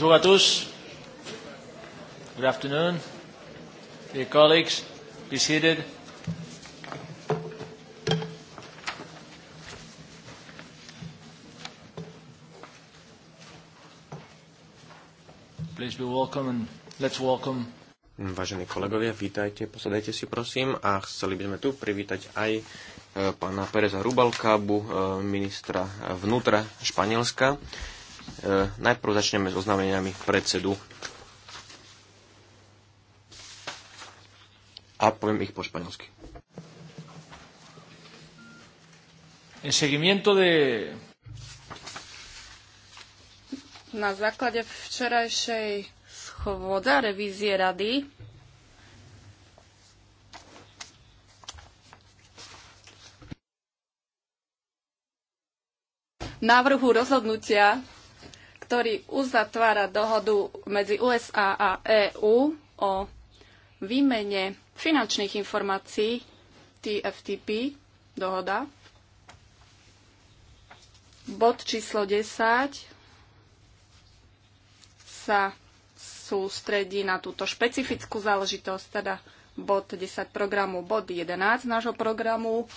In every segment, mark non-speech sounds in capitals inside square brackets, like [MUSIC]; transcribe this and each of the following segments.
Bonjour à tous. Good afternoon. Dear colleagues, be seated. Please be welcome and let's welcome Vážení kolegovia, vítajte, posadajte si prosím a chceli by sme tu privítať aj e, pána Pereza Rubalkábu, e, ministra vnútra Španielska. E, najprv začneme s oznámeniami predsedu a poviem ich po španielsky. En seguimiento de... Na základe včerajšej schôdze revízie rady návrhu rozhodnutia ktorý uzatvára dohodu medzi USA a EÚ o výmene finančných informácií TFTP dohoda. Bod číslo 10 sa sústredí na túto špecifickú záležitosť, teda bod 10 programu, bod 11 nášho programu,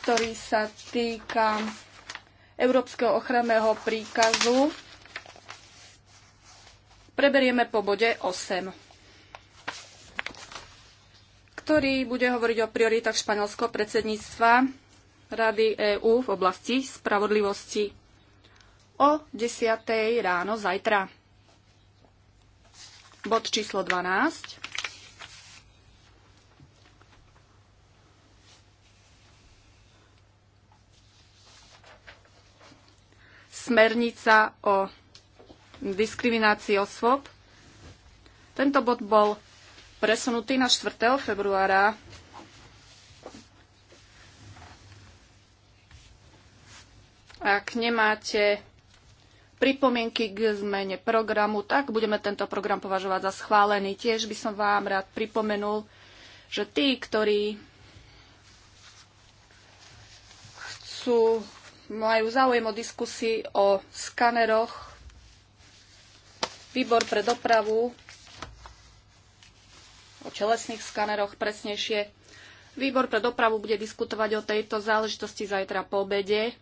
ktorý sa týka Európskeho ochranného príkazu preberieme po bode 8, ktorý bude hovoriť o prioritách španielského predsedníctva Rady EÚ v oblasti spravodlivosti o 10. ráno zajtra. Bod číslo 12. smernica o diskriminácii osôb. Tento bod bol presunutý na 4. februára. Ak nemáte pripomienky k zmene programu, tak budeme tento program považovať za schválený. Tiež by som vám rád pripomenul, že tí, ktorí chcú majú záujem o diskusii o skaneroch. Výbor pre dopravu o čelesných skaneroch presnejšie. Výbor pre dopravu bude diskutovať o tejto záležitosti zajtra po obede.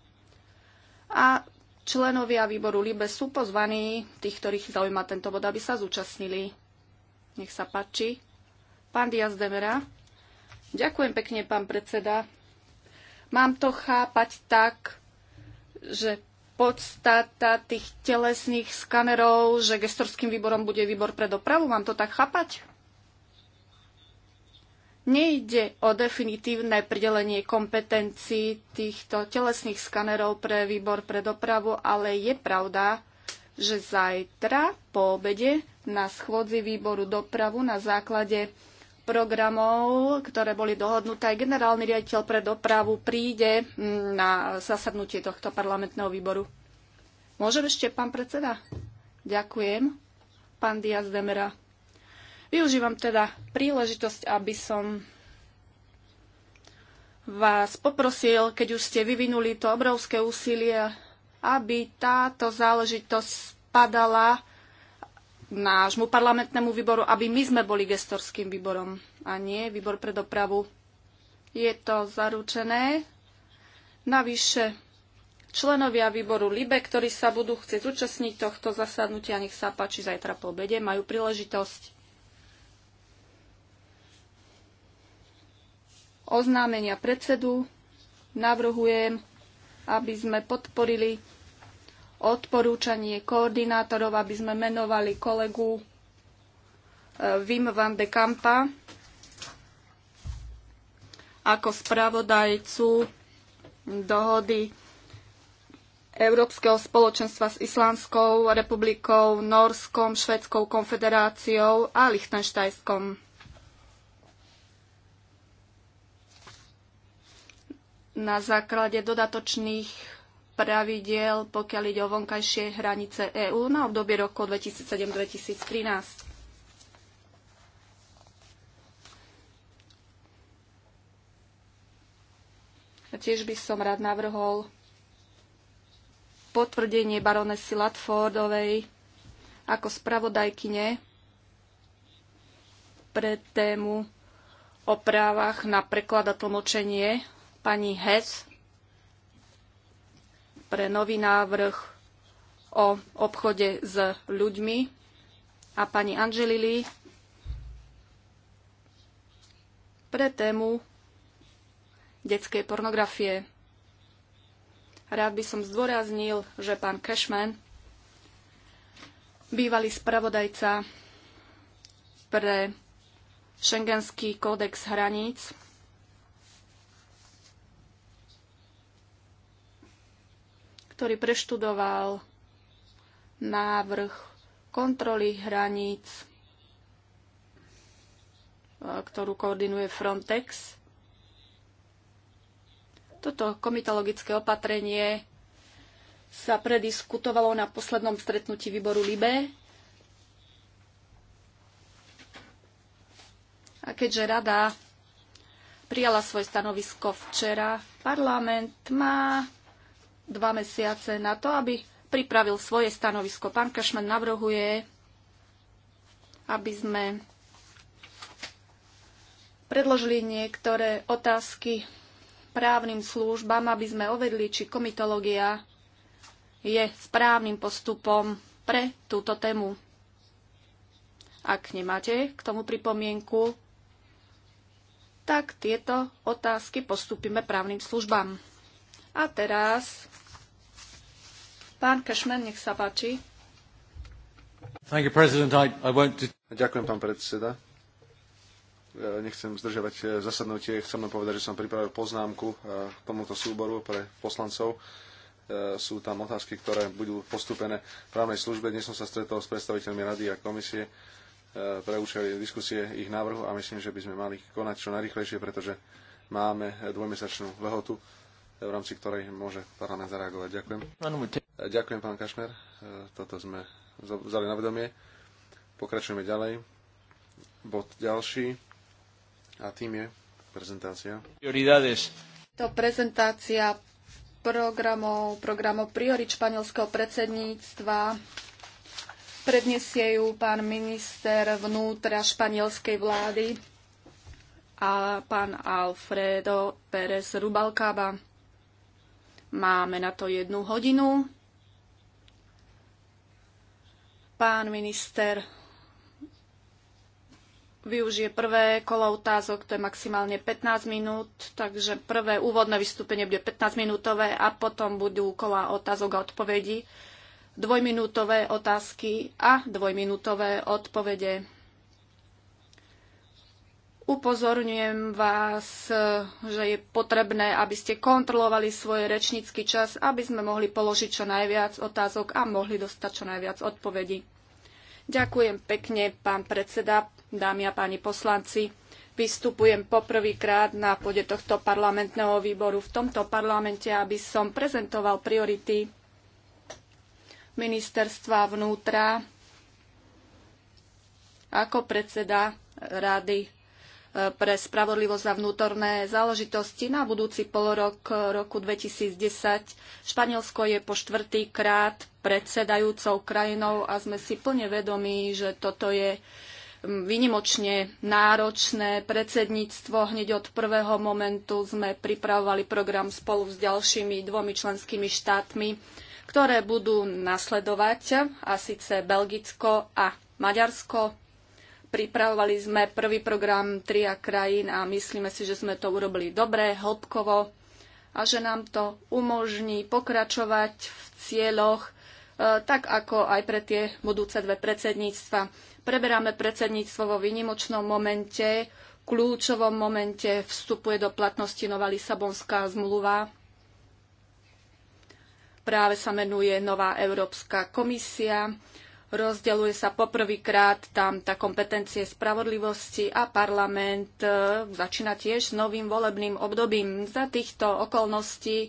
A členovia výboru LIBE sú pozvaní, tých, ktorých zaujíma tento bod, aby sa zúčastnili. Nech sa páči. Pán Diaz Demera. Ďakujem pekne, pán predseda. Mám to chápať tak, že podstata tých telesných skanerov, že gestorským výborom bude výbor pre dopravu. Mám to tak chápať? Nejde o definitívne pridelenie kompetencií týchto telesných skanerov pre výbor pre dopravu, ale je pravda, že zajtra po obede na schôdzi výboru dopravu na základe programov, ktoré boli dohodnuté. Aj generálny riaditeľ pre dopravu príde mm, na zasadnutie tohto parlamentného výboru. Môžem ešte, pán predseda? Ďakujem. Pán Diaz Demera. Využívam teda príležitosť, aby som vás poprosil, keď už ste vyvinuli to obrovské úsilie, aby táto záležitosť spadala nášmu parlamentnému výboru, aby my sme boli gestorským výborom a nie výbor pre dopravu. Je to zaručené. Navyše, členovia výboru LIBE, ktorí sa budú chcieť zúčastniť tohto zasadnutia, nech sa páči zajtra po obede, majú príležitosť. Oznámenia predsedu navrhujem, aby sme podporili odporúčanie koordinátorov, aby sme menovali kolegu e, Wim van de Kampa ako spravodajcu dohody Európskeho spoločenstva s Islánskou republikou, Norskom, Švedskou konfederáciou a Lichtenštajskom. Na základe dodatočných pravidiel, pokiaľ ide o vonkajšie hranice EÚ na obdobie roku 2007-2013. Tiež by som rád navrhol potvrdenie baronesy Latfordovej ako spravodajkyne pre tému o právach na preklad a tlmočenie pani Hess pre nový návrh o obchode s ľuďmi a pani Angelili pre tému detskej pornografie. Rád by som zdôraznil, že pán Cashman, bývalý spravodajca pre Schengenský kódex hraníc, ktorý preštudoval návrh kontroly hraníc, e, ktorú koordinuje Frontex. Toto komitologické opatrenie sa prediskutovalo na poslednom stretnutí výboru LIBE A keďže rada prijala svoje stanovisko včera, parlament má dva mesiace na to, aby pripravil svoje stanovisko. Pán Kašman navrhuje, aby sme predložili niektoré otázky právnym službám, aby sme overili, či komitológia je správnym postupom pre túto tému. Ak nemáte k tomu pripomienku, tak tieto otázky postupíme právnym službám. A teraz pán Kešmer, nech sa páči. Thank you, President. I, I won't... Ďakujem, pán predseda nechcem zdržiavať eh, zasadnutie, chcem len povedať, že som pripravil poznámku eh, k tomuto súboru pre poslancov. Eh, sú tam otázky, ktoré budú postúpené právnej službe. Dnes som sa stretol s predstaviteľmi rady a komisie pre účely diskusie ich návrhu a myslím, že by sme mali konať čo najrychlejšie, pretože máme dvojmesačnú lehotu v rámci ktorej môže parlament zareagovať. Ďakujem. Ďakujem, pán Kašmer. E, toto sme vzali na vedomie. Pokračujeme ďalej. Bod ďalší. A tým je prezentácia. Prioridades. To prezentácia programov, programov priorit španielského predsedníctva. Predniesie ju pán minister vnútra španielskej vlády a pán Alfredo Pérez Rubalcaba. Máme na to jednu hodinu. Pán minister využije prvé kolo otázok, to je maximálne 15 minút, takže prvé úvodné vystúpenie bude 15 minútové a potom budú kola otázok a odpovedí, dvojminútové otázky a dvojminútové odpovede. Upozorňujem vás, že je potrebné, aby ste kontrolovali svoj rečnícky čas, aby sme mohli položiť čo najviac otázok a mohli dostať čo najviac odpovedí. Ďakujem pekne, pán predseda, dámy a páni poslanci. Vystupujem poprvýkrát na pôde tohto parlamentného výboru v tomto parlamente, aby som prezentoval priority ministerstva vnútra ako predseda Rady pre spravodlivosť a vnútorné záležitosti na budúci polorok roku 2010. Španielsko je po štvrtý krát predsedajúcou krajinou a sme si plne vedomí, že toto je mm, vynimočne náročné predsedníctvo. Hneď od prvého momentu sme pripravovali program spolu s ďalšími dvomi členskými štátmi, ktoré budú nasledovať, a síce Belgicko a Maďarsko. Pripravovali sme prvý program Tria krajín a myslíme si, že sme to urobili dobre, hĺbkovo a že nám to umožní pokračovať v cieľoch, e, tak ako aj pre tie budúce dve predsedníctva. Preberáme predsedníctvo vo vynimočnom momente, kľúčovom momente vstupuje do platnosti nová Lisabonská zmluva. Práve sa menuje nová Európska komisia Rozdeľuje sa poprvýkrát tam tá kompetencie spravodlivosti a parlament e, začína tiež novým volebným obdobím. Za týchto okolností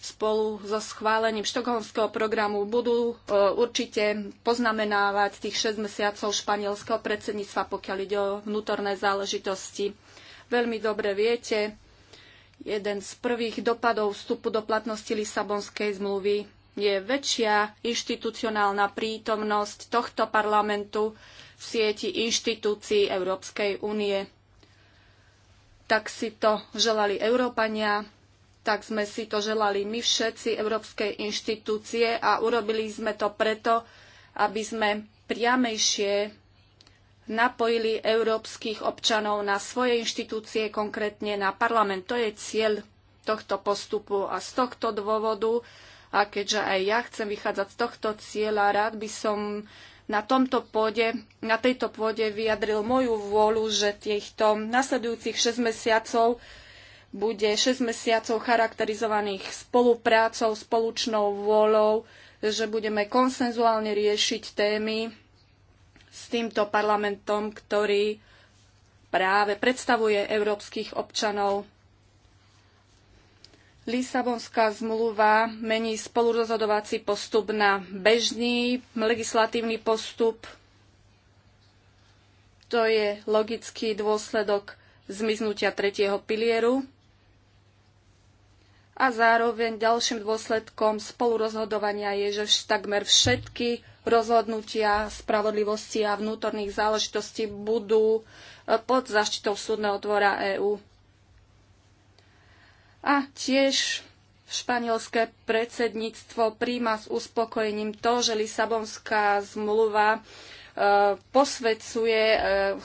spolu so schválením štokholmského programu budú e, určite poznamenávať tých 6 mesiacov španielského predsedníctva, pokiaľ ide o vnútorné záležitosti. Veľmi dobre viete, jeden z prvých dopadov vstupu do platnosti Lisabonskej zmluvy je väčšia inštitucionálna prítomnosť tohto parlamentu v sieti inštitúcií Európskej únie. Tak si to želali Európania, tak sme si to želali my všetci európske inštitúcie a urobili sme to preto, aby sme priamejšie napojili európskych občanov na svoje inštitúcie, konkrétne na parlament. To je cieľ tohto postupu a z tohto dôvodu a keďže aj ja chcem vychádzať z tohto cieľa, rád by som na, tomto pôde, na tejto pôde vyjadril moju vôľu, že týchto nasledujúcich 6 mesiacov bude 6 mesiacov charakterizovaných spoluprácou, spoločnou vôľou, že budeme konsenzuálne riešiť témy s týmto parlamentom, ktorý práve predstavuje európskych občanov Lisabonská zmluva mení spolurozhodovací postup na bežný legislatívny postup. To je logický dôsledok zmiznutia tretieho pilieru a zároveň ďalším dôsledkom spolurozhodovania je, že takmer všetky rozhodnutia spravodlivosti a vnútorných záležitostí budú eh, pod zaštitou súdneho dvora EÚ. A tiež španielské predsedníctvo príjma s uspokojením to, že Lisabonská zmluva e, posvedcuje e,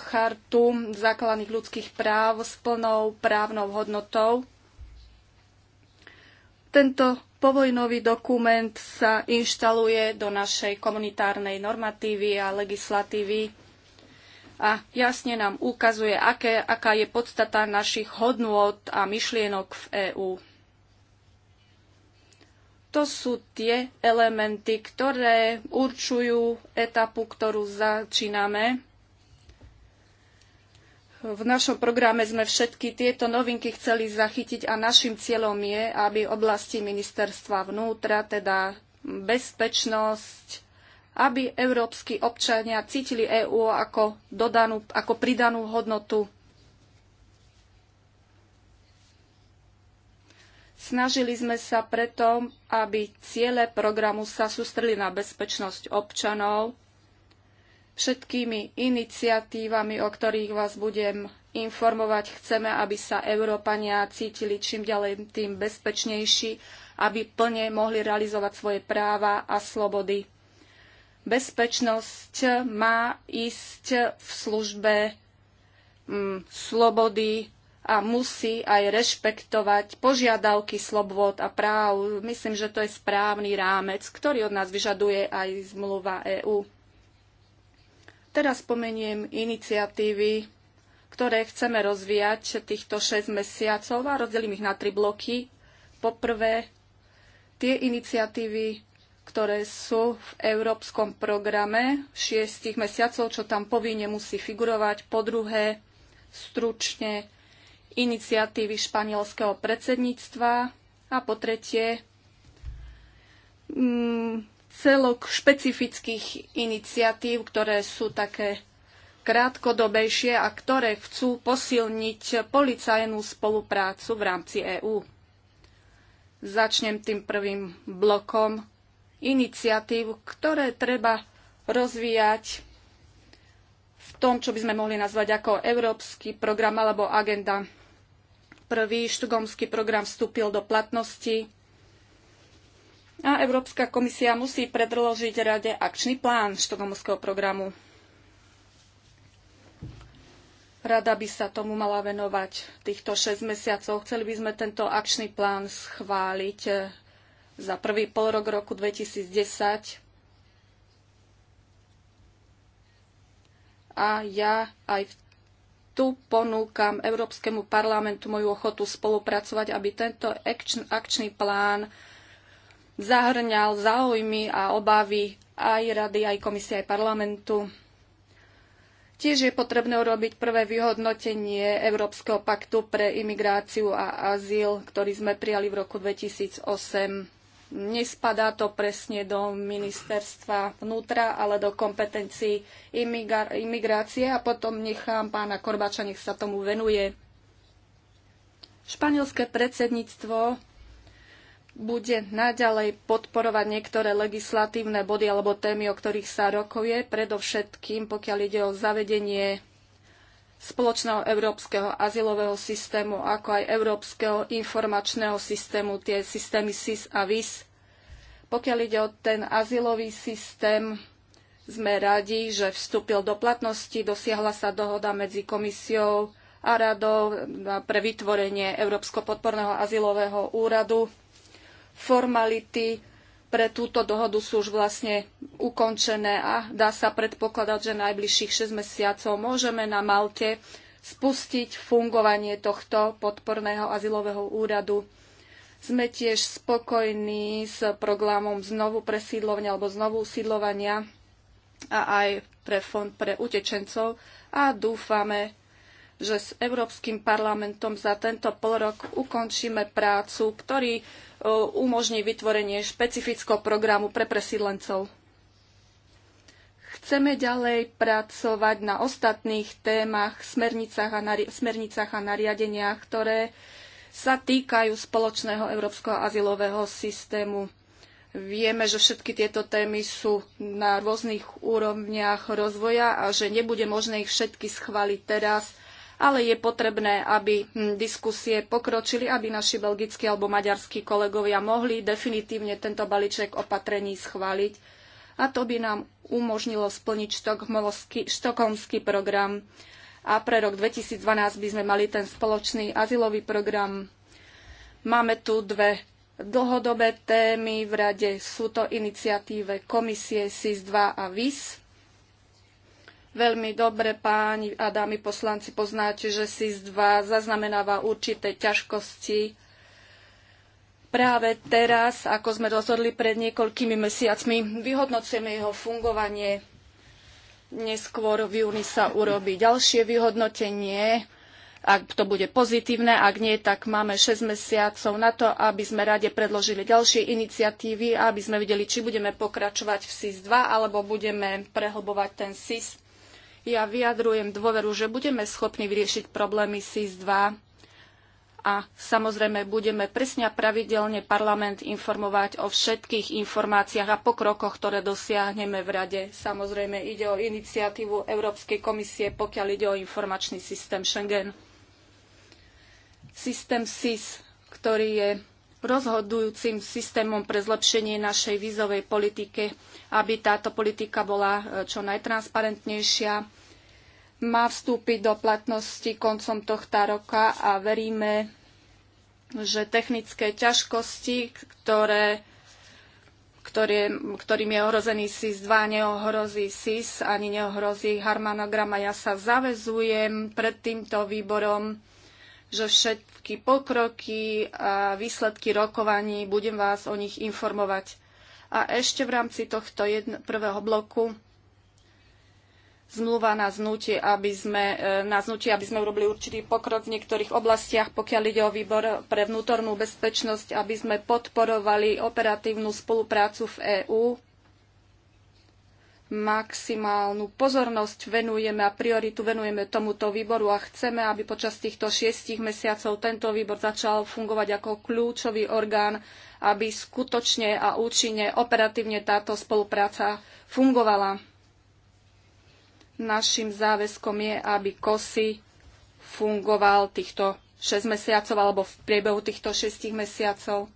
chartu základných ľudských práv s plnou právnou hodnotou. Tento povojnový dokument sa inštaluje do našej komunitárnej normatívy a legislatívy a jasne nám ukazuje, aké, aká je podstata našich hodnôt a myšlienok v EÚ. To sú tie elementy, ktoré určujú etapu, ktorú začíname. V našom programe sme všetky tieto novinky chceli zachytiť a našim cieľom je, aby oblasti ministerstva vnútra, teda bezpečnosť, aby európsky občania cítili EÚ ako, dodanú, ako pridanú hodnotu. Snažili sme sa preto, aby ciele programu sa sústreli na bezpečnosť občanov všetkými iniciatívami, o ktorých vás budem informovať. Chceme, aby sa Európania cítili čím ďalej tým bezpečnejší, aby plne mohli realizovať svoje práva a slobody. Bezpečnosť má ísť v službe mm, slobody a musí aj rešpektovať požiadavky slobod a práv. Myslím, že to je správny rámec, ktorý od nás vyžaduje aj zmluva EÚ. Teraz spomeniem iniciatívy, ktoré chceme rozvíjať týchto 6 mesiacov a rozdelím ich na tri bloky. Poprvé, tie iniciatívy, ktoré sú v európskom programe šiestich mesiacov, čo tam povinne musí figurovať. Po druhé, stručne iniciatívy španielského predsedníctva a po tretie mm, celok špecifických iniciatív, ktoré sú také krátkodobejšie a ktoré chcú posilniť policajnú spoluprácu v rámci EÚ. Začnem tým prvým blokom iniciatív, ktoré treba rozvíjať v tom, čo by sme mohli nazvať ako Európsky program alebo agenda. Prvý štugomský program vstúpil do platnosti a Európska komisia musí predložiť Rade akčný plán štugomského programu. Rada by sa tomu mala venovať týchto 6 mesiacov. Chceli by sme tento akčný plán schváliť za prvý rok roku 2010 a ja aj tu ponúkam Európskemu parlamentu moju ochotu spolupracovať, aby tento akčný plán zahrňal záujmy a obavy aj rady, aj komisie, aj parlamentu. Tiež je potrebné urobiť prvé vyhodnotenie Európskeho paktu pre imigráciu a azyl, ktorý sme prijali v roku 2008 Nespadá to presne do ministerstva vnútra, ale do kompetencií imigrácie a potom nechám pána Korbača, nech sa tomu venuje. Španielské predsedníctvo bude naďalej podporovať niektoré legislatívne body alebo témy, o ktorých sa rokuje, predovšetkým pokiaľ ide o zavedenie spoločného európskeho azylového systému, ako aj európskeho informačného systému, tie systémy SIS a VIS. Pokiaľ ide o ten azylový systém, sme radi, že vstúpil do platnosti, dosiahla sa dohoda medzi komisiou a radou pre vytvorenie Európsko podporného azylového úradu. Formality pre túto dohodu sú už vlastne ukončené a dá sa predpokladať, že najbližších 6 mesiacov môžeme na Malte spustiť fungovanie tohto podporného azylového úradu. Sme tiež spokojní s programom znovu presídlovania alebo znovu usídlovania a aj pre fond pre utečencov a dúfame, že s Európskym parlamentom za tento pol rok ukončíme prácu, ktorý e, umožní vytvorenie špecifického programu pre presídlencov. Chceme ďalej pracovať na ostatných témach, smernicách a, nari- smernicách a nariadeniach, ktoré sa týkajú spoločného európskeho azylového systému. Vieme, že všetky tieto témy sú na rôznych úrovniach rozvoja a že nebude možné ich všetky schváliť teraz – ale je potrebné, aby hm, diskusie pokročili, aby naši belgickí alebo maďarskí kolegovia mohli definitívne tento balíček opatrení schváliť. A to by nám umožnilo splniť štokholmský program. A pre rok 2012 by sme mali ten spoločný azylový program. Máme tu dve dlhodobé témy v rade. Sú to iniciatíve komisie SIS-2 a VIS Veľmi dobre, páni a dámy poslanci, poznáte, že SIS-2 zaznamenáva určité ťažkosti práve teraz, ako sme rozhodli pred niekoľkými mesiacmi, vyhodnocujeme jeho fungovanie. Neskôr v júni sa urobí ďalšie vyhodnotenie. Ak to bude pozitívne, ak nie, tak máme 6 mesiacov na to, aby sme rade predložili ďalšie iniciatívy, aby sme videli, či budeme pokračovať v SIS-2 alebo budeme prehlbovať ten SIS ja vyjadrujem dôveru, že budeme schopní vyriešiť problémy SIS-2 a samozrejme budeme presne a pravidelne parlament informovať o všetkých informáciách a pokrokoch, ktoré dosiahneme v Rade. Samozrejme ide o iniciatívu Európskej komisie, pokiaľ ide o informačný systém Schengen. Systém SIS, ktorý je rozhodujúcim systémom pre zlepšenie našej vízovej politiky aby táto politika bola e, čo najtransparentnejšia. Má vstúpiť do platnosti koncom tohto roka a veríme, že technické ťažkosti, ktoré ktoré, ktorým je ohrozený SIS-2, neohrozí SIS ani neohrozí harmonogram a ja sa zavezujem pred týmto výborom, že všetky pokroky a výsledky rokovaní budem vás o nich informovať. A ešte v rámci tohto jedno, prvého bloku zmluva na znutie, aby sme, e, na znutie, aby sme urobili určitý pokrok v niektorých oblastiach, pokiaľ ide o výbor pre vnútornú bezpečnosť, aby sme podporovali operatívnu spoluprácu v EÚ maximálnu pozornosť venujeme a prioritu venujeme tomuto výboru a chceme, aby počas týchto šiestich mesiacov tento výbor začal fungovať ako kľúčový orgán, aby skutočne a účinne operatívne táto spolupráca fungovala. Našim záväzkom je, aby KOSY fungoval týchto 6 mesiacov alebo v priebehu týchto 6 mesiacov.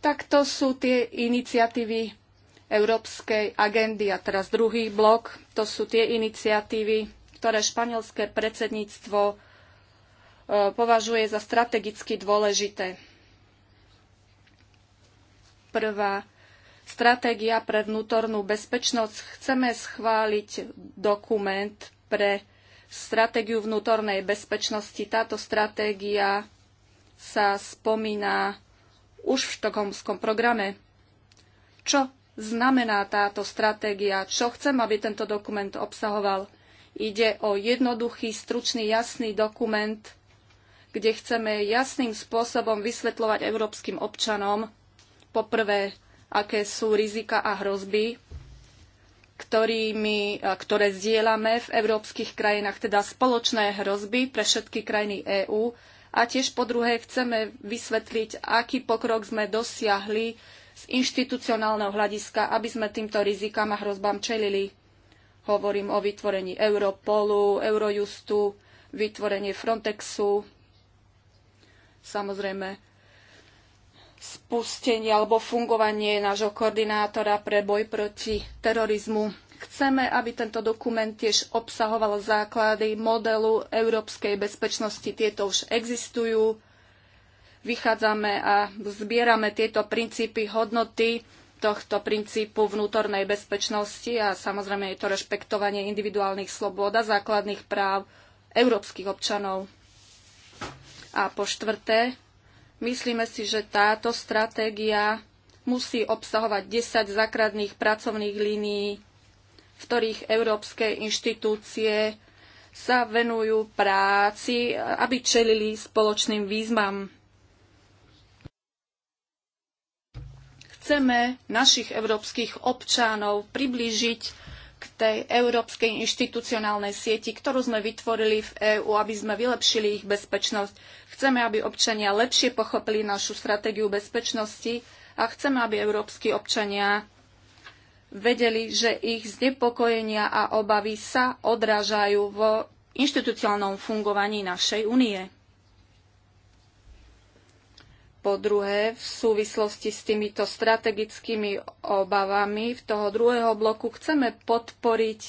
Tak to sú tie iniciatívy európskej agendy. A teraz druhý blok, to sú tie iniciatívy, ktoré španielské predsedníctvo e, považuje za strategicky dôležité. Prvá stratégia pre vnútornú bezpečnosť. Chceme schváliť dokument pre stratégiu vnútornej bezpečnosti. Táto stratégia sa spomína už v štokholmskom programe. Čo znamená táto stratégia, čo chcem, aby tento dokument obsahoval. Ide o jednoduchý, stručný, jasný dokument, kde chceme jasným spôsobom vysvetľovať európskym občanom poprvé, aké sú rizika a hrozby, ktorými, ktoré zdieľame v európskych krajinách, teda spoločné hrozby pre všetky krajiny EÚ. A tiež po druhé chceme vysvetliť, aký pokrok sme dosiahli z inštitucionálneho hľadiska, aby sme týmto rizikám a hrozbám čelili. Hovorím o vytvorení Europolu, Eurojustu, vytvorenie Frontexu, samozrejme spustenie alebo fungovanie nášho koordinátora pre boj proti terorizmu. Chceme, aby tento dokument tiež obsahoval základy modelu európskej bezpečnosti. Tieto už existujú vychádzame a zbierame tieto princípy, hodnoty tohto princípu vnútornej bezpečnosti a samozrejme je to rešpektovanie individuálnych slobôd a základných práv európskych občanov. A po štvrté, myslíme si, že táto stratégia musí obsahovať 10 základných pracovných línií, v ktorých európske inštitúcie sa venujú práci, aby čelili spoločným výzvam chceme našich európskych občanov priblížiť k tej európskej inštitucionálnej sieti, ktorú sme vytvorili v EÚ, aby sme vylepšili ich bezpečnosť. Chceme, aby občania lepšie pochopili našu stratégiu bezpečnosti a chceme, aby európsky občania vedeli, že ich znepokojenia a obavy sa odrážajú v inštitucionálnom fungovaní našej únie po druhé, v súvislosti s týmito strategickými obavami v toho druhého bloku chceme podporiť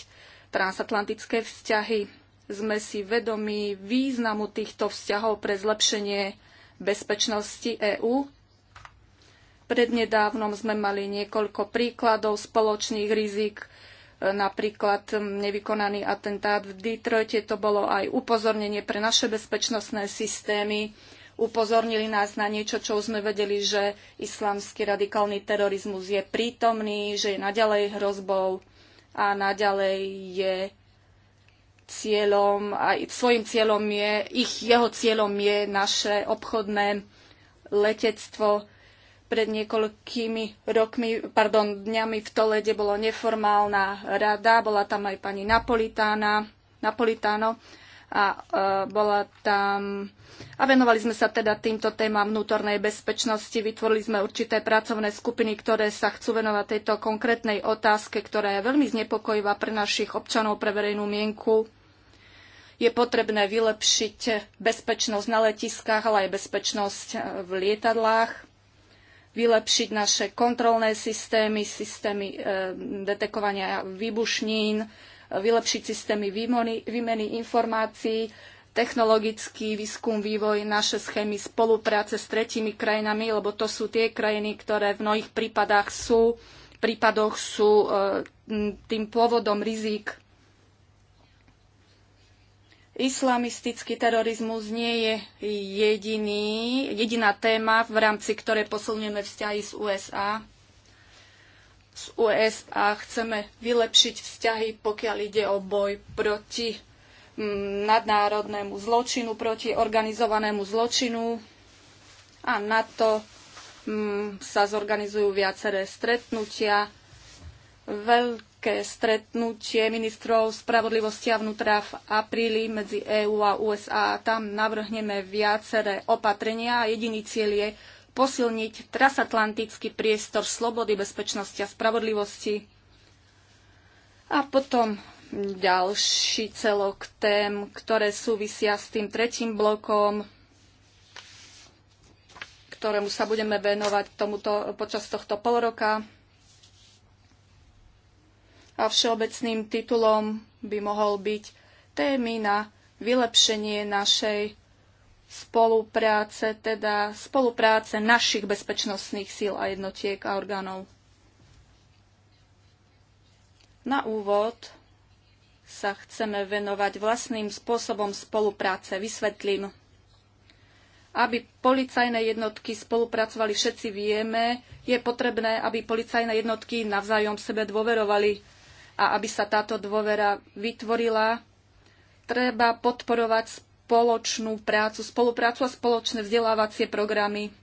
transatlantické vzťahy. Sme si vedomí významu týchto vzťahov pre zlepšenie bezpečnosti EÚ. Prednedávnom sme mali niekoľko príkladov spoločných rizik, napríklad nevykonaný atentát v Detroite, to bolo aj upozornenie pre naše bezpečnostné systémy upozornili nás na niečo, čo už sme vedeli, že islamský radikálny terorizmus je prítomný, že je naďalej hrozbou a naďalej je cieľom, aj svojim cieľom je, ich, jeho cieľom je naše obchodné letectvo. Pred niekoľkými rokmi, pardon, dňami v Tolede bola neformálna rada, bola tam aj pani Napolitána, Napolitáno a e, bola tam a venovali sme sa teda týmto témam vnútornej bezpečnosti, vytvorili sme určité pracovné skupiny, ktoré sa chcú venovať tejto konkrétnej otázke, ktorá je veľmi znepokojivá pre našich občanov, pre verejnú mienku. Je potrebné vylepšiť bezpečnosť na letiskách, ale aj bezpečnosť e, v lietadlách, vylepšiť naše kontrolné systémy, systémy e, detekovania výbušnín, vylepšiť systémy výmeny informácií, technologický výskum, vývoj, naše schémy spolupráce s tretími krajinami, lebo to sú tie krajiny, ktoré v mnohých prípadách sú, prípadoch sú e, tým pôvodom rizik. Islamistický terorizmus nie je jediný, jediná téma, v rámci ktorej posilňujeme vzťahy s USA. Z USA chceme vylepšiť vzťahy, pokiaľ ide o boj proti nadnárodnému zločinu, proti organizovanému zločinu a na to mm, sa zorganizujú viaceré stretnutia. Veľké stretnutie ministrov spravodlivosti a vnútra v apríli medzi EÚ a USA. Tam navrhneme viaceré opatrenia a jediný cieľ je posilniť transatlantický priestor slobody, bezpečnosti a spravodlivosti. A potom ďalší celok tém, ktoré súvisia s tým tretím blokom, ktorému sa budeme venovať tomuto, počas tohto roka. A všeobecným titulom by mohol byť témy na vylepšenie našej spolupráce, teda spolupráce našich bezpečnostných síl a jednotiek a orgánov. Na úvod sa chceme venovať vlastným spôsobom spolupráce. Vysvetlím. Aby policajné jednotky spolupracovali, všetci vieme, je potrebné, aby policajné jednotky navzájom sebe dôverovali a aby sa táto dôvera vytvorila. Treba podporovať spoločnú prácu, spoluprácu a spoločné vzdelávacie programy.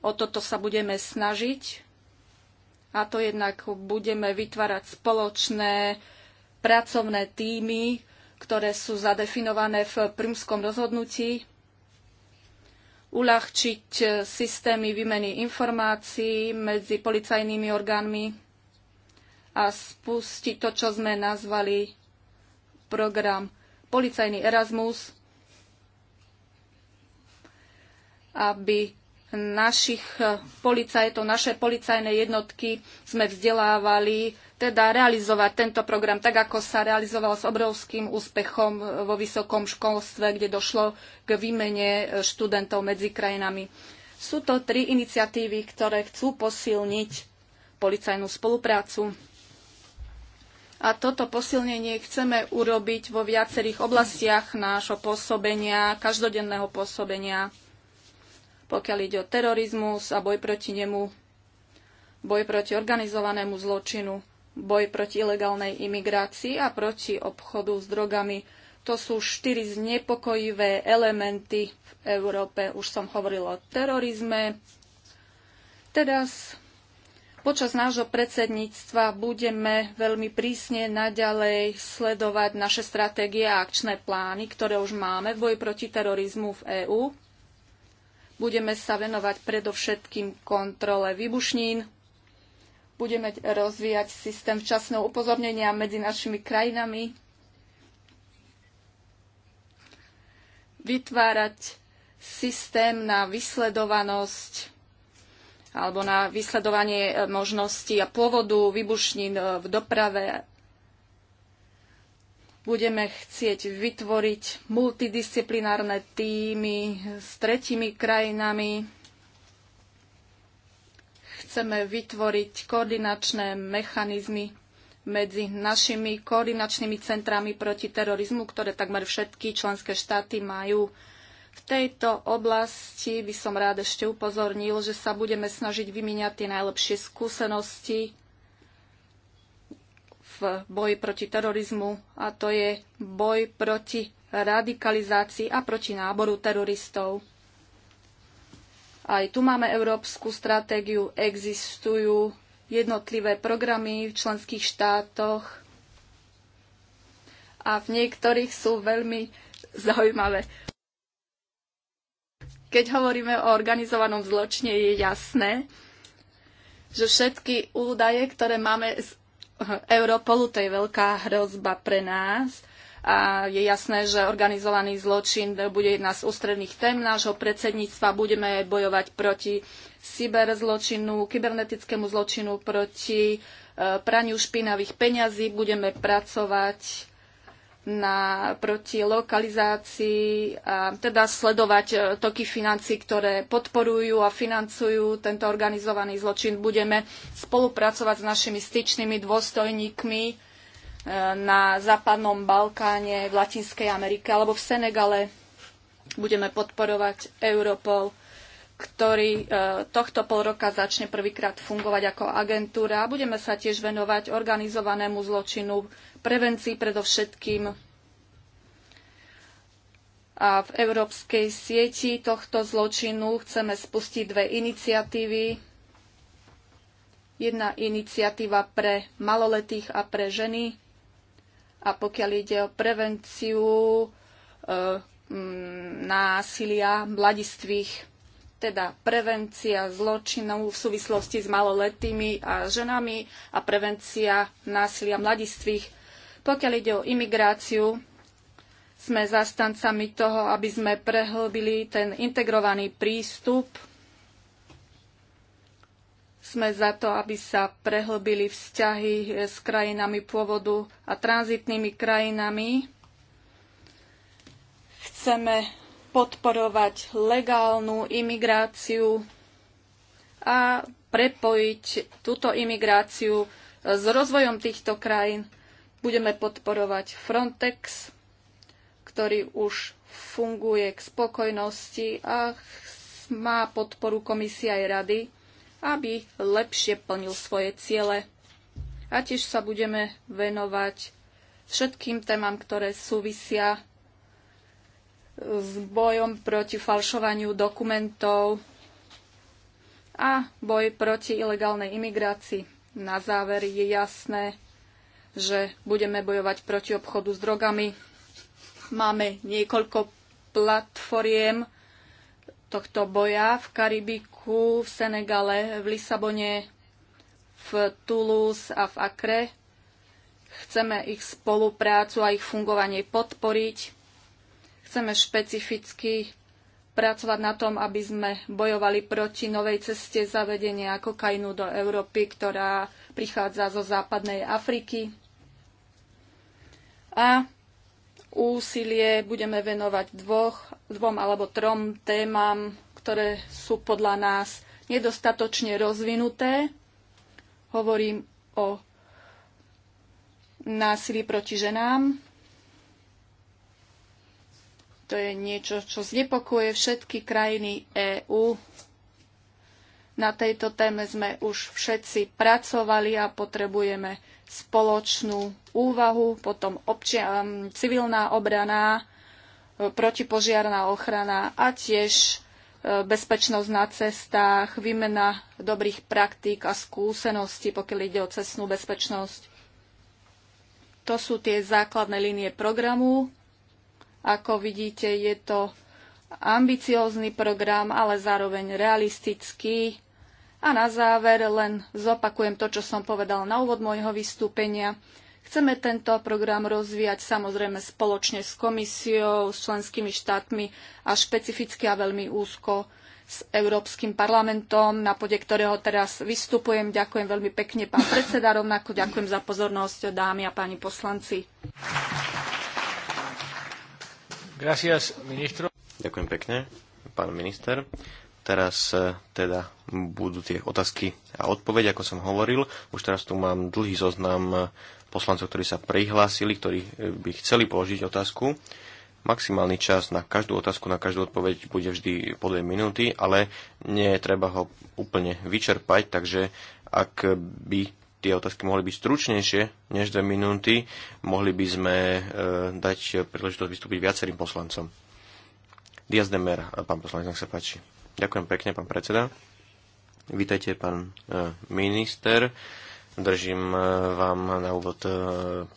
O toto sa budeme snažiť. A to jednak budeme vytvárať spoločné pracovné týmy, ktoré sú zadefinované v prímskom rozhodnutí, uľahčiť systémy výmeny informácií medzi policajnými orgánmi a spustiť to, čo sme nazvali program Policajný Erasmus, aby našich eh, policajtov, naše policajné jednotky sme vzdelávali, teda realizovať tento program tak, ako sa realizoval s obrovským úspechom eh, vo vysokom školstve, kde došlo k výmene eh, študentov medzi krajinami. Sú to tri iniciatívy, ktoré chcú posilniť policajnú spoluprácu. A toto posilnenie chceme urobiť vo viacerých oblastiach nášho pôsobenia, každodenného pôsobenia pokiaľ ide o terorizmus a boj proti nemu, boj proti organizovanému zločinu, boj proti ilegálnej imigrácii a proti obchodu s drogami. To sú štyri znepokojivé elementy v Európe. Už som hovoril o terorizme. Teraz počas nášho predsedníctva budeme veľmi prísne naďalej sledovať naše stratégie a akčné plány, ktoré už máme v boji proti terorizmu v EÚ Budeme sa venovať predovšetkým kontrole výbušnín. Budeme rozvíjať systém včasného upozornenia medzi našimi krajinami. Vytvárať systém na vysledovanosť alebo na vysledovanie možností a pôvodu výbušnín v doprave budeme chcieť vytvoriť multidisciplinárne týmy s tretimi krajinami. Chceme vytvoriť koordinačné mechanizmy medzi našimi koordinačnými centrami proti terorizmu, ktoré takmer všetky členské štáty majú. V tejto oblasti by som rád ešte upozornil, že sa budeme snažiť vymieňať tie najlepšie skúsenosti v boji proti terorizmu a to je boj proti radikalizácii a proti náboru teroristov. Aj tu máme európsku stratégiu, existujú jednotlivé programy v členských štátoch a v niektorých sú veľmi zaujímavé. Keď hovoríme o organizovanom zločine, je jasné, že všetky údaje, ktoré máme z Europolu, to je veľká hrozba pre nás. A je jasné, že organizovaný zločin bude jedna z ústredných tém nášho predsedníctva. Budeme bojovať proti cyberzločinu, kybernetickému zločinu, proti e, praniu špinavých peňazí. Budeme pracovať na, proti lokalizácii, a teda sledovať e, toky financí, ktoré podporujú a financujú tento organizovaný zločin. Budeme spolupracovať s našimi styčnými dôstojníkmi e, na západnom Balkáne, v Latinskej Amerike alebo v Senegale. Budeme podporovať Europol ktorý e, tohto pol roka začne prvýkrát fungovať ako agentúra. Budeme sa tiež venovať organizovanému zločinu, prevencii predovšetkým a v európskej sieti tohto zločinu chceme spustiť dve iniciatívy. Jedna iniciatíva pre maloletých a pre ženy. A pokiaľ ide o prevenciu e, násilia mladistvých, teda prevencia zločinov v súvislosti s maloletými a ženami a prevencia násilia mladistvých. Pokiaľ ide o imigráciu, sme zastancami toho, aby sme prehlbili ten integrovaný prístup. Sme za to, aby sa prehlbili vzťahy s krajinami pôvodu a tranzitnými krajinami. Chceme podporovať legálnu imigráciu a prepojiť túto imigráciu s rozvojom týchto krajín. Budeme podporovať Frontex, ktorý už funguje k spokojnosti a má podporu Komisia aj rady, aby lepšie plnil svoje ciele. A tiež sa budeme venovať všetkým témam, ktoré súvisia s bojom proti falšovaniu dokumentov a boj proti ilegálnej imigrácii. Na záver je jasné, že budeme bojovať proti obchodu s drogami. Máme niekoľko platformiem tohto boja v Karibiku, v Senegale, v Lisabone, v Toulouse a v Akre. Chceme ich spoluprácu a ich fungovanie podporiť Chceme špecificky pracovať na tom, aby sme bojovali proti novej ceste zavedenia kokainu do Európy, ktorá prichádza zo západnej Afriky. A úsilie budeme venovať dvoch, dvom alebo trom témam, ktoré sú podľa nás nedostatočne rozvinuté. Hovorím o násilí proti ženám, to je niečo, čo znepokuje všetky krajiny EÚ. Na tejto téme sme už všetci pracovali a potrebujeme spoločnú úvahu, potom civilná obrana, e, protipožiarná ochrana a tiež e, bezpečnosť na cestách, výmena dobrých praktík a skúseností, pokiaľ ide o cestnú bezpečnosť. To sú tie základné línie programu, ako vidíte, je to ambiciózny program, ale zároveň realistický. A na záver len zopakujem to, čo som povedal na úvod môjho vystúpenia. Chceme tento program rozvíjať samozrejme spoločne s komisiou, s členskými štátmi a špecificky a veľmi úzko s Európskym parlamentom, na pode ktorého teraz vystupujem. Ďakujem veľmi pekne, pán predseda, rovnako ďakujem za pozornosť, dámy a páni poslanci. Gracias, ministro. Ďakujem pekne, pán minister. Teraz e, teda budú tie otázky a odpoveď, ako som hovoril. Už teraz tu mám dlhý zoznam e, poslancov, ktorí sa prihlásili, ktorí e, by chceli položiť otázku. Maximálny čas na každú otázku, na každú odpoveď bude vždy po dve minúty, ale nie treba ho úplne vyčerpať, takže ak by tie otázky mohli byť stručnejšie než dve minúty, mohli by sme e, dať príležitosť vystúpiť viacerým poslancom. Diaz de Mera, e, pán poslanec, nech sa páči. Ďakujem pekne, pán predseda. Vítajte, pán e, minister. E, Držím e, vám na úvod e,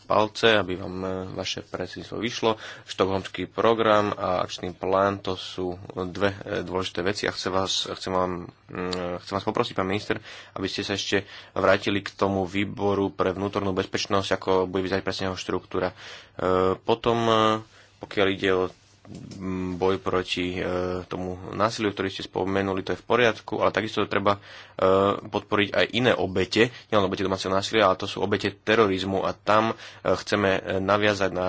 palce, aby vám e, vaše predsedníctvo vyšlo. Štokholmský program a akčný plán to sú dve dôležité veci a chcem vás, chcem vám, mm, chcem vás poprosiť, pán minister, aby ste sa ešte vrátili k tomu výboru pre vnútornú bezpečnosť, ako bude vyzerať presne jeho štruktúra. Potom, pokiaľ ide o boj proti e, tomu násiliu, ktorý ste spomenuli, to je v poriadku, ale takisto treba treba podporiť aj iné obete, nielen obete domáceho násilia, ale to sú obete terorizmu a tam e, chceme e, naviazať na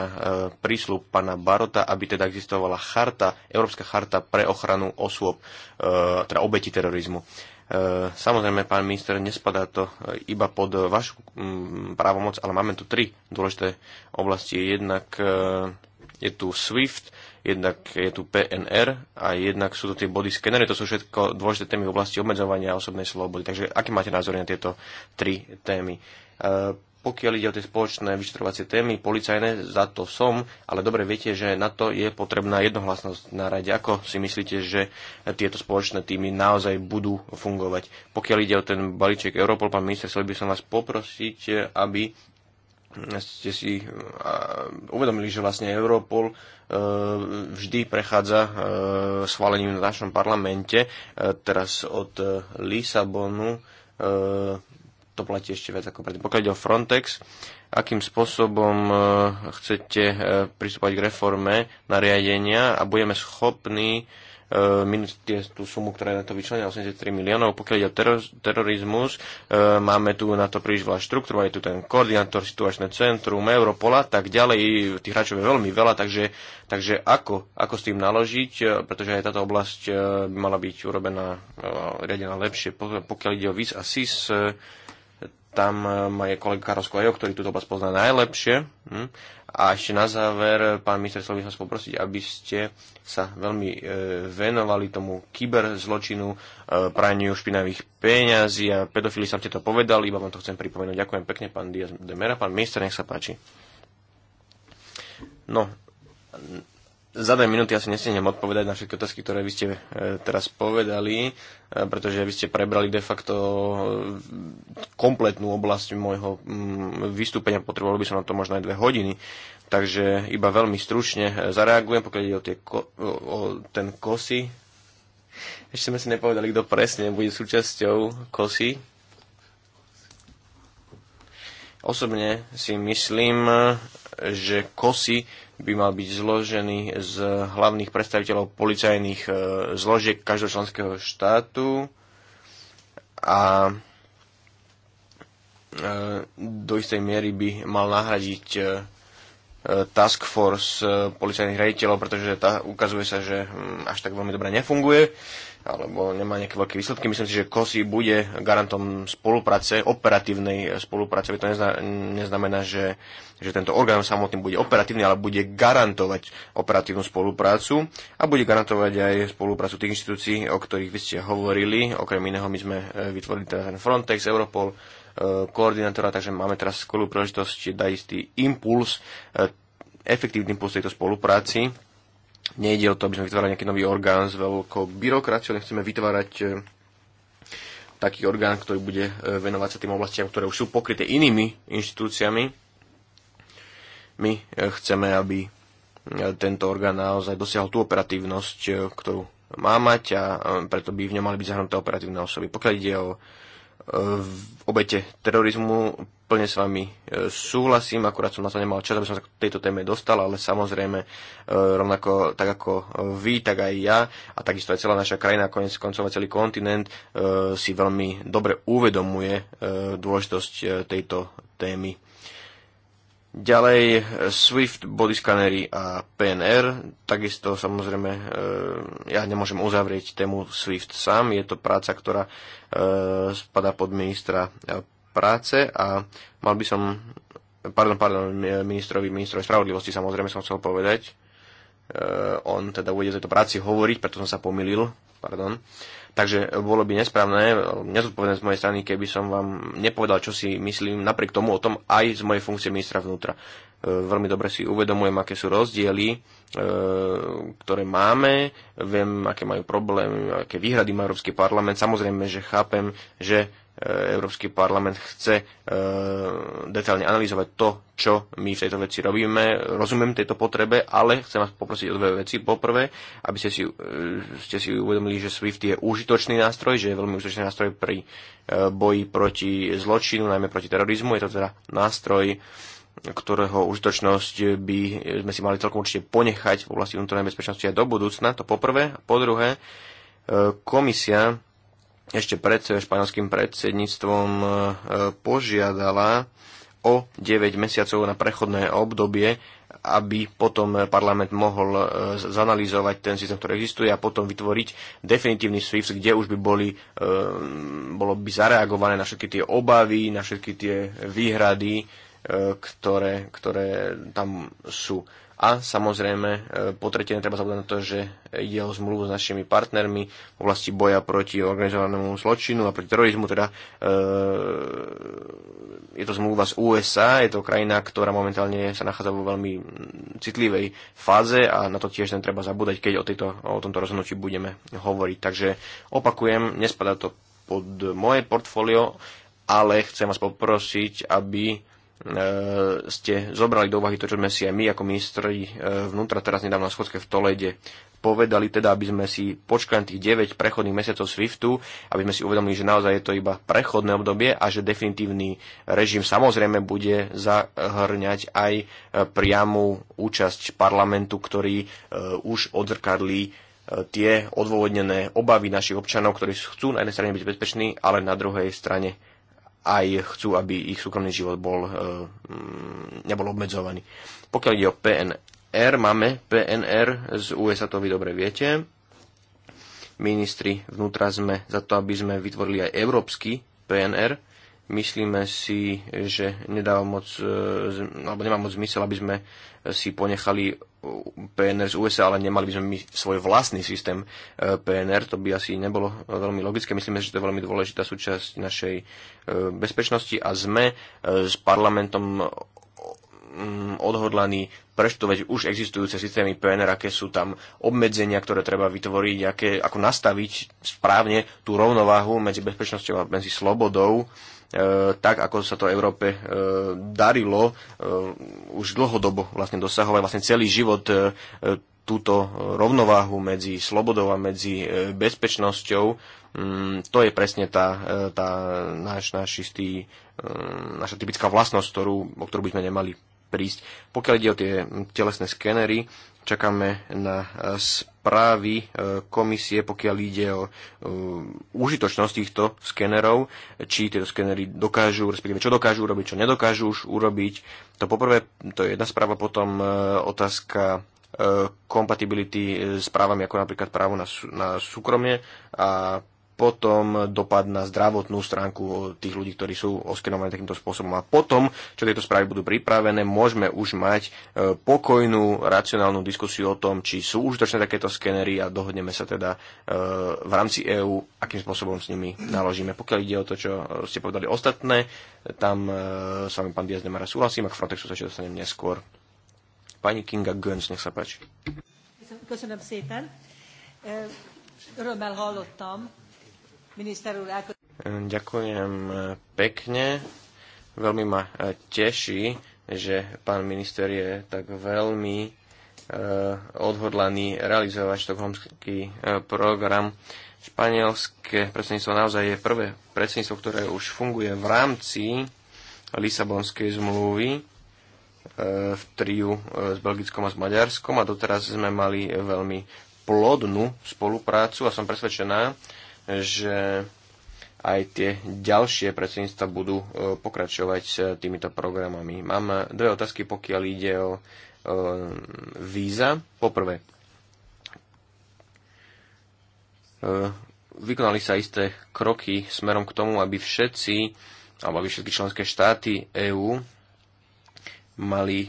prísľub pána Barota, aby teda existovala charta, Európska charta pre ochranu osôb, teda obeti terorizmu. Samozrejme, pán minister, nespadá to iba pod vašu mm, právomoc, ale máme tu tri dôležité oblasti. Jednak je tu SWIFT, Jednak je tu PNR a jednak sú to tie body skenery. To sú všetko dôležité témy v oblasti obmedzovania osobnej slobody. Takže aké máte názory na tieto tri témy? E, pokiaľ ide o tie spoločné vyšetrovacie témy, policajné, za to som, ale dobre viete, že na to je potrebná jednohlasnosť na rade. Ako si myslíte, že tieto spoločné týmy naozaj budú fungovať? Pokiaľ ide o ten balíček Europol, pán minister, chcel by som vás poprosiť, aby ste si e, uvedomili, že vlastne Europol e, vždy prechádza e, schválením v našom parlamente. Teraz od Lisabonu to platí ešte viac ako predtým. Pokiaľ ide o Frontex, akým spôsobom chcete pristúpať k reforme nariadenia a budeme schopní Eh, minúť tú sumu, ktorá je na to vyčlenená, 83 miliónov. Pokiaľ ide o terorizmus, eh, máme tu na to príliš veľa štruktúr, je tu ten koordinátor, situačné centrum, Europola, tak ďalej, tých hráčov je veľmi veľa, takže, takže ako, ako s tým naložiť, eh, pretože aj táto oblasť by mala byť urobená, riadená lepšie. Pokiaľ ide o VIS a SIS, tam je kolega Karosko Ejo, ktorý túto oblasť pozná najlepšie. Hm? A ešte na záver, pán minister, chcel by som vás poprosiť, aby ste sa veľmi e, venovali tomu kyberzločinu, e, praniu špinavých peňazí a pedofili sa ste to povedali, iba vám to chcem pripomenúť. Ďakujem pekne, pán Diaz de Mera, pán minister, nech sa páči. No, za dve minúty asi nestihnem odpovedať na všetky otázky, ktoré vy ste e, teraz povedali, e, pretože vy ste prebrali de facto e, kompletnú oblasť môjho mm, vystúpenia, potreboval by som na to možno aj dve hodiny. Takže iba veľmi stručne zareagujem, pokiaľ ide o, tie, o ten kosy. Ešte sme si nepovedali, kto presne bude súčasťou kosy. Osobne si myslím, že kosy by mal byť zložený z hlavných predstaviteľov policajných e, zložiek každého členského štátu a e, do istej miery by mal nahradiť e, task force policajných rejiteľov, pretože tá, ukazuje sa, že mm, až tak veľmi dobre nefunguje alebo nemá nejaké veľké výsledky. Myslím si, že KOSI bude garantom spolupráce, operatívnej spolupráce. To neznamená, že, že tento orgán samotný bude operatívny, ale bude garantovať operatívnu spoluprácu a bude garantovať aj spoluprácu tých inštitúcií, o ktorých vy ste hovorili. Okrem iného my sme e, vytvorili teda ten Frontex, Europol, e, koordinátora, takže máme teraz skvelú príležitosť dať istý impuls, e, efektívny impuls tejto spolupráci Nejde o to, aby sme vytvárali nejaký nový orgán s veľkou byrokraciou, nechceme vytvárať e, taký orgán, ktorý bude e, venovať sa tým oblastiam, ktoré už sú pokryté inými inštitúciami. My e, chceme, aby tento orgán naozaj dosiahol tú operatívnosť, ktorú má mať a preto by v ňom mali byť zahrnuté operatívne osoby. Pokiaľ ide o obete terorizmu, plne s vami e, súhlasím, akurát som na to nemal čas, aby som sa k tejto téme dostal, ale samozrejme e, rovnako tak ako e, vy, tak aj ja a takisto aj celá naša krajina, konec koncov celý kontinent si veľmi dobre uvedomuje dôležitosť tejto témy. Ďalej Swift, body scannery a PNR. Takisto samozrejme ja nemôžem uzavrieť tému Swift sám. Je to práca, ktorá spada pod ministra práce a mal by som, pardon, pardon, ministrovi, ministrovi spravodlivosti samozrejme som chcel povedať, e, on teda bude o tejto práci hovoriť, preto som sa pomýlil, pardon. Takže bolo by nesprávne, nezodpovedné z mojej strany, keby som vám nepovedal, čo si myslím napriek tomu o tom aj z mojej funkcie ministra vnútra. E, veľmi dobre si uvedomujem, aké sú rozdiely, e, ktoré máme, viem, aké majú problémy, aké výhrady má Európsky parlament. Samozrejme, že chápem, že E, Európsky parlament chce e, detailne analyzovať to, čo my v tejto veci robíme. Rozumiem tejto potrebe, ale chcem vás poprosiť o dve veci. Poprvé, aby ste si, e, ste si uvedomili, že SWIFT je užitočný nástroj, že je veľmi užitočný nástroj pri boji proti zločinu, najmä proti terorizmu. Je to teda nástroj, ktorého užitočnosť by sme si mali celkom určite ponechať v oblasti vnútornej bezpečnosti aj do budúcna, to poprvé. po druhé, komisia ešte pred španielským predsedníctvom e, požiadala o 9 mesiacov na prechodné obdobie, aby potom parlament mohol e, zanalýzovať ten systém, ktorý existuje a potom vytvoriť definitívny SWIFT, kde už by boli, e, bolo by zareagované na všetky tie obavy, na všetky tie výhrady, ktoré, ktoré tam sú. A samozrejme, e, po tretie, netreba zabúdať na to, že ide o zmluvu s našimi partnermi v oblasti boja proti organizovanému zločinu a proti terorizmu. Teda, e, je to zmluva z USA, je to krajina, ktorá momentálne sa nachádza vo veľmi citlivej fáze a na to tiež netreba zabúdať, keď o, tejto, o tomto rozhodnutí budeme hovoriť. Takže opakujem, nespadá to pod moje portfólio, ale chcem vás poprosiť, aby Eh, ste zobrali do úvahy to, čo sme si aj my ako ministri eh, vnútra teraz nedávno na schodke v Tolede povedali, teda aby sme si počkali tých 9 prechodných mesiacov SWIFTu, aby sme si uvedomili, že naozaj je to iba prechodné obdobie a že definitívny režim samozrejme bude zahrňať aj eh, priamu účasť parlamentu, ktorý už odzrkadlí tie odôvodnené obavy našich občanov, ktorí chcú na jednej strane byť bezpeční, ale na druhej strane aj chcú, aby ich súkromný život bol, e, mm, nebol obmedzovaný. Pokiaľ ide o PNR, máme PNR, z USA to vy dobre viete. Ministri vnútra sme za to, aby sme vytvorili aj európsky PNR. Myslíme si, že nedáva moc, e, alebo nemá moc zmysel, aby sme si ponechali PNR z USA, ale nemali by sme my svoj vlastný systém e, PNR, to by asi nebolo e, veľmi logické. Myslíme, že to je veľmi dôležitá súčasť našej e, bezpečnosti a sme s parlamentom Mm, odhodlaní preštovať už existujúce systémy PNR, aké sú tam obmedzenia, ktoré treba vytvoriť, aké, ako nastaviť správne tú rovnováhu medzi bezpečnosťou a medzi slobodou, e, tak ako sa to Európe e, darilo e, už dlhodobo vlastne dosahovať vlastne celý život e, túto rovnováhu medzi slobodou a medzi e, bezpečnosťou. Mm, to je presne tá, e, tá náš, náš istý, e, naša typická vlastnosť, ktorú, o ktorú by sme nemali prísť. Pokiaľ ide o tie telesné skenery, čakáme na e, správy e, komisie, pokiaľ ide o e, užitočnosť týchto skenerov, či tieto skenery dokážu, respektíve čo dokážu urobiť, čo nedokážu už urobiť. To poprvé, to je jedna správa, potom otázka kompatibility s právami, ako napríklad právo na, na súkromie a potom dopad na zdravotnú stránku tých ľudí, ktorí sú oskenovaní takýmto spôsobom. A potom, čo tieto správy budú pripravené, môžeme už mať e, pokojnú, racionálnu diskusiu o tom, či sú užitočné takéto skenery a dohodneme sa teda e, v rámci EÚ, akým spôsobom s nimi naložíme. Pokiaľ ide o to, čo ste povedali ostatné, tam e, s vami pán Diaz Demara súhlasím a k Frontexu sa ešte dostanem neskôr. Pani Kinga Göns, nech sa páči. Köszönöm szépen. Örömmel hallottam, Hm, ďakujem eh, pekne. Veľmi ma eh, teší, že pán minister je tak veľmi eh, odhodlaný realizovať štokholmský program. Španielské predsedníctvo naozaj je prvé predsedníctvo, ktoré už funguje v rámci Lisabonskej zmluvy v triu s Belgickom a s Maďarskom a doteraz sme mali veľmi plodnú spoluprácu a som presvedčená, že aj tie ďalšie predsedníctva budú e, pokračovať s týmito programami. Mám dve otázky, pokiaľ ide o e, víza. Poprvé, e, vykonali sa isté kroky smerom k tomu, aby všetci alebo aby všetky členské štáty EÚ mali e,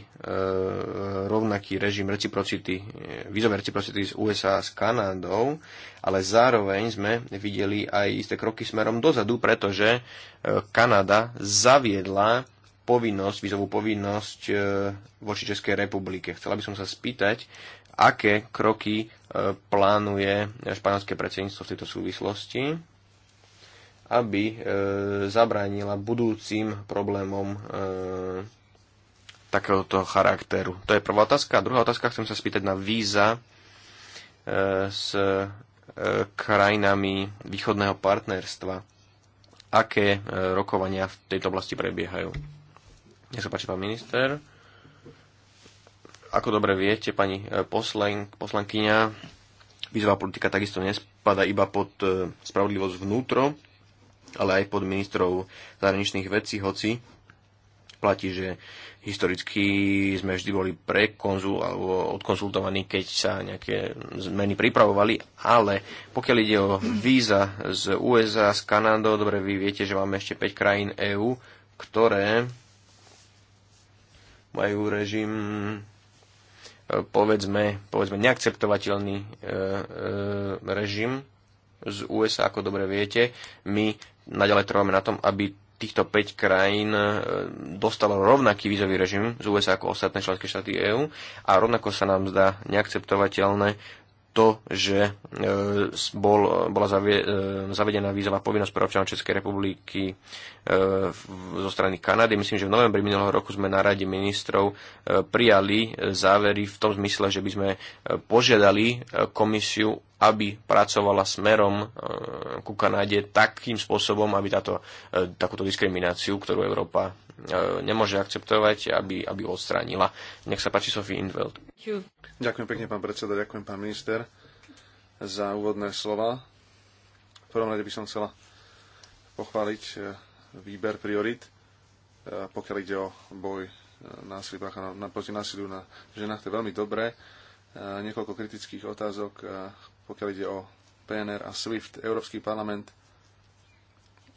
rovnaký režim reciprocity, e, vízové reciprocity z USA a s Kanadou, ale zároveň sme videli aj isté kroky smerom dozadu, pretože e, Kanada zaviedla povinnosť, vízovú povinnosť e, voči Českej republike. Chcela by som sa spýtať, aké kroky e, plánuje španielské predsedníctvo v tejto súvislosti, aby e, zabránila budúcim problémom e, takéhoto charakteru? To je prvá otázka. A druhá otázka, chcem sa spýtať na víza e, s e, krajinami východného partnerstva. Aké e, rokovania v tejto oblasti prebiehajú? Nech sa páči, pán minister. Ako dobre viete, pani poslen, poslankyňa, výzva politika takisto nespada iba pod spravodlivosť vnútro, ale aj pod ministrov zahraničných vecí, hoci platí, že Historicky sme vždy boli prekonzul alebo odkonzultovaní, keď sa nejaké zmeny pripravovali, ale pokiaľ ide o víza z USA, z Kanadou, dobre, vy viete, že máme ešte 5 krajín EÚ, ktoré majú režim e, povedzme, povedzme neakceptovateľný e, e, režim z USA, ako dobre viete. My naďalej trváme na tom, aby týchto 5 krajín e, dostalo rovnaký vízový režim z USA ako ostatné členské štáty EÚ a rovnako sa nám zdá neakceptovateľné to, že e, bol, bola zavie, e, zavedená vízová povinnosť pre občanov Českej republiky zo strany Kanady. Myslím, že v novembri minulého roku sme na Rade ministrov prijali závery v tom zmysle, že by sme požiadali komisiu aby pracovala smerom e, ku Kanáde takým spôsobom, aby táto, e, takúto diskrimináciu, ktorú Európa e, nemôže akceptovať, aby, aby odstránila. Nech sa páči, Sofie Inveld. Ďakujem pekne, pán predseda, ďakujem, pán minister, za úvodné slova. V prvom rade by som chcela pochváliť výber priorit, pokiaľ ide o boj násilí, proti násiliu na ženách. To je veľmi dobré niekoľko kritických otázok pokiaľ ide o PNR a SWIFT. Európsky parlament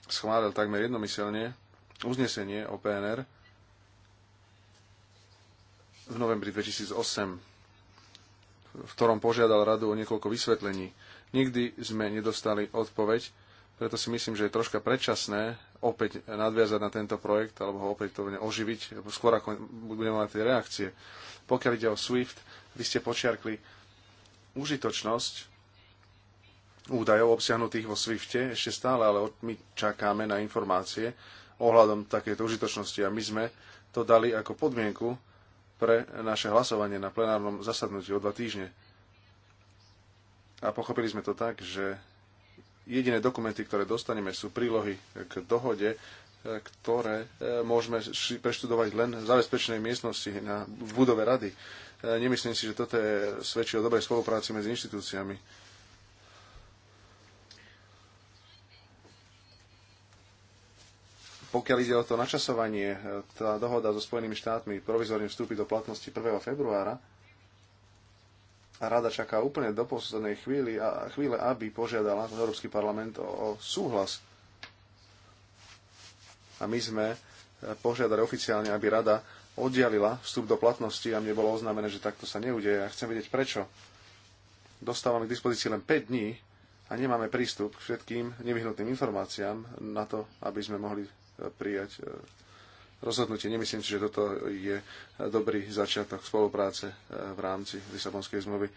schválil takmer jednomyselne uznesenie o PNR v novembri 2008 v ktorom požiadal radu o niekoľko vysvetlení. Nikdy sme nedostali odpoveď, preto si myslím, že je troška predčasné opäť nadviazať na tento projekt alebo ho opätovne oživiť, skôr ako budeme mať tie reakcie. Pokiaľ ide o SWIFT, vy ste počiarkli užitočnosť údajov obsiahnutých vo Swifte ešte stále, ale my čakáme na informácie ohľadom takéto užitočnosti a my sme to dali ako podmienku pre naše hlasovanie na plenárnom zasadnutí o dva týždne. A pochopili sme to tak, že jediné dokumenty, ktoré dostaneme, sú prílohy k dohode, e, ktoré e, môžeme preštudovať len v zabezpečnej miestnosti na, v budove rady. E, nemyslím si, že toto je, svedčí o dobrej spolupráci medzi inštitúciami. Pokiaľ ide o to načasovanie, e, tá dohoda so Spojenými štátmi provizorne vstúpi do platnosti 1. februára a rada čaká úplne do poslednej chvíli a chvíle, aby požiadala Európsky parlament o, o súhlas. A my sme e, požiadali oficiálne, aby rada oddialila vstup do platnosti a mne bolo oznámené, že takto sa neudeje. Ja chcem vedieť prečo. Dostávame k dispozícii len 5 dní a nemáme prístup k všetkým nevyhnutným informáciám na to, aby sme mohli prijať e, rozhodnutie. Nemyslím si, že toto je dobrý začiatok spolupráce e, v rámci Lisabonskej zmluvy.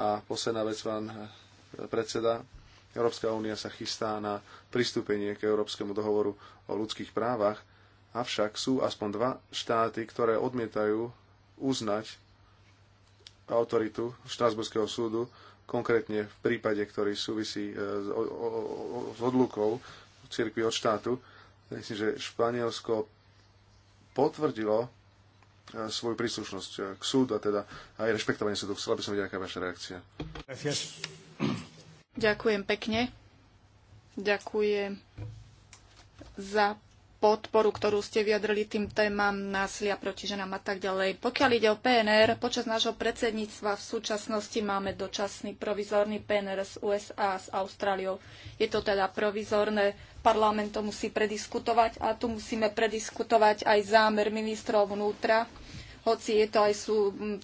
A posledná vec, pán e, predseda, Európska únia sa chystá na pristúpenie k Európskemu dohovoru o ľudských právach, avšak sú aspoň dva štáty, ktoré odmietajú uznať autoritu Štrasburského súdu, konkrétne v prípade, ktorý súvisí s odlukou cirkvi od štátu Myslím, že Španielsko potvrdilo e, svoju príslušnosť e, k súdu a teda aj rešpektovanie súdu. Chcela by som vedieť, aká je vaša reakcia. Ďakujem pekne. Ďakujem za podporu, ktorú ste vyjadrili tým témam násilia proti ženám a tak ďalej. Pokiaľ ide o PNR, počas nášho predsedníctva v súčasnosti máme dočasný provizorný PNR z USA a s Austráliou. Je to teda provizorné, parlament to musí prediskutovať a tu musíme prediskutovať aj zámer ministrov vnútra, hoci je to aj sú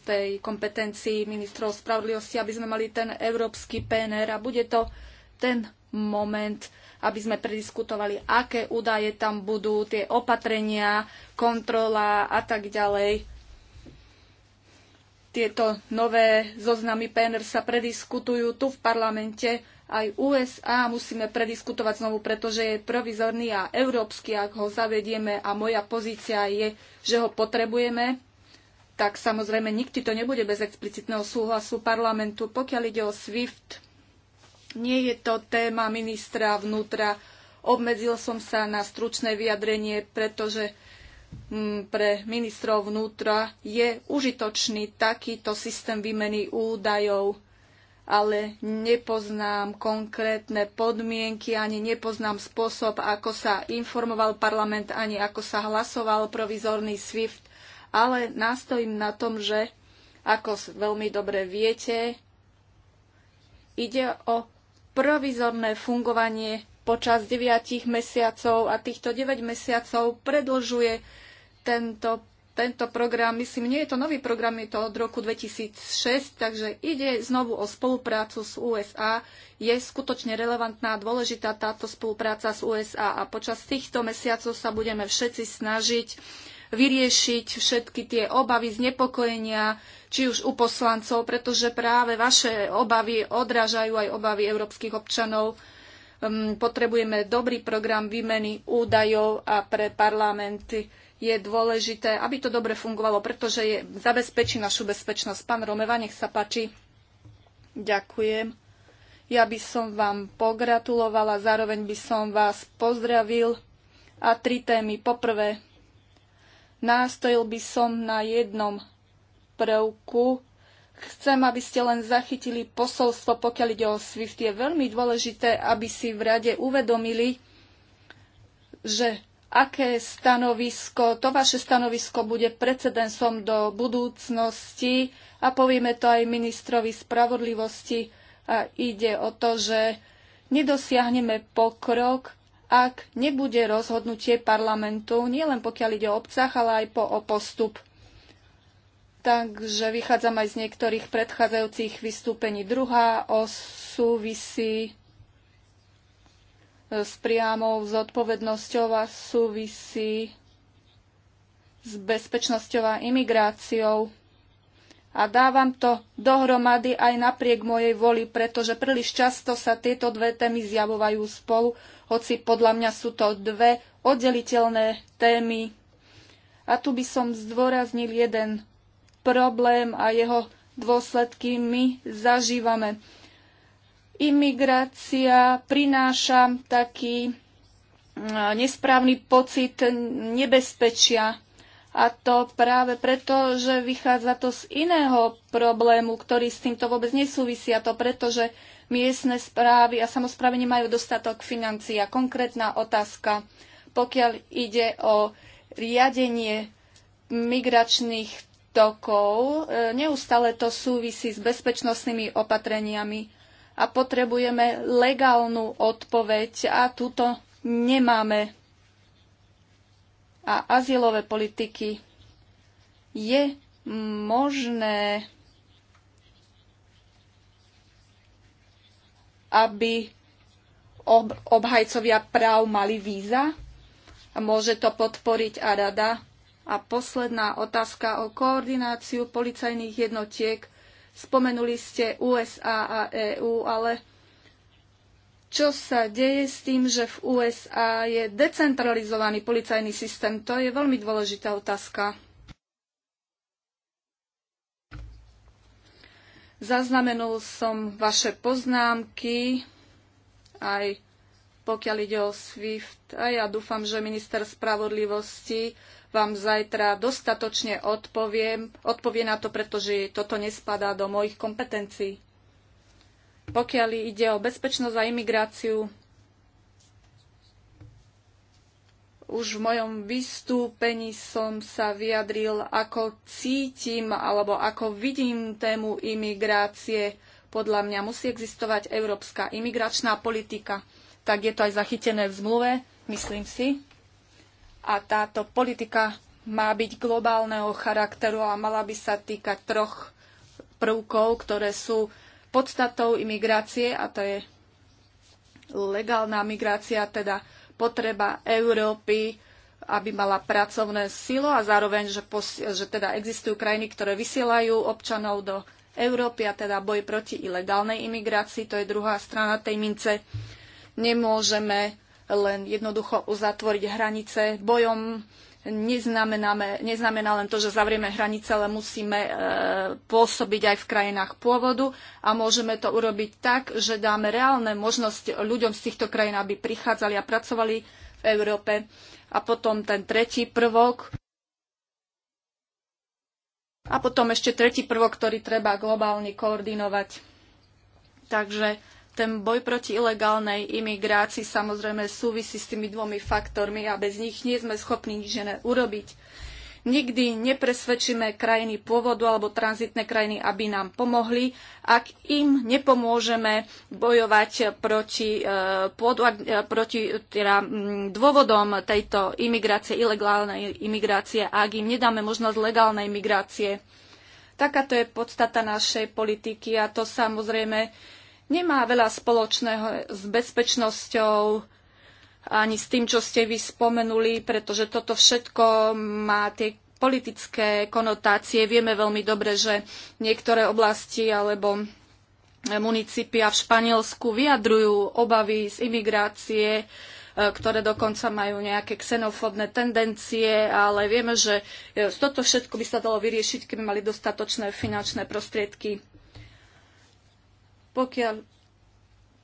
tej kompetencii ministrov spravodlivosti, aby sme mali ten európsky PNR a bude to ten moment, aby sme prediskutovali, aké údaje tam budú, tie opatrenia, kontrola a tak ďalej. Tieto nové zoznamy PNR sa prediskutujú tu v parlamente aj USA musíme prediskutovať znovu, pretože je provizorný a európsky, ak ho zavedieme a moja pozícia je, že ho potrebujeme, tak samozrejme nikdy to nebude bez explicitného súhlasu parlamentu. Pokiaľ ide o SWIFT, nie je to téma ministra vnútra. Obmedzil som sa na stručné vyjadrenie, pretože mm, pre ministrov vnútra je užitočný takýto systém výmeny údajov, ale nepoznám konkrétne podmienky, ani nepoznám spôsob, ako sa informoval parlament, ani ako sa hlasoval provizorný SWIFT, ale nastojím na tom, že, ako veľmi dobre viete, ide o provizorné fungovanie počas 9 mesiacov a týchto 9 mesiacov predlžuje tento, tento program. Myslím, nie je to nový program, je to od roku 2006, takže ide znovu o spoluprácu s USA. Je skutočne relevantná a dôležitá táto spolupráca s USA a počas týchto mesiacov sa budeme všetci snažiť vyriešiť všetky tie obavy, znepokojenia, či už u poslancov, pretože práve vaše obavy odrážajú aj obavy európskych občanov. Ehm, potrebujeme dobrý program výmeny údajov a pre parlamenty je dôležité, aby to dobre fungovalo, pretože je, zabezpečí našu bezpečnosť. Pán Romeva, nech sa páči. Ďakujem. Ja by som vám pogratulovala, zároveň by som vás pozdravil. A tri témy. Poprvé, Nástojil by som na jednom prvku. Chcem, aby ste len zachytili posolstvo, pokiaľ ide o SWIFT. Je veľmi dôležité, aby si v rade uvedomili, že aké stanovisko, to vaše stanovisko bude precedensom do budúcnosti a povieme to aj ministrovi spravodlivosti. A ide o to, že nedosiahneme pokrok, ak nebude rozhodnutie parlamentu, nielen pokiaľ ide o obsah, ale aj po, o postup. Takže vychádzam aj z niektorých predchádzajúcich vystúpení. Druhá o súvisí s priamou zodpovednosťou a súvisí s bezpečnosťou a imigráciou a dávam to dohromady aj napriek mojej voli, pretože príliš často sa tieto dve témy zjavovajú spolu, hoci podľa mňa sú to dve oddeliteľné témy. A tu by som zdôraznil jeden problém a jeho dôsledky my zažívame. Imigrácia prináša taký mm, nesprávny pocit nebezpečia a to práve preto, že vychádza to z iného problému, ktorý s týmto vôbec nesúvisí. A to preto, že miestne správy a samozprávy nemajú dostatok financií. A konkrétna otázka, pokiaľ ide o riadenie migračných tokov, e, neustále to súvisí s bezpečnostnými opatreniami a potrebujeme legálnu odpoveď a túto nemáme a azylové politiky je možné, aby ob- obhajcovia práv mali víza? Môže to podporiť a rada? A posledná otázka o koordináciu policajných jednotiek. Spomenuli ste USA a EU, ale čo sa deje s tým, že v USA je decentralizovaný policajný systém? To je veľmi dôležitá otázka. Zaznamenul som vaše poznámky, aj pokiaľ ide o SWIFT. A ja dúfam, že minister spravodlivosti vám zajtra dostatočne odpoviem, odpovie na to, pretože toto nespadá do mojich kompetencií pokiaľ ide o bezpečnosť a imigráciu, už v mojom vystúpení som sa vyjadril, ako cítim alebo ako vidím tému imigrácie. Podľa mňa musí existovať európska imigračná politika. Tak je to aj zachytené v zmluve, myslím si. A táto politika má byť globálneho charakteru a mala by sa týkať troch prvkov, ktoré sú podstatou imigrácie, a to je legálna migrácia, teda potreba Európy, aby mala pracovné silo a zároveň, že, že teda existujú krajiny, ktoré vysielajú občanov do Európy a teda boj proti ilegálnej imigrácii, to je druhá strana tej mince. Nemôžeme len jednoducho uzatvoriť hranice bojom neznamená len to, že zavrieme hranice, ale musíme e, pôsobiť aj v krajinách pôvodu a môžeme to urobiť tak, že dáme reálne možnosť ľuďom z týchto krajín, aby prichádzali a pracovali v Európe. A potom ten tretí prvok. A potom ešte tretí prvok, ktorý treba globálne koordinovať. Takže ten boj proti ilegálnej imigrácii samozrejme súvisí s tými dvomi faktormi a bez nich nie sme schopní nič urobiť. Nikdy nepresvedčíme krajiny pôvodu alebo tranzitné krajiny, aby nám pomohli, ak im nepomôžeme bojovať proti, e, pôdu, e, proti teda, dôvodom tejto imigrácie, ilegálnej imigrácie, ak im nedáme možnosť legálnej imigrácie, Takáto je podstata našej politiky a to samozrejme nemá veľa spoločného s bezpečnosťou ani s tým, čo ste vy spomenuli, pretože toto všetko má tie politické konotácie. Vieme veľmi dobre, že niektoré oblasti alebo municipia v Španielsku vyjadrujú obavy z imigrácie, e, ktoré dokonca majú nejaké xenofóbne tendencie, ale vieme, že e, toto všetko by sa dalo vyriešiť, keby mali dostatočné finančné prostriedky. Pokiaľ,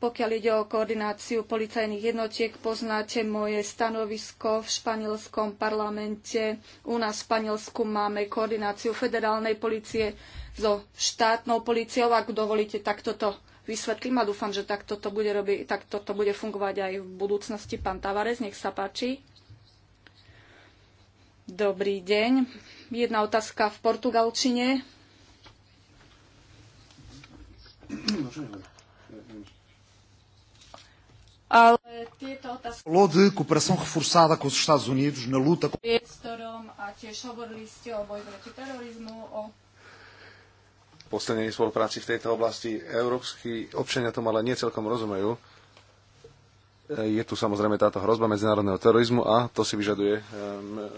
pokiaľ ide o koordináciu policajných jednotiek, poznáte moje stanovisko v španielskom parlamente. U nás v Španielsku máme koordináciu federálnej policie so štátnou policiou. Ak dovolíte, tak toto vysvetlím a dúfam, že takto to bude, robiť, takto to bude fungovať aj v budúcnosti. Pán Tavares, nech sa páči. Dobrý deň. Jedna otázka v portugalčine. Ale tieto otázky... Falou de cooperação reforçada com os Estados Unidos na luta... a tiež hovorili ste o boji proti terorizmu, o posilnení spolupráci v tejto oblasti. Európsky občania tomu ale nie celkom rozumejú. E, je tu samozrejme táto hrozba medzinárodného terorizmu a to si vyžaduje e,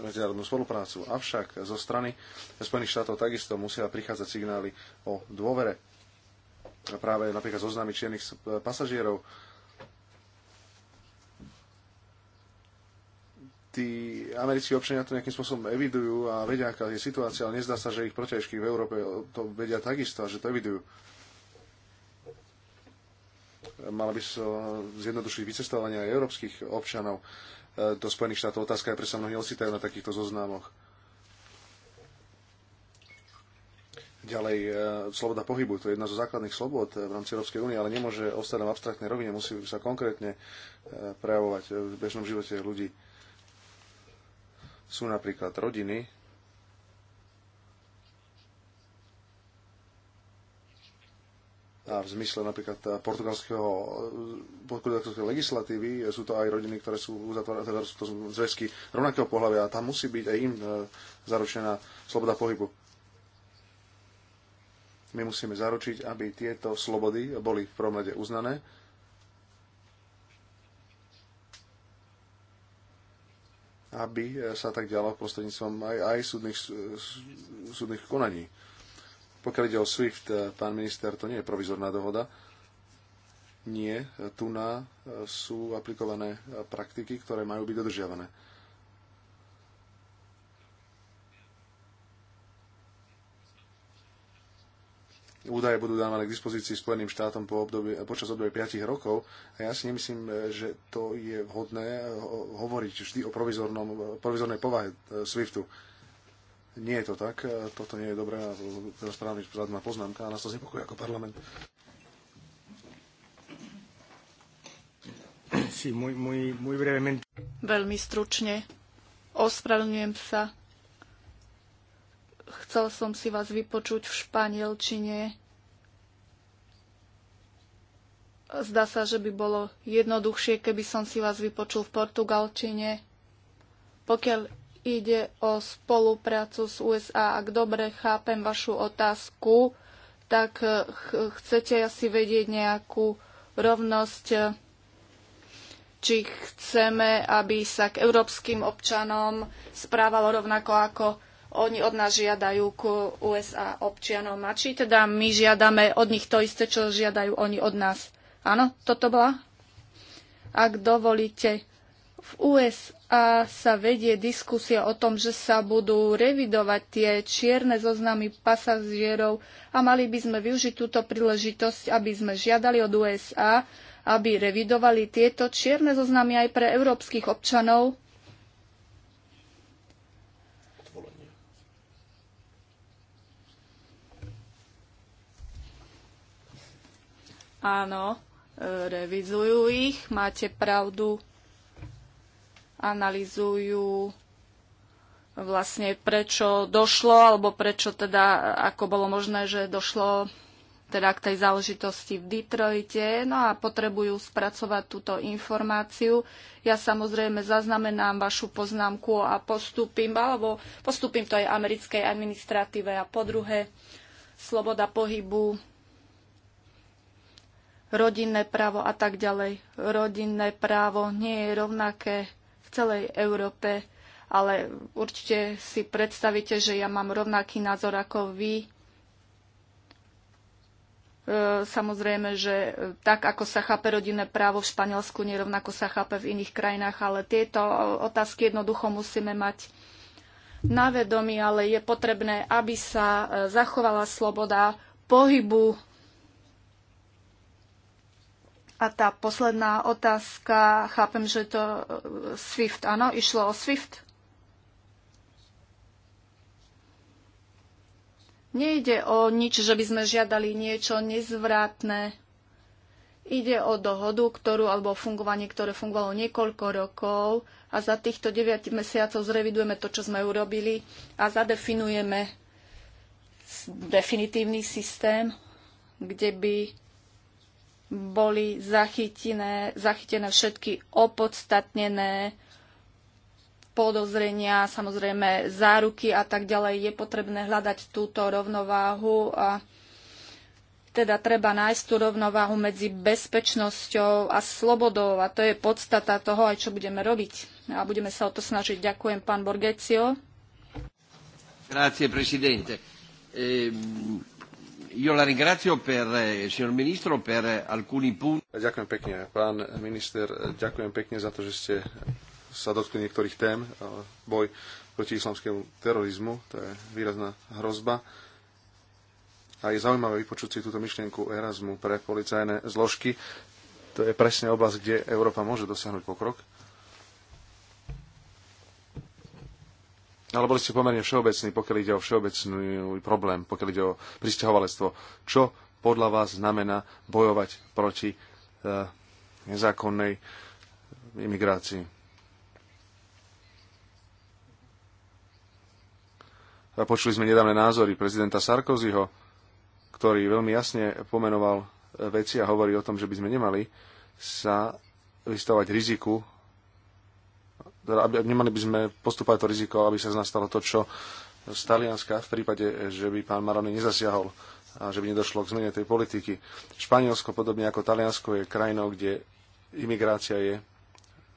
medzinárodnú spoluprácu. Avšak zo strany Spojených štátov takisto musia prichádzať signály o dôvere práve napríklad zoznámy čiernych pasažierov. Tí americkí občania to nejakým spôsobom evidujú a vedia, aká je situácia, ale nezdá sa, že ich protiažky v Európe to vedia takisto a že to evidujú. Mala by sa zjednodušiť vycestovanie aj európskych občanov eh, do Spojených štátov. Otázka je, pre sa mnohí ositajú na takýchto zoznámoch. Ďalej, e, sloboda pohybu, to je jedna zo základných slobod e, v rámci Európskej únie, ale nemôže ostať na abstraktnej rovine, musí sa konkrétne e, prejavovať v bežnom živote ľudí. Sú napríklad rodiny, a v zmysle napríklad portugalského, portugalského legislatívy sú to aj rodiny, ktoré sú uzatvorené, teda sú to zväzky rovnakého pohľavia a tam musí byť aj im zaručená sloboda pohybu. My musíme zaručiť, aby tieto slobody boli v prvom rade uznané. aby sa tak ďalo prostredníctvom aj, aj súdnych, súdnych konaní. Pokiaľ ide o SWIFT, eh, pán minister, to nie je provizorná dohoda. Nie, tu na eh, sú aplikované eh, praktiky, ktoré majú byť dodržiavané. údaje budú dávané k dispozícii Spojeným štátom po období, počas obdobia 5 rokov a ja si nemyslím, e, že to je vhodné e, hovoriť vždy o e, provizornej povahe SWIFTu. Nie je to tak, toto nie je dobré a to je správne správna poznámka a nás to znepokojí ako parlament. Sí, muy, muy, muy Veľmi stručne. Ospravedlňujem sa Chcel som si vás vypočuť v španielčine. Zdá sa, že by bolo jednoduchšie, keby som si vás vypočul v portugalčine. Pokiaľ ide o spoluprácu s USA, ak dobre chápem vašu otázku, tak chcete asi vedieť nejakú rovnosť či chceme, aby sa k európskym občanom správalo rovnako ako oni od nás žiadajú k USA občianom či teda my žiadame od nich to isté, čo žiadajú oni od nás. Áno, toto bola? Ak dovolíte, v USA sa vedie diskusia o tom, že sa budú revidovať tie čierne zoznamy pasažierov a mali by sme využiť túto príležitosť, aby sme žiadali od USA, aby revidovali tieto čierne zoznamy aj pre európskych občanov, Áno, e, revizujú ich, máte pravdu, analizujú vlastne prečo došlo, alebo prečo teda, ako bolo možné, že došlo teda k tej záležitosti v Detroite, no a potrebujú spracovať túto informáciu. Ja samozrejme zaznamenám vašu poznámku a postupím, alebo postupím to aj americkej administratíve. A podruhé, sloboda pohybu rodinné právo a tak ďalej. Rodinné právo nie je rovnaké v celej Európe, ale určite si predstavíte, že ja mám rovnaký názor ako vy. E, samozrejme, že tak, ako sa chápe rodinné právo v Španielsku, nerovnako sa chápe v iných krajinách, ale tieto otázky jednoducho musíme mať na vedomí, ale je potrebné, aby sa e, zachovala sloboda pohybu a tá posledná otázka, chápem, že to e, SWIFT, áno, išlo o SWIFT? Nejde o nič, že by sme žiadali niečo nezvratné. Ide o dohodu, ktorú, alebo fungovanie, ktoré fungovalo niekoľko rokov a za týchto 9 mesiacov zrevidujeme to, čo sme urobili a zadefinujeme definitívny systém, kde by boli zachytené, zachytené všetky opodstatnené podozrenia, samozrejme záruky a tak ďalej. Je potrebné hľadať túto rovnováhu a teda treba nájsť tú rovnováhu medzi bezpečnosťou a slobodou a to je podstata toho, aj čo budeme robiť. A budeme sa o to snažiť. Ďakujem, pán Borgecio. Grazie, presidente. Ehm... Io la ringrazio per, eh, signor Ministro, per eh, alcuni punti. Ďakujem pekne, pán minister. Ďakujem pekne za to, že ste sa dotkli niektorých tém. Boj proti islamskému terorizmu, to je výrazná hrozba. A je zaujímavé vypočuť si túto myšlienku Erasmu pre policajné zložky. To je presne oblasť, kde Európa môže dosiahnuť pokrok. ale boli ste pomerne všeobecní, pokiaľ ide o všeobecný problém, pokiaľ ide o pristahovalectvo. Čo podľa vás znamená bojovať proti e, nezákonnej imigrácii? E, počuli sme nedávne názory prezidenta Sarkozyho, ktorý veľmi jasne pomenoval e, veci a hovorí o tom, že by sme nemali sa vystavovať riziku teda aby, nemali by sme postupovať to riziko, aby sa z nás stalo to, čo z Talianska v prípade, že by pán Maroni nezasiahol a že by nedošlo k zmene tej politiky. Španielsko, podobne ako Taliansko, je krajinou, kde imigrácia je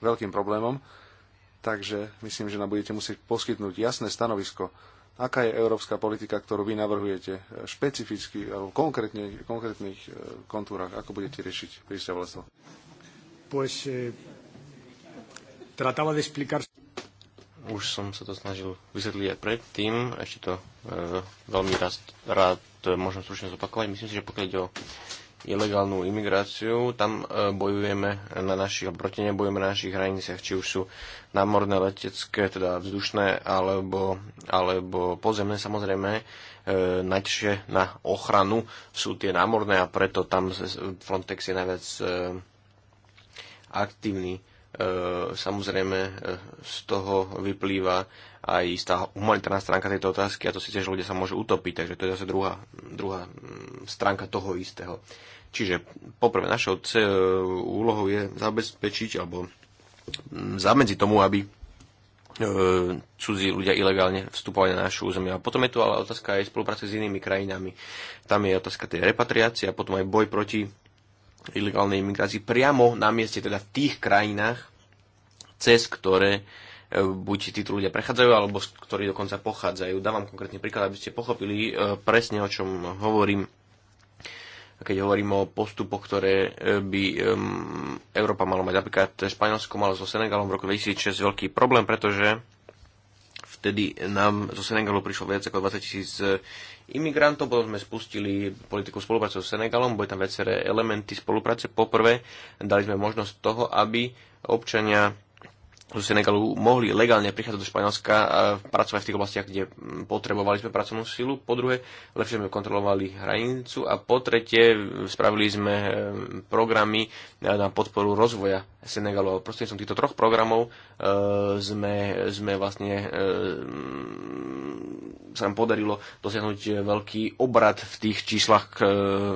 veľkým problémom, takže myslím, že nám budete musieť poskytnúť jasné stanovisko, aká je európska politika, ktorú vy navrhujete špecificky alebo konkrétne, konkrétnych e, kontúrach, ako budete riešiť pristahovalstvo. Pues, eh trataba de explicar... Už som sa to snažil vysvetliť aj predtým, ešte to e, veľmi rád, rád môžem stručne zopakovať. Myslím si, že pokiaľ ide o ilegálnu imigráciu, tam e, bojujeme na našich, proti nebojujeme na našich hraniciach, či už sú námorné, letecké, teda vzdušné, alebo, alebo pozemné samozrejme. E, najťažšie na ochranu sú tie námorné a preto tam Frontex je najviac e, aktívny. E, E, samozrejme e, z toho vyplýva aj istá humanitárna stránka tejto otázky a to si tiež ľudia sa môžu utopiť, takže to je zase druhá, druhá mm, stránka toho istého. Čiže poprvé našou e, úlohou je zabezpečiť alebo mm, zamedzi tomu, aby cudzí ľudia ilegálne vstupovali na našu územie. A potom je tu ale otázka aj spolupráce s inými krajinami. Tam je otázka tej repatriácie a potom aj boj proti ilegálnej imigrácii priamo na mieste, teda v tých krajinách, cez ktoré e, buď títo ľudia prechádzajú, alebo z ktorých dokonca pochádzajú. Dávam konkrétny príklad, aby ste pochopili e, presne, o čom hovorím, keď hovorím o postupoch, ktoré e, by Európa mala mať. Napríklad Španielsko malo so Senegalom v roku 2006 veľký problém, pretože vtedy nám zo Senegalu prišlo viac ako 20 tisíc e, imigrantov, potom sme spustili politiku spolupráce s Senegalom, boli tam viaceré elementy spolupráce. Poprvé dali sme možnosť toho, aby občania zo Senegalu mohli legálne prichádzať do Španielska a pracovať v tých oblastiach, kde potrebovali sme pracovnú silu. Po druhé, lepšie sme kontrolovali hranicu a po tretie, spravili sme eh, programy na podporu rozvoja Senegalu. prostredníctvom týchto troch programov eh, sme, sme vlastne eh, sa nám podarilo dosiahnuť eh, veľký obrad v tých číslach k eh,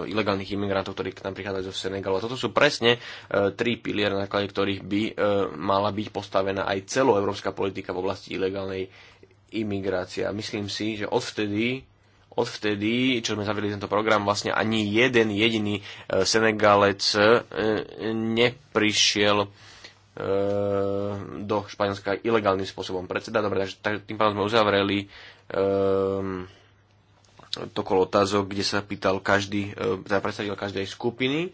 ilegálnych imigrantov, ktorí k nám prichádzajú zo Senegalu. A toto sú presne eh, tri piliere, na základe ktorých by mala byť postavená aj celoevropská politika v oblasti ilegálnej imigrácie. A myslím si, že odvtedy odvtedy, čo sme zavili tento program, vlastne ani jeden jediný Senegalec neprišiel do Španielska ilegálnym spôsobom. Predseda, dobre, takže tým pádom sme uzavreli Ehm, to kolo otázok, kde sa pýtal každý, e, teda predstaviteľ každej skupiny.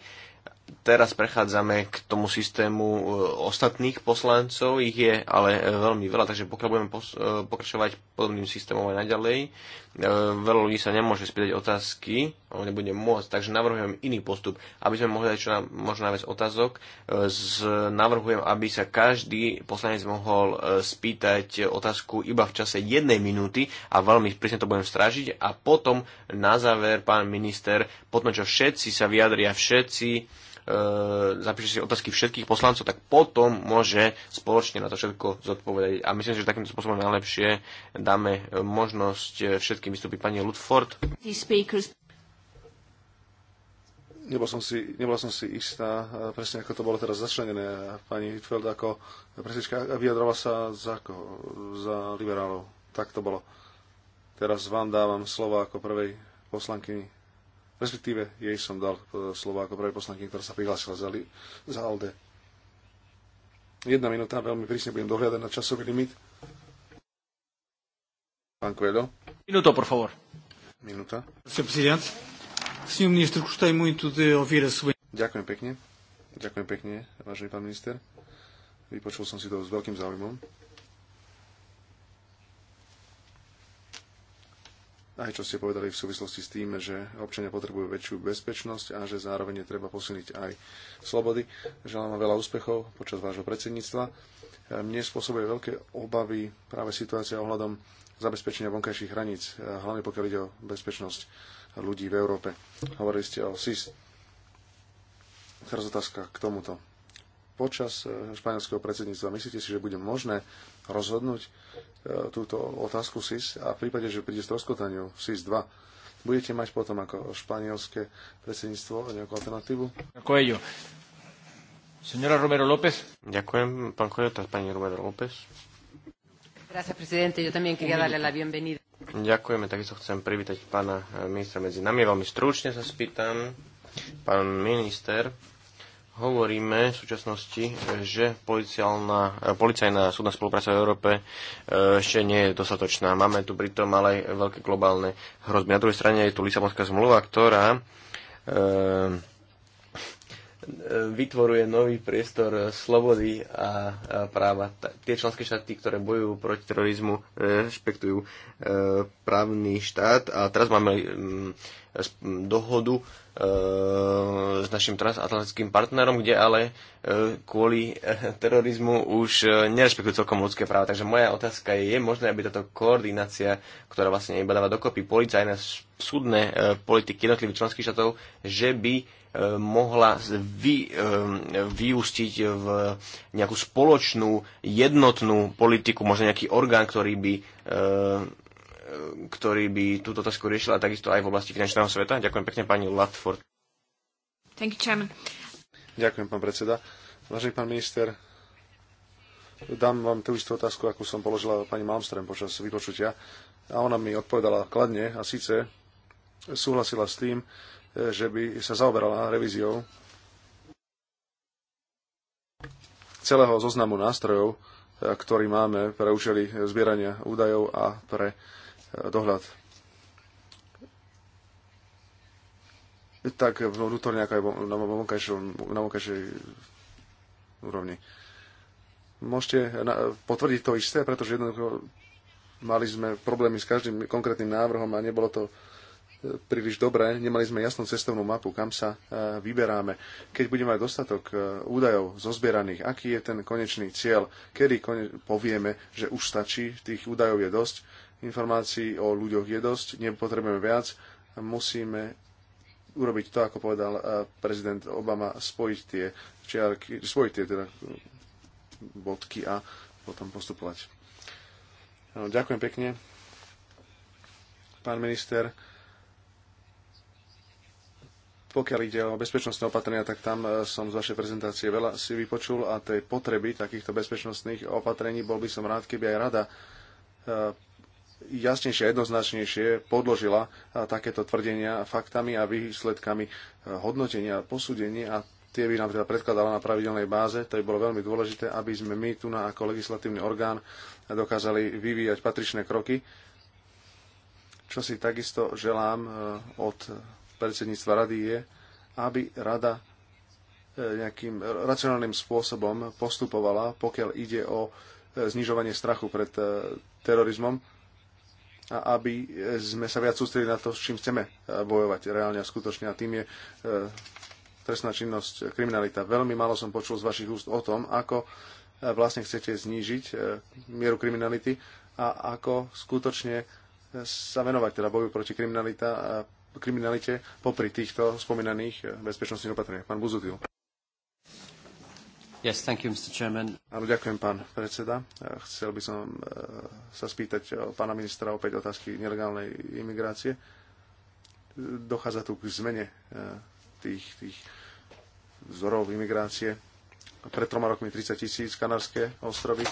Teraz prechádzame k tomu systému e, ostatných poslancov, ich je ale e, veľmi veľa, takže pokiaľ budeme pokračovať podobným systémom aj naďalej, E, veľa ľudí sa nemôže spýtať otázky, on nebude môcť, takže navrhujem iný postup. Aby sme mohli dať čo na, možno najviac otázok, e, z, navrhujem, aby sa každý poslanec mohol e, spýtať otázku iba v čase jednej minúty a veľmi prísne to budem strážiť a potom na záver pán minister, potom čo všetci sa vyjadria, všetci E, zapíše si otázky všetkých poslancov, tak potom môže spoločne na to všetko zodpovedať. A myslím, že takýmto spôsobom najlepšie dáme možnosť všetkým vystúpiť pani Ludford. Nebol som, si, nebola som si istá, e, presne ako to bolo teraz začlenené. Pani Hitfeld ako presnečka vyjadrala sa za, ako, za liberálov. Tak to bolo. Teraz vám dávam slovo ako prvej poslankyni respektíve jej som dal eh, slovo ako prvej poslanky, ktorá sa prihlásila za, za ALDE. Jedna minúta, veľmi prísne budem dohľadať na časový limit. Pán Kvedo. Minúto, por favor. Minúta. Ďakujem pekne. Ďakujem pekne, vážený pán minister. Vypočul som si to s veľkým záujmom. aj čo ste povedali v súvislosti s tým, že občania potrebujú väčšiu bezpečnosť a že zároveň je treba posilniť aj slobody. Želám vám veľa úspechov počas vášho predsedníctva. Mne spôsobuje veľké obavy práve situácia ohľadom zabezpečenia vonkajších hraníc, hlavne pokiaľ ide o bezpečnosť ľudí v Európe. Hovorili ste o SIS. Teraz otázka k tomuto. Počas španielského predsedníctva myslíte si, že bude možné rozhodnúť E, túto otázku SIS a v prípade, že príde stroskotaniu SIS 2, budete mať potom ako španielské predsedníctvo nejakú alternatívu? Señora Romero López. Ďakujem, pán Coelho, pani Romero López. Gracias, presidente. Yo también quería darle la bienvenida. Ďakujeme, takisto chcem privítať pána eh, ministra medzi nami. Veľmi stručne sa spýtam. Pán minister, hovoríme v súčasnosti, že e, policajná súdna spolupráca v Európe e, ešte nie je dostatočná. Máme tu pritom ale aj veľké globálne hrozby. Na druhej strane je tu Lisabonská zmluva, ktorá e, vytvoruje nový priestor slobody a práva. Tie členské štáty, ktoré bojujú proti terorizmu, rešpektujú právny štát a teraz máme mm, dohodu E, s našim transatlantickým partnerom, kde ale e, kvôli e, terorizmu už nerespektujú celkom ľudské práva. Takže moja otázka je, je možné, aby táto koordinácia, ktorá vlastne iba dáva dokopy policajné súdne politiky jednotlivých členských štátov, že by mohla vy, vyústiť v nejakú spoločnú, jednotnú politiku, možno nejaký orgán, ktorý by E, ktorý by túto otázku riešila takisto aj v oblasti finančného sveta. Ďakujem pekne pani Latford. Thank you, chairman. Ďakujem, pán predseda. Vážený pán minister, dám vám tú istú otázku, akú som položila pani Malmström počas vypočutia. A ona mi odpovedala kladne a síce súhlasila s tým, e, že by sa zaoberala revíziou celého zoznamu nástrojov, e, ktorý máme pre účely zbierania údajov a pre dohľad. Tak vnútorne, ako aj na vonkajšej, úrovni. Môžete potvrdiť to isté, pretože jednoducho mali sme problémy s každým konkrétnym návrhom a nebolo to e, príliš dobré, nemali sme jasnú cestovnú mapu, kam sa e, vyberáme. Keď budeme mať dostatok e, údajov zozbieraných, aký je ten konečný cieľ, kedy povieme, že už stačí, tých údajov je dosť informácií o ľuďoch je dosť, nepotrebujeme viac, musíme urobiť to, ako povedal eh, prezident Obama, spojiť tie čiarky, spojiť tie teda eh, bodky a potom postupovať. No, ďakujem pekne. Pán minister, pokiaľ ide o bezpečnostné opatrenia, tak tam eh, som z vašej prezentácie veľa si vypočul a tej potreby takýchto bezpečnostných opatrení bol by som rád, keby aj rada jasnejšie a jednoznačnejšie podložila takéto tvrdenia faktami a výsledkami e, hodnotenia, a posúdenia a tie by nám teda predkladala na pravidelnej báze. To by bolo veľmi dôležité, aby sme my tu na ako legislatívny orgán dokázali vyvíjať patričné kroky, čo si takisto želám e, od predsedníctva rady je, aby rada e, nejakým racionálnym spôsobom postupovala, pokiaľ ide o znižovanie strachu pred terorizmom a aby e, sme sa viac sústredili na to, s čím chceme e, bojovať reálne a skutočne. A tým je e, trestná činnosť, kriminalita. Veľmi málo som počul z vašich úst o tom, ako vlastne chcete znížiť mieru kriminality a ako skutočne sa venovať teda boju proti kriminalita, kriminalite popri týchto spomínaných bezpečnostných opatreniach. Pán Buzutil. Yes, thank you, Mr. Chairman. Áno, ďakujem, pán predseda. Chcel by som e, sa spýtať pána ministra opäť otázky nelegálnej imigrácie. Dochádza tu k zmene e, tých, tých vzorov imigrácie. Pred troma rokmi 30 tisíc kanárske ostrovy, e,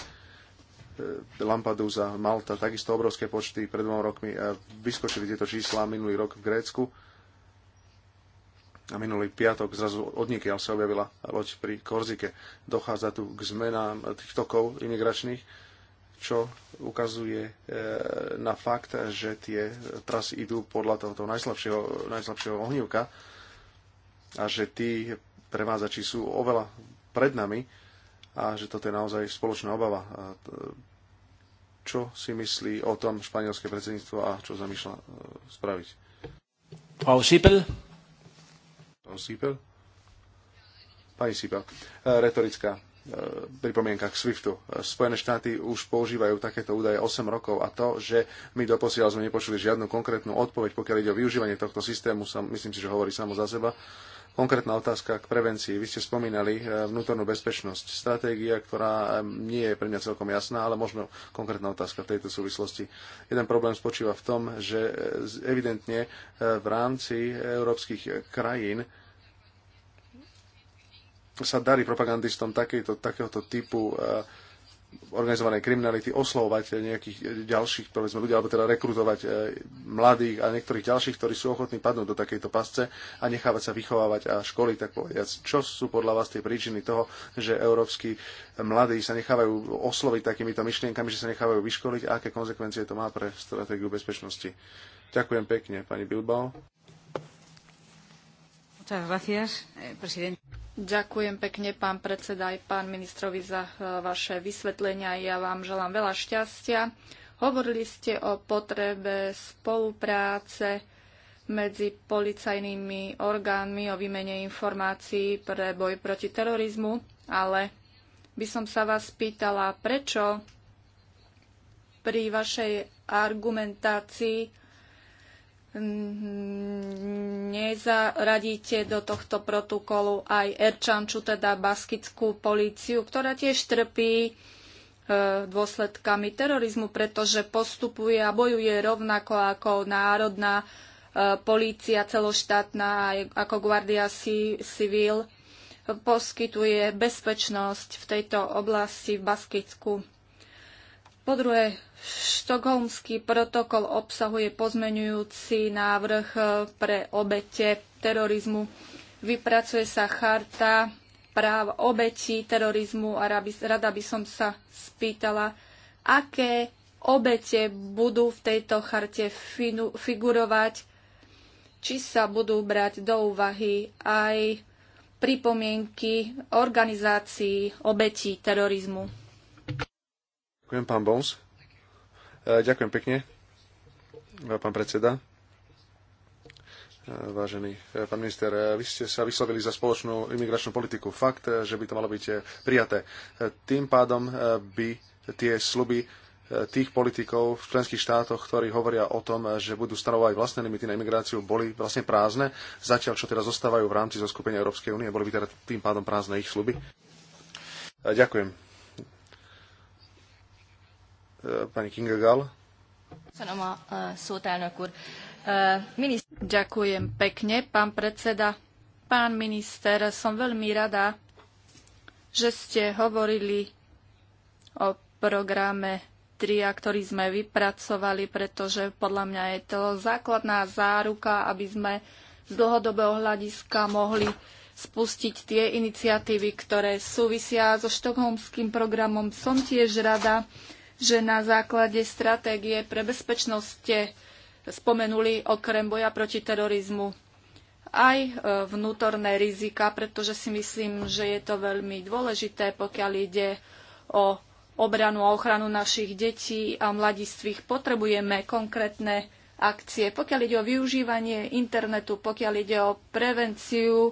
Lampedusa, Malta, takisto obrovské počty pred dvoma rokmi. Vyskočili tieto čísla minulý rok v Grécku a minulý piatok zrazu odniekiaľ sa objavila loď pri Korzike. Dochádza tu k zmenám tých tokov imigračných, čo ukazuje e, na fakt, že tie trasy idú podľa tohoto najslabšieho, najslabšieho ohnívka a že tí prevádzači sú oveľa pred nami a že toto je naozaj spoločná obava. Čo si myslí o tom španielské predsedníctvo a čo zamýšľa e, spraviť? Sýpel? Pani Sýpel, e, retorická e, pripomienka k SWIFTu. E, Spojené štáty už používajú takéto údaje 8 rokov a to, že my doposiaľ sme nepočuli žiadnu konkrétnu odpoveď, pokiaľ ide o využívanie tohto systému, myslím si, že hovorí samo za seba. Konkrétna otázka k prevencii. Vy ste spomínali eh, vnútornú bezpečnosť. Stratégia, ktorá eh, nie je pre mňa celkom jasná, ale možno konkrétna otázka v tejto súvislosti. Jeden problém spočíva v tom, že eh, evidentne v rámci európskych krajín sa darí propagandistom takéto, takéhoto typu uh, organizovanej kriminality oslovovať nejakých ďalších, povedzme, ľudí, alebo teda rekrutovať e, mladých a niektorých ďalších, ktorí sú ochotní padnúť do takejto pasce a nechávať sa vychovávať a školy, tak povediac. Čo sú podľa vás tie príčiny toho, že európsky mladí sa nechávajú osloviť takýmito myšlienkami, že sa nechávajú vyškoliť a aké konsekvencie to má pre stratégiu bezpečnosti? Ďakujem pekne, pani Bilbao. Eh, Ďakujem pekne, pán predseda, aj pán ministrovi za eh, vaše vysvetlenia. Ja vám želám veľa šťastia. Hovorili ste o potrebe spolupráce medzi policajnými orgánmi o výmene informácií pre boj proti terorizmu, ale by som sa vás pýtala, prečo pri vašej argumentácii nezaradíte do tohto protokolu aj Erčanču, teda baskickú políciu, ktorá tiež trpí e, dôsledkami terorizmu, pretože postupuje a bojuje rovnako ako národná e, polícia celoštátna, ako Guardia Civil, poskytuje bezpečnosť v tejto oblasti v Baskicku. Po druhé, štokholmský protokol obsahuje pozmenujúci návrh e, pre obete terorizmu. Vypracuje sa charta práv obetí terorizmu a rada by som sa spýtala, aké obete budú v tejto charte figurovať, či sa budú brať do úvahy aj pripomienky organizácií obetí terorizmu. Ďakujem, pán Bones. E, ďakujem pekne, e, pán predseda. E, vážený pán minister, vy ste sa vyslovili za spoločnú imigračnú politiku. Fakt, že by to malo byť prijaté. Tým pádom by tie sluby tých politikov v členských štátoch, ktorí hovoria o tom, že budú stanovať vlastné limity na imigráciu, boli vlastne prázdne, zatiaľ čo teraz zostávajú v rámci zoskupenia Európskej únie, boli by teda tým pádom prázdne ich sluby? Ďakujem. Pani Kinga Ďakujem pekne, pán predseda. Pán minister, som veľmi rada, že ste hovorili o programe TRIA, ktorý sme vypracovali, pretože podľa mňa je to základná záruka, aby sme z dlhodobého hľadiska mohli spustiť tie iniciatívy, ktoré súvisia so štokholmským programom. Som tiež rada, že na základe stratégie pre bezpečnosť ste spomenuli okrem boja proti terorizmu aj e, vnútorné rizika, pretože si myslím, že je to veľmi dôležité, pokiaľ ide o obranu a ochranu našich detí a mladistvých. Potrebujeme konkrétne akcie, pokiaľ ide o využívanie internetu, pokiaľ ide o prevenciu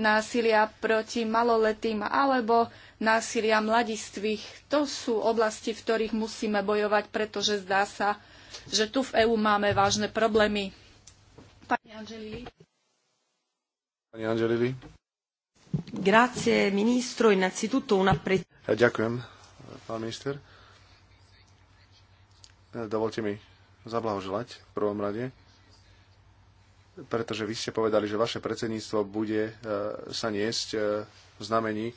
násilia proti maloletým alebo násilia mladistvých. To sú oblasti, v ktorých musíme bojovať, pretože zdá sa, že tu v EÚ máme vážne problémy. Pani Angelili. Pani Angelili. Grazie, ministro, innanzitutto un apprezzamento. Ďakujem, pán minister. Dovolte mi zablahoželať v prvom rade, pretože vy ste povedali, že vaše predsedníctvo bude eh, sa niesť eh, v znamení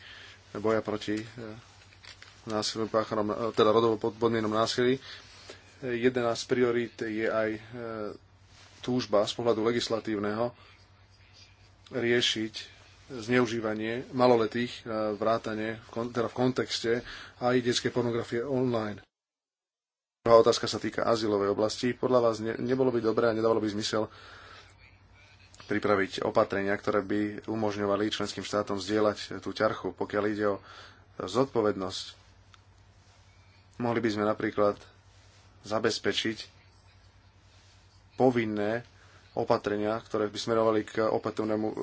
boja proti eh, násilným páchanom, eh, teda rodovo podmienom násilí. Eh, jedna z priorít je aj túžba z pohľadu legislatívneho riešiť zneužívanie maloletých, vrátane teda v kontexte aj detskej pornografie online. Druhá otázka sa týka azylovej oblasti. Podľa vás ne, nebolo by dobré a nedávalo by zmysel pripraviť opatrenia, ktoré by umožňovali členským štátom zdieľať tú ťarchu, pokiaľ ide o zodpovednosť. Mohli by sme napríklad zabezpečiť povinné opatrenia, ktoré by smerovali k opätovnému, e,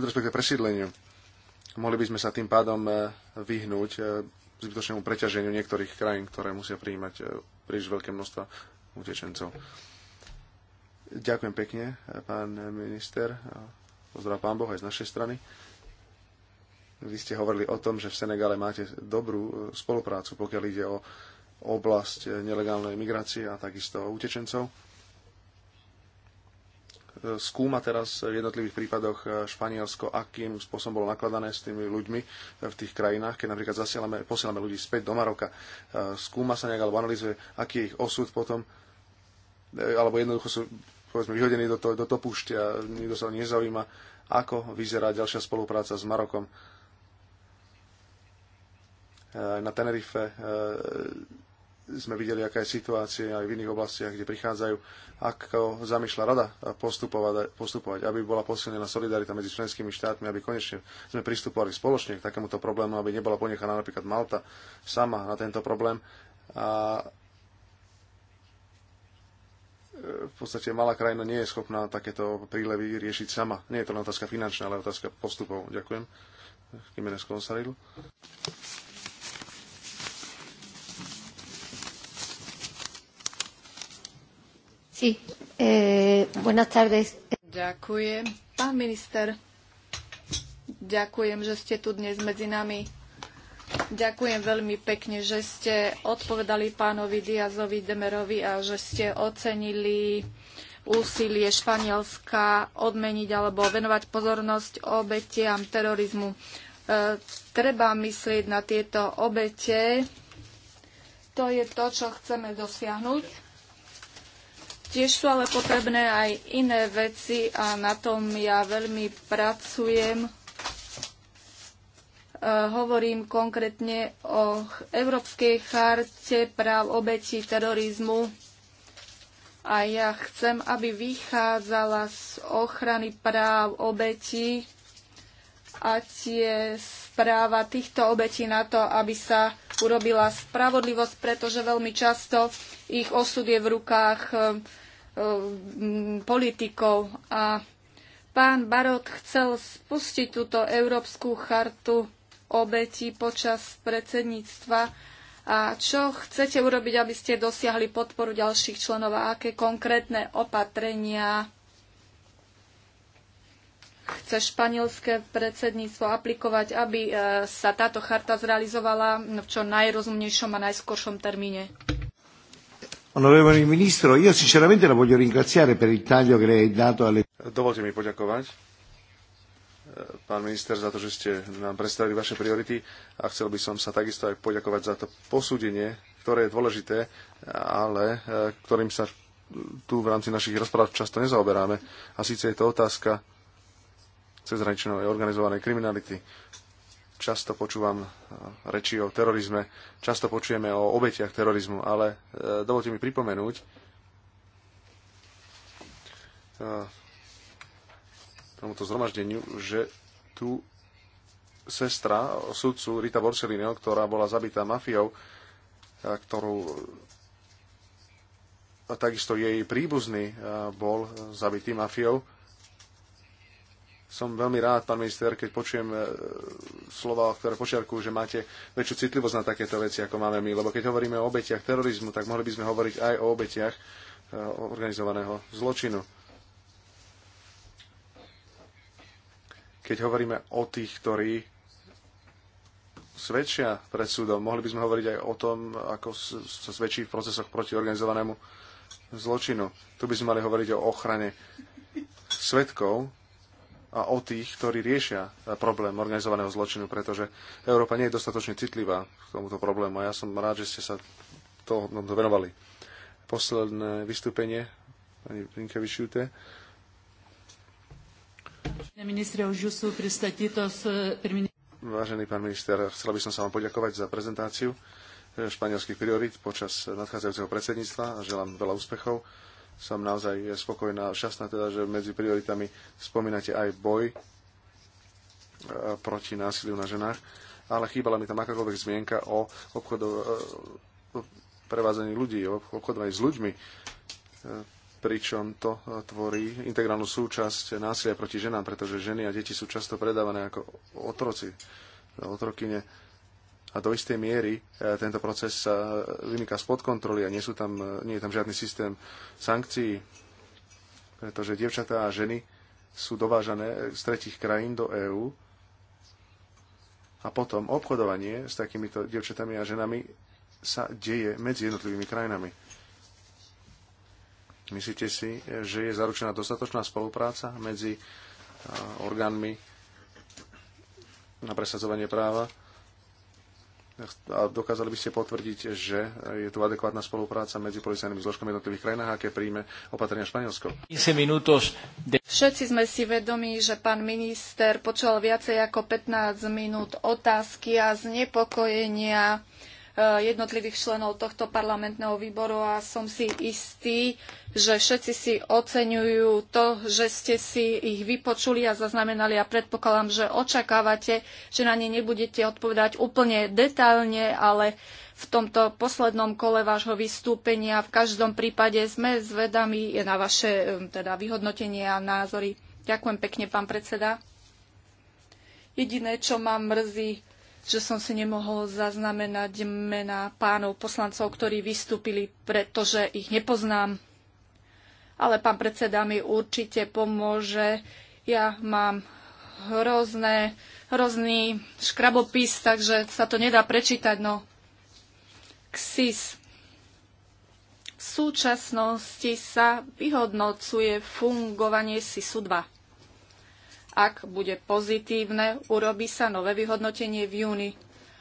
respektíve presídleniu. Mohli by sme sa tým pádom e, vyhnúť e, zbytočnému preťaženiu niektorých krajín, ktoré musia prijímať príliš veľké množstva utečencov. Ďakujem pekne, pán minister. Pozdrav pán Boh aj z našej strany. Vy ste hovorili o tom, že v Senegale máte dobrú e, spoluprácu, pokiaľ ide o oblasť e, nelegálnej migrácie a takisto utečencov. E, skúma teraz v jednotlivých prípadoch Španielsko, akým spôsobom bolo nakladané s tými ľuďmi v tých krajinách, keď napríklad zasielame, posielame ľudí späť do Maroka. Skúma sa nejak alebo analýzuje, aký je ich osud potom, alebo jednoducho sú povedzme, vyhodení do, to, do a nikto sa o nezaujíma, ako vyzerá ďalšia spolupráca s Marokom. E, na Tenerife e, sme videli, aká je situácia aj v iných oblastiach, kde prichádzajú, ako zamýšľa rada postupovať, postupovať, aby bola posilnená solidarita medzi členskými štátmi, aby konečne sme pristupovali spoločne k takémuto problému, aby nebola ponechaná napríklad Malta sama na tento problém. A v podstate malá krajina nie je schopná takéto prílevy riešiť sama. Nie je to len otázka finančná, ale otázka postupov. Ďakujem. Jiménez Consarilu. Sí. Eh, buenas tardes. Ďakujem. Pán minister, ďakujem, že ste tu dnes medzi nami. Ďakujem veľmi pekne, že ste odpovedali pánovi Diazovi Demerovi a že ste ocenili úsilie Španielska odmeniť alebo venovať pozornosť obetiam terorizmu. E, treba myslieť na tieto obete. To je to, čo chceme dosiahnuť. Tiež sú ale potrebné aj iné veci a na tom ja veľmi pracujem Eh, hovorím konkrétne o Európskej charte práv obetí terorizmu a ja chcem, aby vychádzala z ochrany práv obetí a tie správa týchto obetí na to, aby sa urobila spravodlivosť, pretože veľmi často ich osud je v rukách eh, mm, politikov. A pán Barot chcel spustiť túto Európsku chartu obeti počas predsedníctva a čo chcete urobiť, aby ste dosiahli podporu ďalších členov a aké konkrétne opatrenia chce španielské predsedníctvo aplikovať, aby e, sa táto charta zrealizovala v čo najrozumnejšom a najskoršom termíne. Onorevole ministro, io sinceramente la voglio ringraziare per il taglio che lei ha dato alle... Dovolte mi poďakovať pán minister, za to, že ste nám predstavili vaše priority a chcel by som sa takisto aj poďakovať za to posúdenie, ktoré je dôležité, ale e, ktorým sa tu v rámci našich rozpráv často nezaoberáme. A síce je to otázka cezhraničnej organizovanej kriminality. Často počúvam e, reči o terorizme, často počujeme o obetiach terorizmu, ale e, dovolte mi pripomenúť, tomuto zhromaždeniu, že tu sestra sudcu Rita Borsellino, ktorá bola zabitá mafiou, ktorú a takisto jej príbuzný bol zabitý mafiou. Som veľmi rád, pán minister, keď počujem e, slova, ktoré počiarkujú, že máte väčšiu citlivosť na takéto veci, ako máme my. Lebo keď hovoríme o obetiach terorizmu, tak mohli by sme hovoriť aj o obetiach e, organizovaného zločinu. Keď hovoríme o tých, ktorí svedčia pred súdom, mohli by sme hovoriť aj o tom, ako sa svedčí v procesoch proti organizovanému zločinu. Tu by sme mali hovoriť o ochrane svedkov a o tých, ktorí riešia problém organizovaného zločinu, pretože Európa nie je dostatočne citlivá k tomuto problému a ja som rád, že ste sa toho venovali. Posledné vystúpenie pani Brinkevičiute. E, Vážený pán minister, chcel by som sa vám poďakovať za prezentáciu e, španielských priorít počas nadchádzajúceho predsedníctva a želám veľa úspechov. Som naozaj spokojná a šťastná, teda, že medzi prioritami spomínate aj boj e, proti násiliu na ženách, ale chýbala mi tam akákoľvek zmienka o obchodov, o prevádzaní ľudí, o obchodovaní s ľuďmi pričom to e, tvorí integrálnu súčasť násilia proti ženám, pretože ženy a deti sú často predávané ako otroci, otrokyne. A do istej miery e, tento proces sa vymýka spod kontroly a nie, sú tam, e, nie je tam žiadny systém sankcií, pretože dievčatá a ženy sú dovážané z tretich krajín do EÚ a potom obchodovanie s takýmito dievčatami a ženami sa deje medzi jednotlivými krajinami Myslíte si, že je zaručená dostatočná spolupráca medzi orgánmi na presadzovanie práva? A dokázali by ste potvrdiť, že je tu adekvátna spolupráca medzi policajnými zložkami jednotlivých krajinách, aké príjme opatrenia Španielsko? Všetci sme si vedomi, že pán minister počal viacej ako 15 minút otázky a znepokojenia Eh, jednotlivých členov tohto parlamentného výboru a som si istý, že všetci si oceňujú to, že ste si ich vypočuli a zaznamenali a predpokladám, že očakávate, že na ne nebudete odpovedať úplne detailne, ale v tomto poslednom kole vášho vystúpenia. V každom prípade sme zvedami na vaše eh, teda, vyhodnotenie a názory. Ďakujem pekne, pán predseda. Jediné, čo ma mrzí, že som si nemohol zaznamenať mená pánov poslancov, ktorí vystúpili, pretože ich nepoznám. Ale pán predseda mi určite pomôže. Ja mám hrozné, hrozný škrabopis, takže sa to nedá prečítať. No. KSIS. V súčasnosti sa vyhodnocuje fungovanie SISu 2. Ak bude pozitívne, urobí sa nové vyhodnotenie v júni.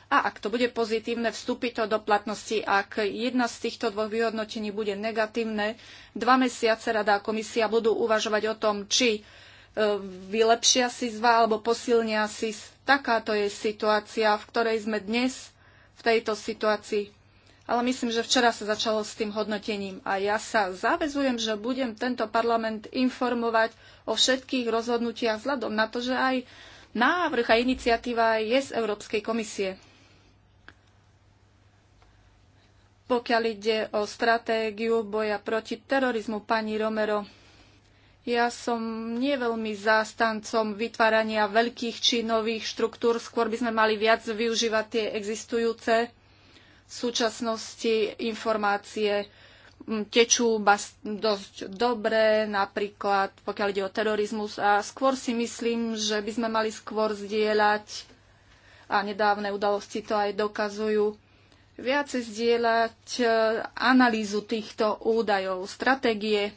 A ak to bude pozitívne, vstúpi to do platnosti. Ak jedna z týchto dvoch vyhodnotení bude negatívne, dva mesiace Rada a komisia budú uvažovať o tom, či e, vylepšia si zva alebo posilnia si. Takáto je situácia, v ktorej sme dnes v tejto situácii ale myslím, že včera sa začalo s tým hodnotením a ja sa záväzujem, že budem tento parlament informovať o všetkých rozhodnutiach vzhľadom na to, že aj návrh a iniciatíva je z Európskej komisie. Pokiaľ ide o stratégiu boja proti terorizmu, pani Romero, ja som nie veľmi zástancom vytvárania veľkých či nových štruktúr, skôr by sme mali viac využívať tie existujúce v súčasnosti informácie tečú dosť dobre, napríklad pokiaľ ide o terorizmus. A skôr si myslím, že by sme mali skôr zdieľať, a nedávne udalosti to aj dokazujú, viacej zdieľať e, analýzu týchto údajov, stratégie.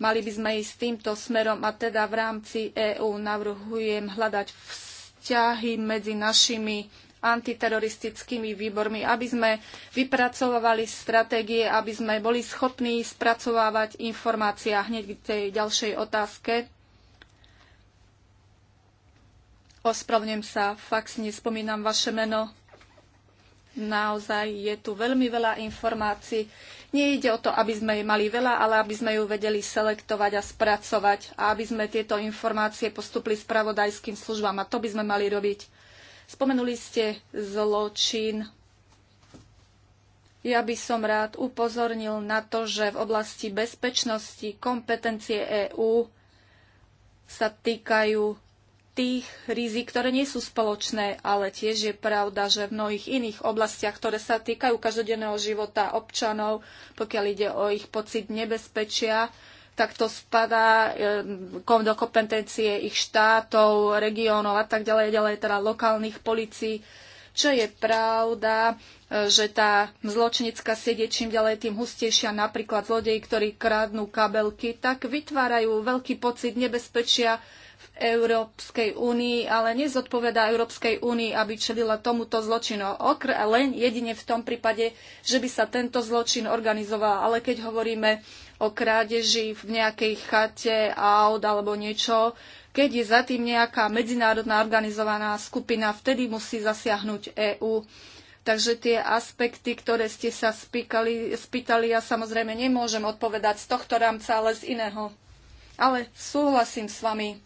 Mali by sme ísť týmto smerom a teda v rámci EÚ navrhujem hľadať vzťahy medzi našimi antiteroristickými výbormi, aby sme vypracovali stratégie, aby sme boli schopní spracovávať informácia hneď k tej ďalšej otázke. Ospravnem sa, fakt nespomínam vaše meno. Naozaj je tu veľmi veľa informácií. Nie ide o to, aby sme jej mali veľa, ale aby sme ju vedeli selektovať a spracovať a aby sme tieto informácie postupili spravodajským službám. A to by sme mali robiť. Spomenuli ste zločin. Ja by som rád upozornil na to, že v oblasti bezpečnosti kompetencie EÚ sa týkajú tých rizik, ktoré nie sú spoločné, ale tiež je pravda, že v mnohých iných oblastiach, ktoré sa týkajú každodenného života občanov, pokiaľ ide o ich pocit nebezpečia, tak to spadá e, do kompetencie ich štátov, regiónov a tak ďalej, ďalej teda lokálnych policií. Čo je pravda, e, že tá zločinecká siede čím ďalej tým hustejšia, napríklad zlodej, ktorí krádnu kabelky, tak vytvárajú veľký pocit nebezpečia v Európskej únii, ale nezodpovedá Európskej únii, aby čelila tomuto zločinu. Okr len jedine v tom prípade, že by sa tento zločin organizoval. Ale keď hovoríme o krádeži v nejakej chate, aut alebo niečo, keď je za tým nejaká medzinárodná organizovaná skupina, vtedy musí zasiahnuť EÚ. Takže tie aspekty, ktoré ste sa spýkali, spýtali, ja samozrejme nemôžem odpovedať z tohto rámca, ale z iného. Ale súhlasím s vami,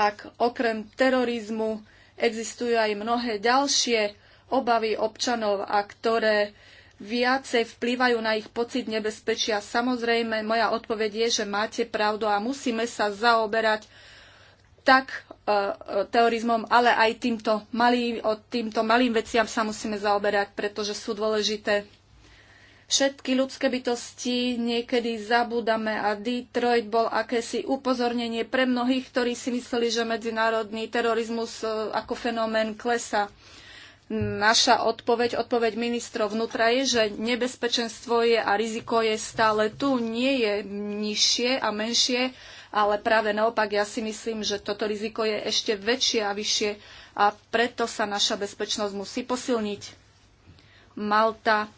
ak okrem terorizmu existujú aj mnohé ďalšie obavy občanov a ktoré viacej vplývajú na ich pocit nebezpečia. Samozrejme, moja odpoveď je, že máte pravdu a musíme sa zaoberať tak e, e, terorizmom, ale aj týmto malým, od týmto malým veciam sa musíme zaoberať, pretože sú dôležité. Všetky ľudské bytosti niekedy zabúdame a Detroit bol akési upozornenie pre mnohých, ktorí si mysleli, že medzinárodný terorizmus e, ako fenomén klesa. Naša odpoveď, odpoveď ministrov vnútra je, že nebezpečenstvo je a riziko je stále tu, nie je nižšie a menšie, ale práve naopak ja si myslím, že toto riziko je ešte väčšie a vyššie a preto sa naša bezpečnosť musí posilniť. Malta,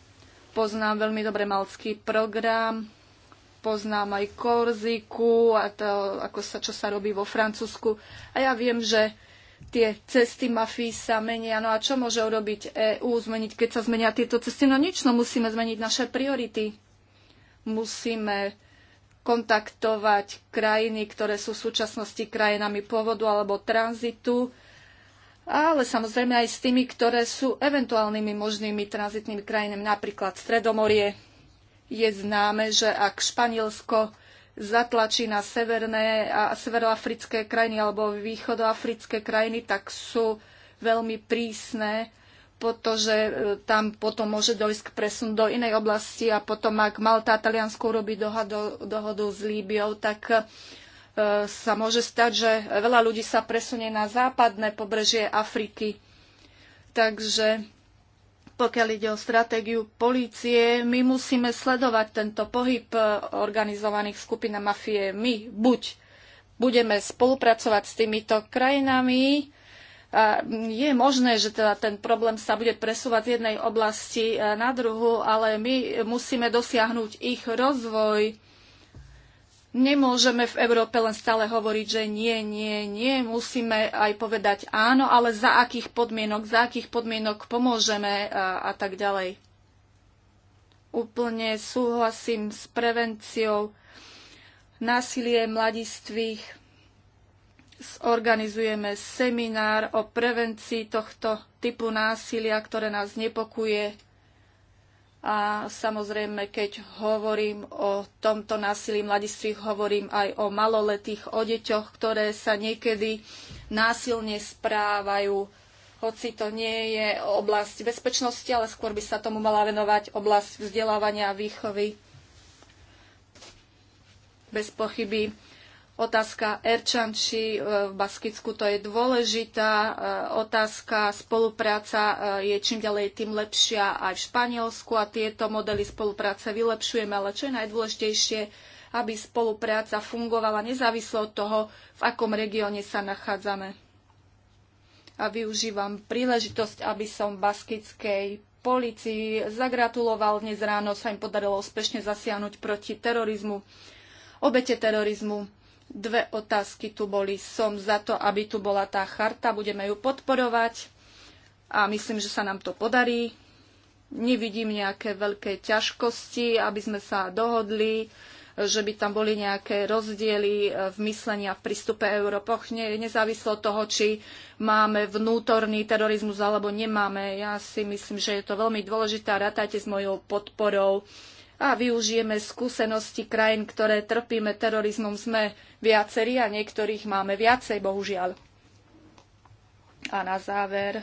poznám veľmi dobre malcký program, poznám aj Korziku a to, ako sa, čo sa robí vo Francúzsku. A ja viem, že tie cesty mafii sa menia. No a čo môže urobiť EÚ zmeniť, keď sa zmenia tieto cesty? No nič, no musíme zmeniť naše priority. Musíme kontaktovať krajiny, ktoré sú v súčasnosti krajinami pôvodu alebo tranzitu, ale samozrejme aj s tými, ktoré sú eventuálnymi možnými tranzitnými krajinami, napríklad Stredomorie. Je známe, že ak Španielsko zatlačí na severné a severoafrické krajiny alebo východoafrické krajiny, tak sú veľmi prísne, pretože e, tam potom môže dojsť k presun do inej oblasti a potom, ak Malta a Taliansko urobí dohodu, dohodu s Líbiou, tak e, sa môže stať, že veľa ľudí sa presunie na západné pobrežie Afriky. Takže pokiaľ ide o stratégiu polície, my musíme sledovať tento pohyb eh, organizovaných skupín a mafie. My buď budeme spolupracovať s týmito krajinami, a je možné, že teda ten problém sa bude presúvať z jednej oblasti eh, na druhu, ale my musíme dosiahnuť ich rozvoj Nemôžeme v Európe len stále hovoriť, že nie, nie, nie. Musíme aj povedať áno, ale za akých podmienok, za akých podmienok pomôžeme a, a tak ďalej. Úplne súhlasím s prevenciou násilie mladistvých. Zorganizujeme seminár o prevencii tohto typu násilia, ktoré nás nepokuje a samozrejme, keď hovorím o tomto násilí mladistvých, hovorím aj o maloletých, o deťoch, ktoré sa niekedy násilne správajú. Hoci to nie je oblasť bezpečnosti, ale skôr by sa tomu mala venovať oblasť vzdelávania a výchovy. Bez pochyby Otázka Erčanči e, v Baskicku to je dôležitá. E, otázka spolupráca e, je čím ďalej tým lepšia aj v Španielsku a tieto modely spolupráce vylepšujeme, ale čo je najdôležitejšie, aby spolupráca fungovala nezávisle od toho, v akom regióne sa nachádzame. A využívam príležitosť, aby som baskickej policii zagratuloval. Dnes ráno sa im podarilo úspešne zasiahnuť proti terorizmu, obete terorizmu Dve otázky tu boli. Som za to, aby tu bola tá charta, budeme ju podporovať a myslím, že sa nám to podarí. Nevidím nejaké veľké ťažkosti, aby sme sa dohodli že by tam boli nejaké rozdiely e, v myslení a v prístupe Európoch, ne, nezávislo od toho, či máme vnútorný terorizmus alebo nemáme. Ja si myslím, že je to veľmi dôležité a rátajte s mojou podporou a využijeme skúsenosti krajín, ktoré trpíme terorizmom. Sme viacerí a niektorých máme viacej, bohužiaľ. A na záver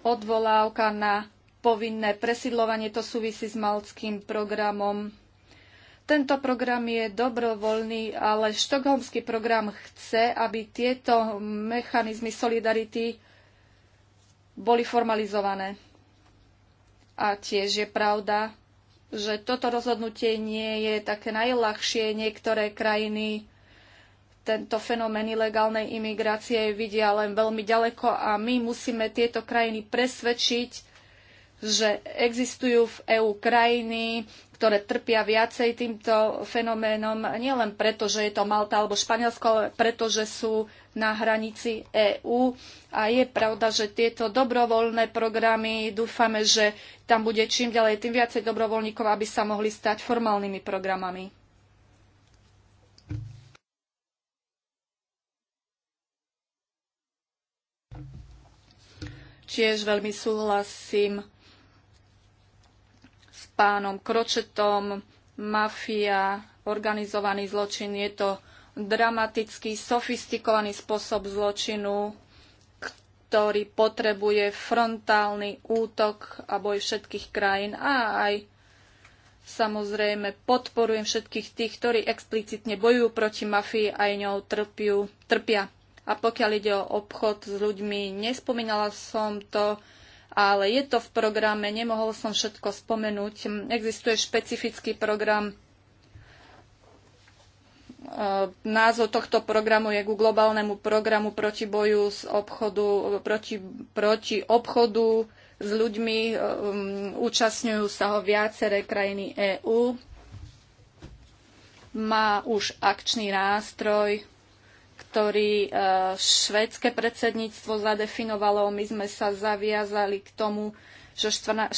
odvolávka na povinné presidlovanie. To súvisí s malckým programom. Tento program je dobrovoľný, ale štokholmský program chce, aby tieto mechanizmy solidarity boli formalizované. A tiež je pravda, že toto rozhodnutie nie je také najľahšie. Niektoré krajiny tento fenomén ilegálnej imigrácie vidia len veľmi ďaleko a my musíme tieto krajiny presvedčiť, že existujú v EÚ krajiny, ktoré trpia viacej týmto fenoménom, nielen preto, že je to Malta alebo Španielsko, ale preto, že sú na hranici EÚ. A je pravda, že tieto dobrovoľné programy, dúfame, že tam bude čím ďalej tým viacej dobrovoľníkov, aby sa mohli stať formálnymi programami. Tiež veľmi súhlasím pánom Kročetom, mafia, organizovaný zločin. Je to dramatický, sofistikovaný spôsob zločinu, ktorý potrebuje frontálny útok a boj všetkých krajín a aj samozrejme podporujem všetkých tých, ktorí explicitne bojujú proti mafii a aj ňou trpiu, trpia. A pokiaľ ide o obchod s ľuďmi, nespomínala som to, ale je to v programe, nemohol som všetko spomenúť. Existuje špecifický program e, názov tohto programu je ku globálnemu programu proti boju z obchodu, proti, proti obchodu s ľuďmi. E, um, účastňujú sa ho viaceré krajiny EÚ. Má už akčný nástroj ktorý e, švédske predsedníctvo zadefinovalo. My sme sa zaviazali k tomu, že 4.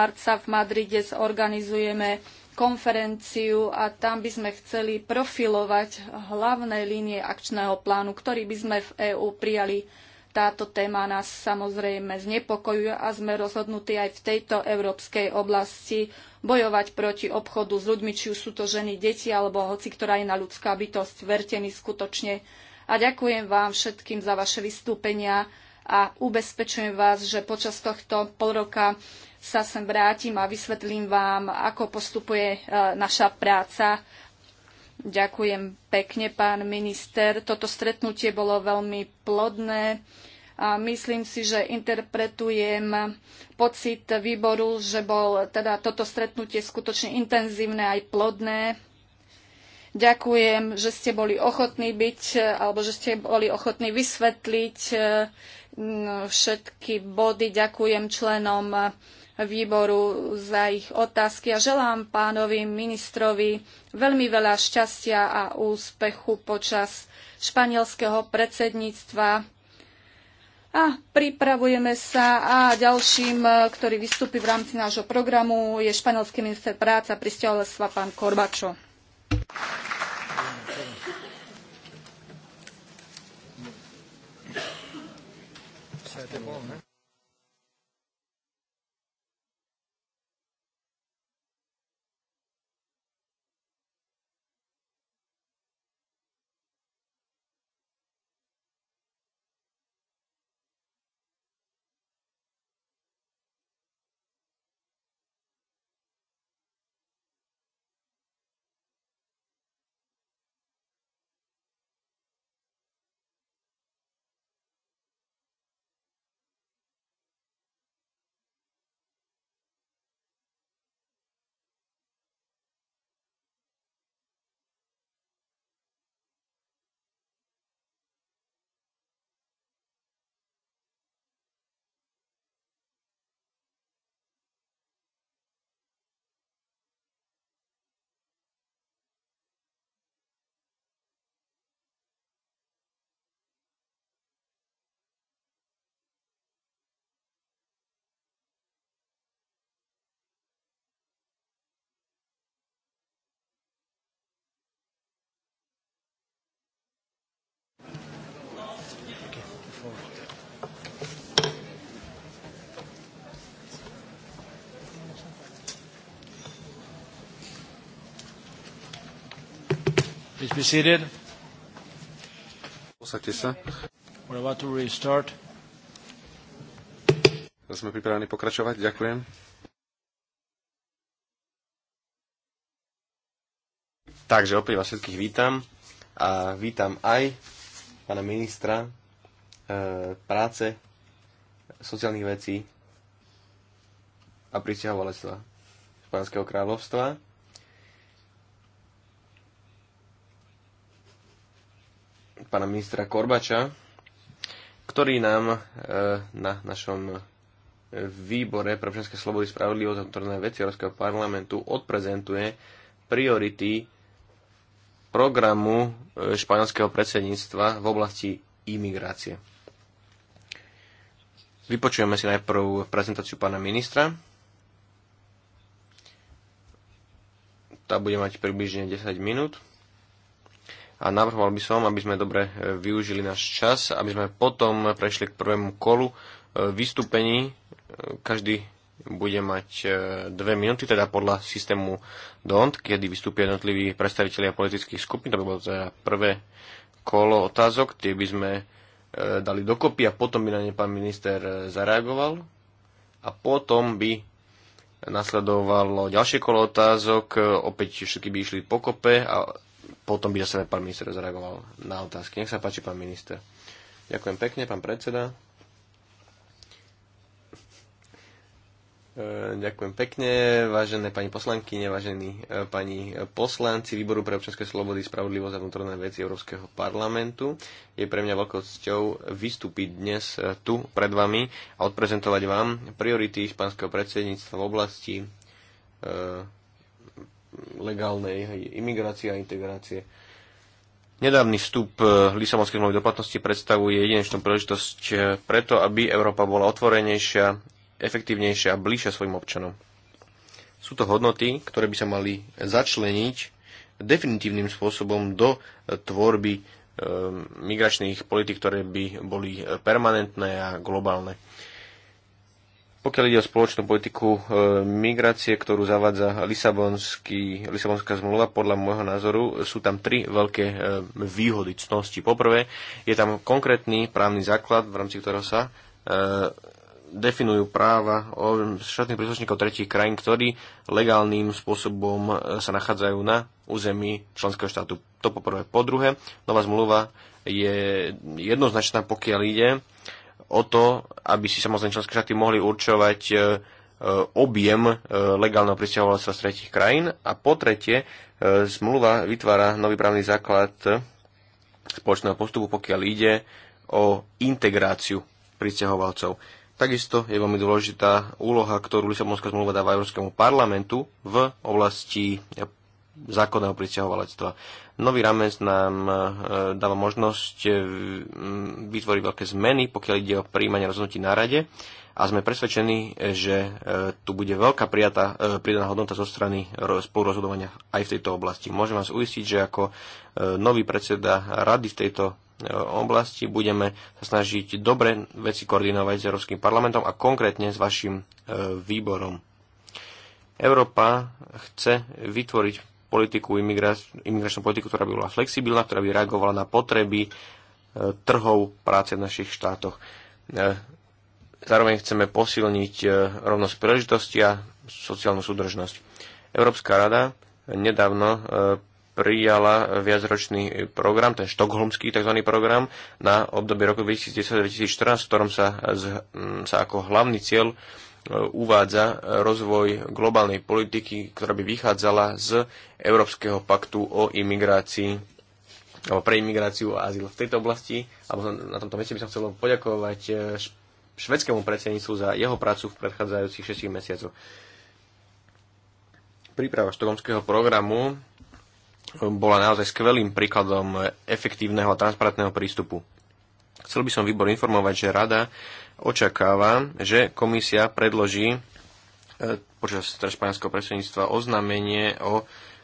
marca v Madride zorganizujeme konferenciu a tam by sme chceli profilovať hlavné línie akčného plánu, ktorý by sme v EÚ prijali táto téma nás samozrejme znepokojuje a sme rozhodnutí aj v tejto európskej oblasti bojovať proti obchodu s ľuďmi, či už sú to ženy, deti alebo hoci ktorá iná ľudská bytosť. Verte mi skutočne. A ďakujem vám všetkým za vaše vystúpenia a ubezpečujem vás, že počas tohto pol roka sa sem vrátim a vysvetlím vám, ako postupuje e, naša práca Ďakujem pekne, pán minister. Toto stretnutie bolo veľmi plodné a myslím si, že interpretujem pocit výboru, že bol teda toto stretnutie skutočne intenzívne aj plodné. Ďakujem, že ste boli ochotní byť, alebo že ste boli ochotní vysvetliť mm, všetky body. Ďakujem členom výboru za ich otázky a želám pánovi ministrovi veľmi veľa šťastia a úspechu počas španielského predsedníctva. A pripravujeme sa a ďalším, ktorý vystúpi v rámci nášho programu, je španielský minister práca a pristiaľovstva pán Korbačo. Please be seated. Posaďte sa. We're about to restart. Sme pripravení pokračovať. Ďakujem. Takže opäť vás všetkých vítam a vítam aj pána ministra e, práce, sociálnych vecí a pristahovalectva Španského kráľovstva pána ministra Korbača, ktorý nám e, na našom e, výbore pre občianske slobody, spravodlivosť a vnútorné veci Európskeho parlamentu odprezentuje priority programu e, španielského predsedníctva v oblasti imigrácie. Vypočujeme si najprv prezentáciu pána ministra. Tá bude mať približne 10 minút a navrhoval by som, aby sme dobre e, využili náš čas, aby sme potom prešli k prvému kolu e, vystúpení. E, každý bude mať dve minúty, teda podľa systému DONT, kedy vystúpia jednotliví predstavitelia politických skupín. To by bolo teda prvé kolo otázok, tie by sme dali dokopy a potom by na ne pán minister zareagoval a potom by nasledovalo ďalšie kolo otázok, opäť všetky by išli pokope a potom by zase pán minister zareagoval na otázky. Nech sa páči, pán minister. Ďakujem pekne, pán predseda. E, ďakujem pekne, vážené pani poslanky, nevážení e, pani poslanci Výboru pre občanské slobody, spravodlivosť a vnútorné veci Európskeho parlamentu. Je pre mňa veľkou cťou vystúpiť dnes e, tu pred vami a odprezentovať vám priority španského predsedníctva v oblasti legálnej imigrácie a integrácie. Nedávny vstup eh, Lisabonskej zmluvy do platnosti predstavuje jedinečnú príležitosť eh, preto, aby Európa bola otvorenejšia, efektívnejšia a bližšia svojim občanom. Sú to hodnoty, ktoré by sa mali začleniť definitívnym spôsobom do eh, tvorby migračných politik, ktoré by boli permanentné a globálne. Pokiaľ ide o spoločnú politiku e, migrácie, ktorú zavádza Lisabonská zmluva, podľa môjho názoru sú tam tri veľké e, výhody cnosti. Poprvé, je tam konkrétny právny základ, v rámci ktorého sa e, definujú práva o štátnych príslušníkov tretich krajín, ktorí legálnym spôsobom e, sa nachádzajú na území členského štátu. To poprvé. Po druhé, nová zmluva je jednoznačná, pokiaľ ide o to, aby si samozrejme členské štáty mohli určovať e, e, objem e, legálneho pristahovalstva z tretich krajín. A po tretie, zmluva vytvára nový právny základ spoločného postupu, pokiaľ ide o integráciu pristahovalcov. Takisto je veľmi dôležitá úloha, ktorú Lisabonská zmluva dáva Európskemu parlamentu v oblasti zákonného pristahovalectva. Nový rámec nám e, dáva možnosť e, vytvoriť veľké zmeny, pokiaľ ide o príjmanie rozhodnutí na rade a sme presvedčení, že e, tu bude veľká prijatá, pridaná hodnota zo strany spolurozhodovania aj v tejto oblasti. Môžem vás uistiť, že ako nový predseda rady v tejto oblasti budeme sa snažiť dobre veci koordinovať s Európskym parlamentom a konkrétne s vašim výborom. Európa chce vytvoriť politiku, imigračnú politiku, ktorá by bola flexibilná, ktorá by reagovala na potreby e, trhov práce v našich štátoch. E, zároveň chceme posilniť e, rovnosť príležitosti a sociálnu súdržnosť. Európska rada nedávno prijala viacročný program, ten štokholmský tzv. program, na obdobie roku 2010-2014, v ktorom sa, sa ako hlavný cieľ E, uvádza e, rozvoj globálnej politiky, ktorá by vychádzala z Európskeho paktu o imigrácii alebo pre imigráciu a azyl v tejto oblasti. Alebo na tomto meste by som chcel poďakovať e, švedskému predsedníctvu za jeho prácu v predchádzajúcich 6 mesiacoch. Príprava štokomského programu bola naozaj skvelým príkladom efektívneho a transparentného prístupu. Chcel by som výbor informovať, že rada očakáva, že komisia predloží e, počas španielského predsedníctva oznámenie o e,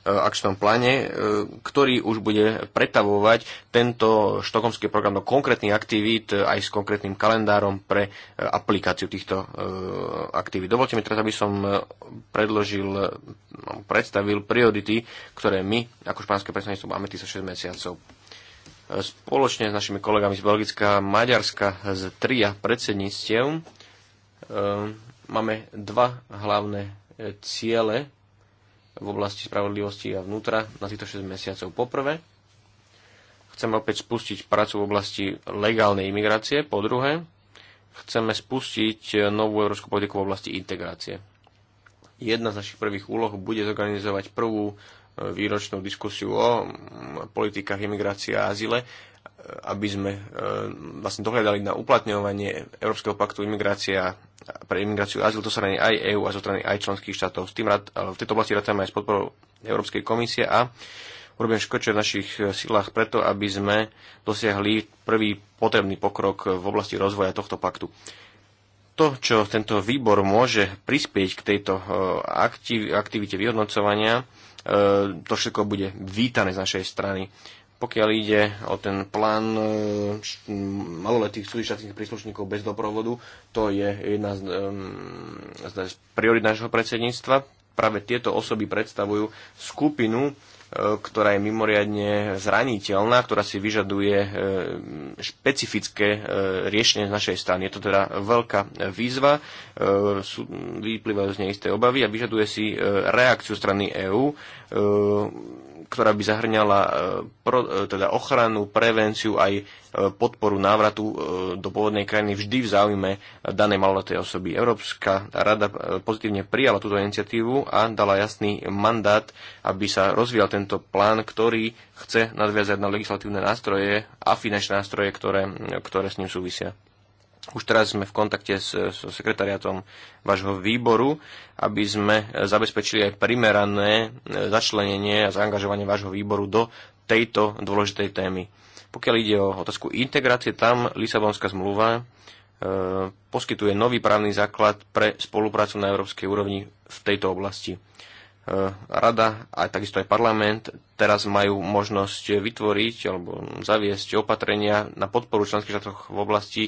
akčnom pláne, e, ktorý už bude pretavovať tento štokomský program do konkrétnych aktivít aj s konkrétnym kalendárom pre aplikáciu týchto aktivít. Dovolte mi teraz, aby som predložil, predstavil priority, ktoré my ako špánske predsedníctvo máme tých 6 mesiacov spoločne s našimi kolegami z Belgická, a Maďarska z tria predsedníctiev e, máme dva hlavné e, ciele v oblasti spravodlivosti a vnútra na týchto 6 mesiacov. Poprvé, chceme opäť spustiť prácu v oblasti legálnej imigrácie. Po druhé, chceme spustiť e, novú európsku politiku v oblasti integrácie. Jedna z našich prvých úloh bude zorganizovať prvú výročnú diskusiu o politikách imigrácie a azile, aby sme e, vlastne dohľadali na uplatňovanie Európskeho paktu imigrácia pre imigráciu a azyl, to sa strany aj EÚ a zo strany aj členských štátov. V, tým rad, e, v tejto oblasti rátame aj s podporou Európskej komisie a urobím škoče v našich e, silách preto, aby sme dosiahli prvý potrebný pokrok v oblasti rozvoja tohto paktu to, čo tento výbor môže prispieť k tejto aktivite vyhodnocovania, E, to všetko bude vítané z našej strany. Pokiaľ ide o ten plán e, maloletých súdišacích príslušníkov bez doprovodu, to je jedna z, z priorit nášho predsedníctva. Práve tieto osoby predstavujú skupinu E, ktorá je mimoriadne zraniteľná, ktorá si vyžaduje e, špecifické e, riešenie z našej strany. Je to teda veľká výzva, vyplývajú z nej isté obavy a vyžaduje si reakciu strany EÚ ktorá by zahrňala e, pro, e, teda ochranu, prevenciu aj e, podporu návratu do pôvodnej krajiny vždy v záujme danej maloletej osoby. Európska rada pozitívne prijala túto iniciatívu a dala jasný mandát, aby sa rozvíjal tento plán, ktorý chce nadviazať na legislatívne nástroje a finančné nástroje, ktoré, ktoré s ním súvisia. Už teraz sme v kontakte s, so sekretariatom vášho výboru, aby sme zabezpečili aj primerané e, začlenenie a zaangažovanie vášho výboru do tejto dôležitej témy. Pokiaľ ide o otázku integrácie, tam Lisabonská zmluva e, poskytuje nový právny základ pre spoluprácu na európskej úrovni v tejto oblasti. E, rada a takisto aj parlament teraz majú možnosť vytvoriť alebo zaviesť opatrenia na podporu členských štátov v oblasti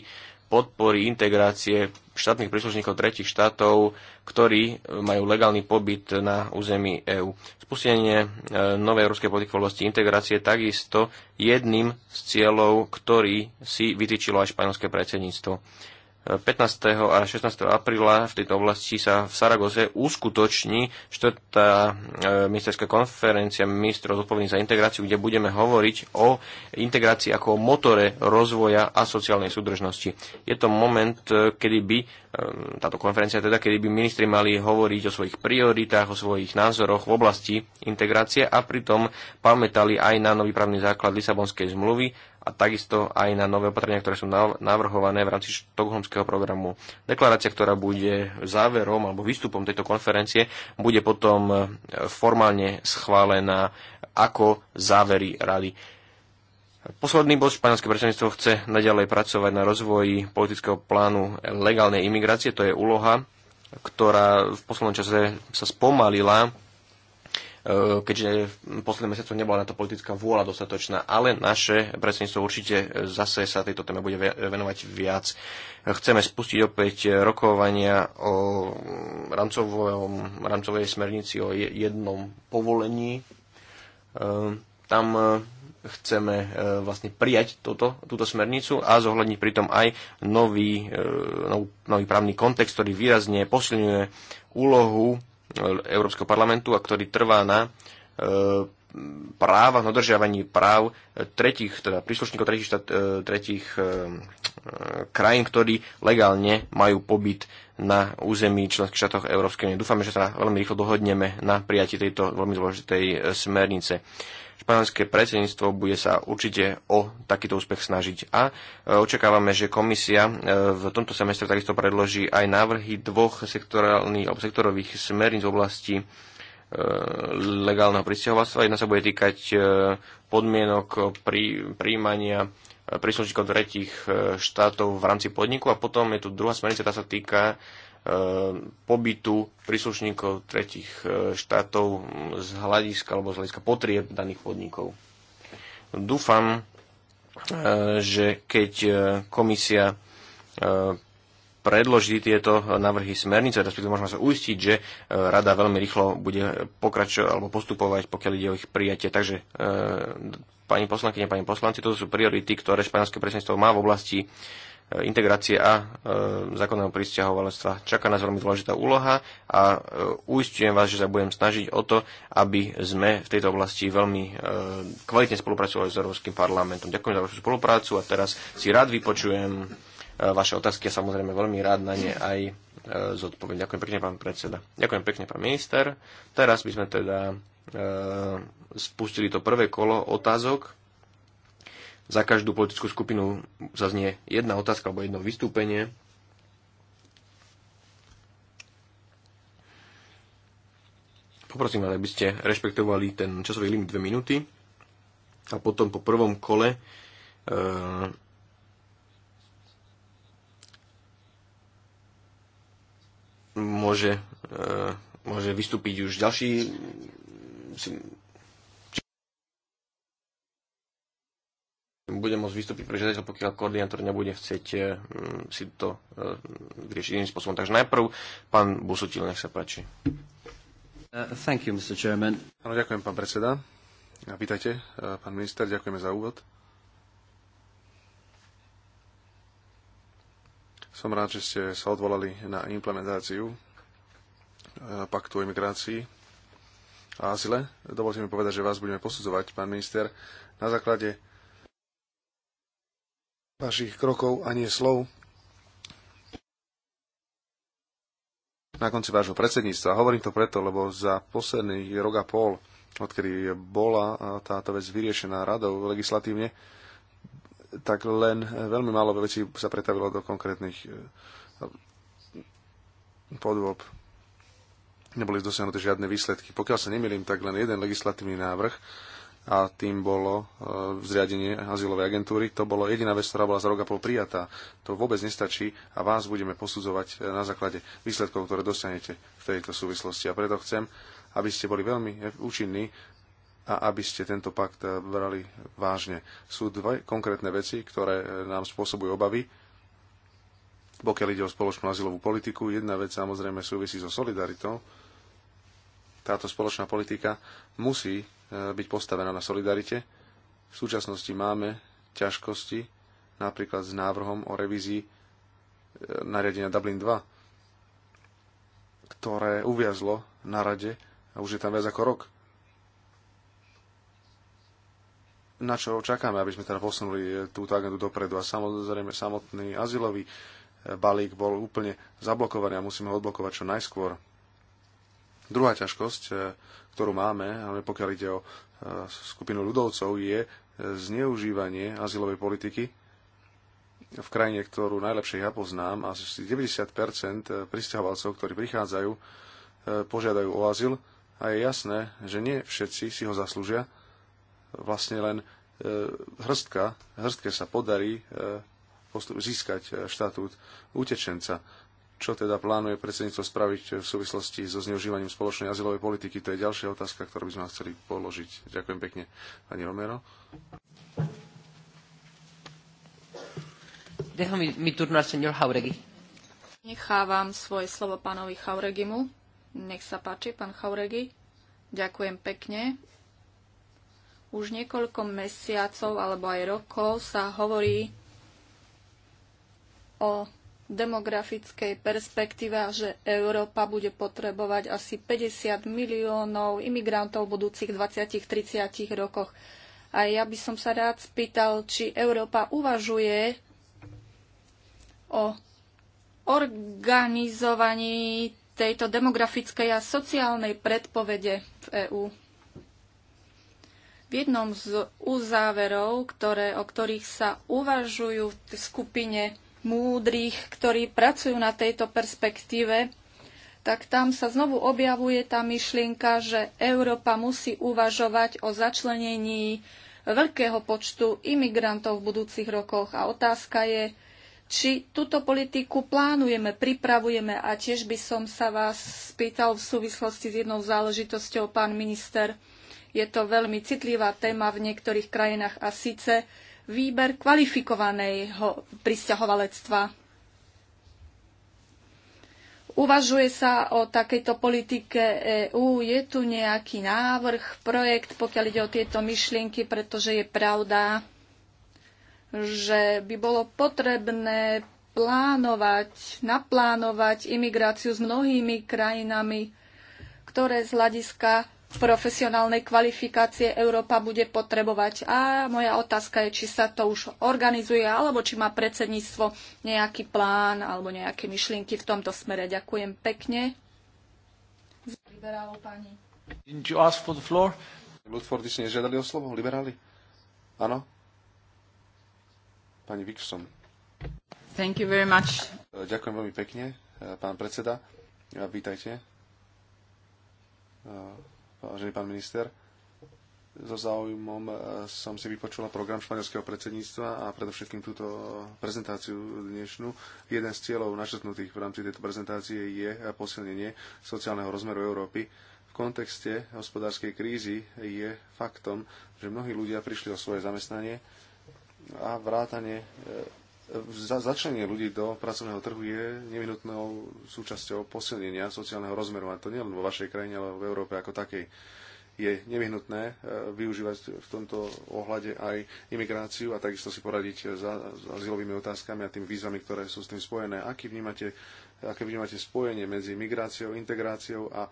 podpory integrácie štátnych príslušníkov tretich štátov, ktorí majú legálny pobyt na území EÚ. Spustenie e, novej európskej politiky v oblasti integrácie je takisto jedným z cieľov, ktorý si vytýčilo aj španielské predsedníctvo. 15. a 16. apríla v tejto oblasti sa v Saragoze uskutoční 4. E, ministerská konferencia ministrov zodpovedných za integráciu, kde budeme hovoriť o integrácii ako o motore rozvoja a sociálnej súdržnosti. Je to moment, e, kedy by e, táto konferencia, teda kedy by ministri mali hovoriť o svojich prioritách, o svojich názoroch v oblasti integrácie a pritom pamätali aj na nový právny základ Lisabonskej zmluvy a takisto aj na nové opatrenia, ktoré sú navrhované v rámci štokholmského programu. Deklarácia, ktorá bude záverom alebo výstupom tejto konferencie, bude potom e, formálne schválená ako závery rady. Posledný bod španielské predsedníctvo chce naďalej pracovať na rozvoji politického plánu legálnej imigrácie. To je úloha, ktorá v poslednom čase sa spomalila E, keďže v posledných mesiacoch nebola na to politická vôľa dostatočná, ale naše predsedníctvo určite zase sa tejto téme bude venovať viac. Chceme spustiť opäť rokovania o rámcovom, rámcovej smernici o jednom povolení. E, tam e, chceme vlastne prijať toto, túto smernicu a zohľadniť pritom aj nový, nový, nový právny kontext, ktorý výrazne posilňuje úlohu Európskeho parlamentu a ktorý trvá na e, práva, na dodržiavaní práv tretich, teda príslušníkov tretich, štát, e, tretich e, krajín, ktorí legálne majú pobyt na území členských štátov Európskej únie. Dúfame, že sa veľmi rýchlo dohodneme na prijatí tejto veľmi dôležitej smernice španielské predsedníctvo bude sa určite o takýto úspech snažiť. A e, očakávame, že komisia e, v tomto semestre takisto predloží aj návrhy dvoch sektorálnych alebo sektorových smerníc v oblasti e, legálneho pristahovalstva. Jedna sa bude týkať podmienok pri, príjmania príslušníkov tretich štátov v rámci podniku a potom je tu druhá smernica, tá sa týka Eh, pobytu príslušníkov tretich eh, štátov z hľadiska alebo z hľadiska potrieb daných podnikov. Dúfam, eh, že keď komisia predloží tieto návrhy smernice, respektíve môžeme sa uistiť, že rada veľmi rýchlo bude pokračovať alebo postupovať, pokiaľ ide o ich prijatie. Takže pani poslankyne, pani poslanci, toto sú priority, ktoré španielské predsedníctvo má v oblasti integrácie a e, zákonného pristahovalectva. Čaká nás veľmi dôležitá úloha a e, uistujem vás, že sa budem snažiť o to, aby sme v tejto oblasti veľmi e, kvalitne spolupracovali s Európskym parlamentom. Ďakujem za vašu spoluprácu a teraz si rád vypočujem vaše otázky a samozrejme veľmi rád na ne aj zodpoviem. Ďakujem pekne, pán predseda. Ďakujem pekne, pán minister. Teraz by sme teda spustili to prvé kolo otázok za každú politickú skupinu zaznie jedna otázka alebo jedno vystúpenie. Poprosím vás, aby ste rešpektovali ten časový limit 2 minúty a potom po prvom kole e, môže, e, môže vystúpiť už ďalší bude môcť vystúpiť pre žiadateľ, pokiaľ koordinátor nebude chcieť eh, mm, si to eh, vyriešiť iným spôsobom. Takže najprv pán Busutil, nech sa páči. Uh, thank you, Mr. Chairman. ďakujem, pán predseda. A vítajte, eh, pán minister, ďakujeme za úvod. Som rád, že ste sa odvolali na implementáciu paktu o imigrácii a azile. Dovolte mi povedať, že vás budeme posudzovať, pán minister, na základe vašich krokov a nie slov. Na konci vášho predsedníctva. Hovorím to preto, lebo za posledný rok a pol, odkedy bola táto vec vyriešená radou legislatívne, tak len veľmi málo vecí sa pretavilo do konkrétnych eh, podôb. Neboli dosiahnuté žiadne výsledky. Pokiaľ sa nemýlim, tak len jeden legislatívny návrh a tým bolo e, zriadenie azylovej agentúry. To bolo jediná vec, ktorá bola za rok a pol prijatá. To vôbec nestačí a vás budeme posudzovať e, na základe výsledkov, ktoré dostanete v tejto súvislosti. A preto chcem, aby ste boli veľmi účinní a aby ste tento pakt e, brali vážne. Sú dve konkrétne veci, ktoré nám spôsobujú obavy, pokiaľ ide o spoločnú azylovú politiku. Jedna vec samozrejme súvisí so solidaritou. Táto spoločná politika musí byť postavená na solidarite. V súčasnosti máme ťažkosti napríklad s návrhom o revízii e, nariadenia Dublin 2, ktoré uviazlo na rade a už je tam viac ako rok. na čo čakáme, aby sme teda posunuli e, túto agendu dopredu. A samozrejme, samotný azylový e, balík bol úplne zablokovaný a musíme ho odblokovať čo najskôr. Druhá ťažkosť, ktorú máme, ale pokiaľ ide o e, skupinu ľudovcov, je e, zneužívanie azylovej politiky v krajine, ktorú najlepšie ja poznám. Asi 90 e, pristahovalcov, ktorí prichádzajú, požiadajú o azyl a je jasné, že nie všetci si ho zaslúžia. Vlastne len hrstka, hrstke sa podarí získať štatút utečenca. Čo teda plánuje predsedníctvo spraviť v súvislosti so zneužívaním spoločnej azylovej politiky? To je ďalšia otázka, ktorú by sme chceli položiť. Ďakujem pekne, pani Romero. Nechávam svoje slovo pánovi Chauregimu. Nech sa páči, pán Chauregi, Ďakujem pekne. Už niekoľko mesiacov alebo aj rokov sa hovorí o demografickej perspektíve a že Európa bude potrebovať asi 50 miliónov imigrantov v budúcich 20-30 rokoch. A ja by som sa rád spýtal, či Európa uvažuje o organizovaní tejto demografickej a sociálnej predpovede v EÚ. V jednom z uzáverov, ktoré, o ktorých sa uvažujú v skupine múdrych, ktorí pracujú na tejto perspektíve, tak tam sa znovu objavuje tá myšlienka, že Európa musí uvažovať o začlenení veľkého počtu imigrantov v budúcich rokoch. A otázka je, či túto politiku plánujeme, pripravujeme. A tiež by som sa vás spýtal v súvislosti s jednou záležitosťou, pán minister. Je to veľmi citlivá téma v niektorých krajinách a síce výber kvalifikovaného pristahovalectva. Uvažuje sa o takejto politike EÚ. Je tu nejaký návrh, projekt, pokiaľ ide o tieto myšlienky, pretože je pravda, že by bolo potrebné plánovať, naplánovať imigráciu s mnohými krajinami, ktoré z hľadiska profesionálnej kvalifikácie Európa bude potrebovať. A moja otázka je, či sa to už organizuje, alebo či má predsedníctvo nejaký plán alebo nejaké myšlienky v tomto smere. Ďakujem pekne. Liberálov pani. Didn't you ask for the floor? ste nežiadali o slovo, liberáli? Áno? Pani Vixson. Thank you very much. E, ďakujem veľmi pekne, e, pán predseda. E, vítajte vážený pán minister. So záujmom e, som si vypočula program španielského predsedníctva a predovšetkým túto prezentáciu dnešnú. Jeden z cieľov načrtnutých v rámci tejto prezentácie je posilnenie sociálneho rozmeru Európy. V kontexte hospodárskej krízy je faktom, že mnohí ľudia prišli o svoje zamestnanie a vrátanie e, začlenie ľudí do pracovného trhu je nevyhnutnou súčasťou posilnenia sociálneho rozmeru. A to nielen vo vašej krajine, ale v Európe ako takej. Je nevyhnutné e, využívať v tomto ohľade aj imigráciu a takisto si poradiť s azylovými otázkami a tým výzvami, ktoré sú s tým spojené. Aký vnímate, aké vnímate spojenie medzi migráciou, integráciou a e,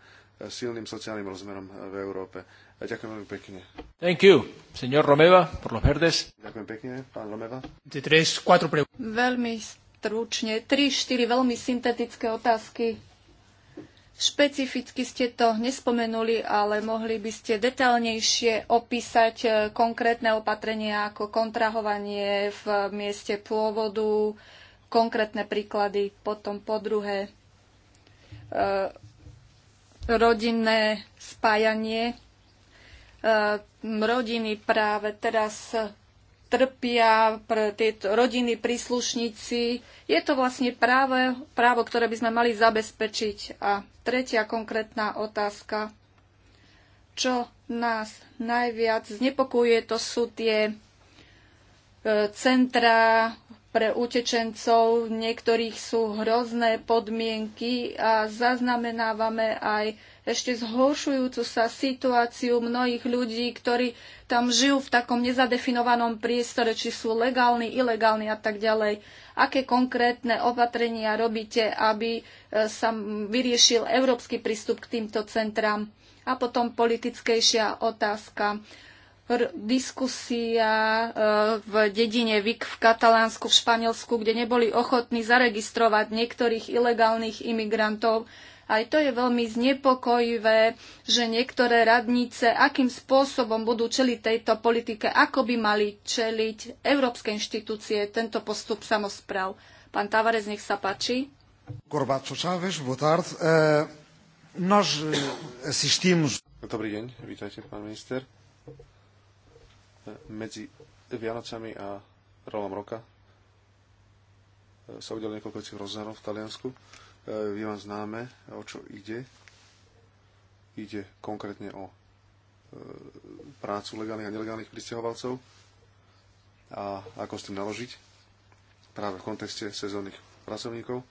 silným sociálnym rozmerom v Európe? A ďakujem veľmi pekne. Thank you, señor Romeva, por los verdes. Ďakujem pekne, pán Romeva. Veľmi stručne, tri, štyri veľmi syntetické otázky. Špecificky ste to nespomenuli, ale mohli by ste detaľnejšie opísať e, konkrétne opatrenia ako kontrahovanie v mieste pôvodu, konkrétne príklady, potom po druhé e, rodinné spájanie Ehm, rodiny práve teraz trpia pre tieto rodiny, príslušníci. Je to vlastne práve právo, ktoré by sme mali zabezpečiť. A tretia konkrétna otázka. Čo nás najviac znepokuje, to sú tie e, centra pre utečencov. Niektorých sú hrozné podmienky a zaznamenávame aj ešte zhoršujúcu sa situáciu mnohých ľudí, ktorí tam žijú v takom nezadefinovanom priestore, či sú legálni, ilegálni a tak ďalej. Aké konkrétne opatrenia robíte, aby e, sa vyriešil európsky prístup k týmto centram? A potom politickejšia otázka diskusia e, v dedine Vik v Katalánsku, v Španielsku, kde neboli ochotní zaregistrovať niektorých ilegálnych imigrantov aj to je veľmi znepokojivé, že niektoré radnice, akým spôsobom budú čeliť tejto politike, ako by mali čeliť európske inštitúcie tento postup samozpráv. Pán Tavares, nech sa páči. E, e, Dobrý deň, vítajte, pán minister. E, medzi Vianocami a rolom roka sa udialo niekoľko tých rozhranov v Taliansku je vám známe, o čo ide. Ide konkrétne o e, prácu legálnych a nelegálnych pristahovalcov a ako s tým naložiť práve v kontexte sezónnych pracovníkov. E,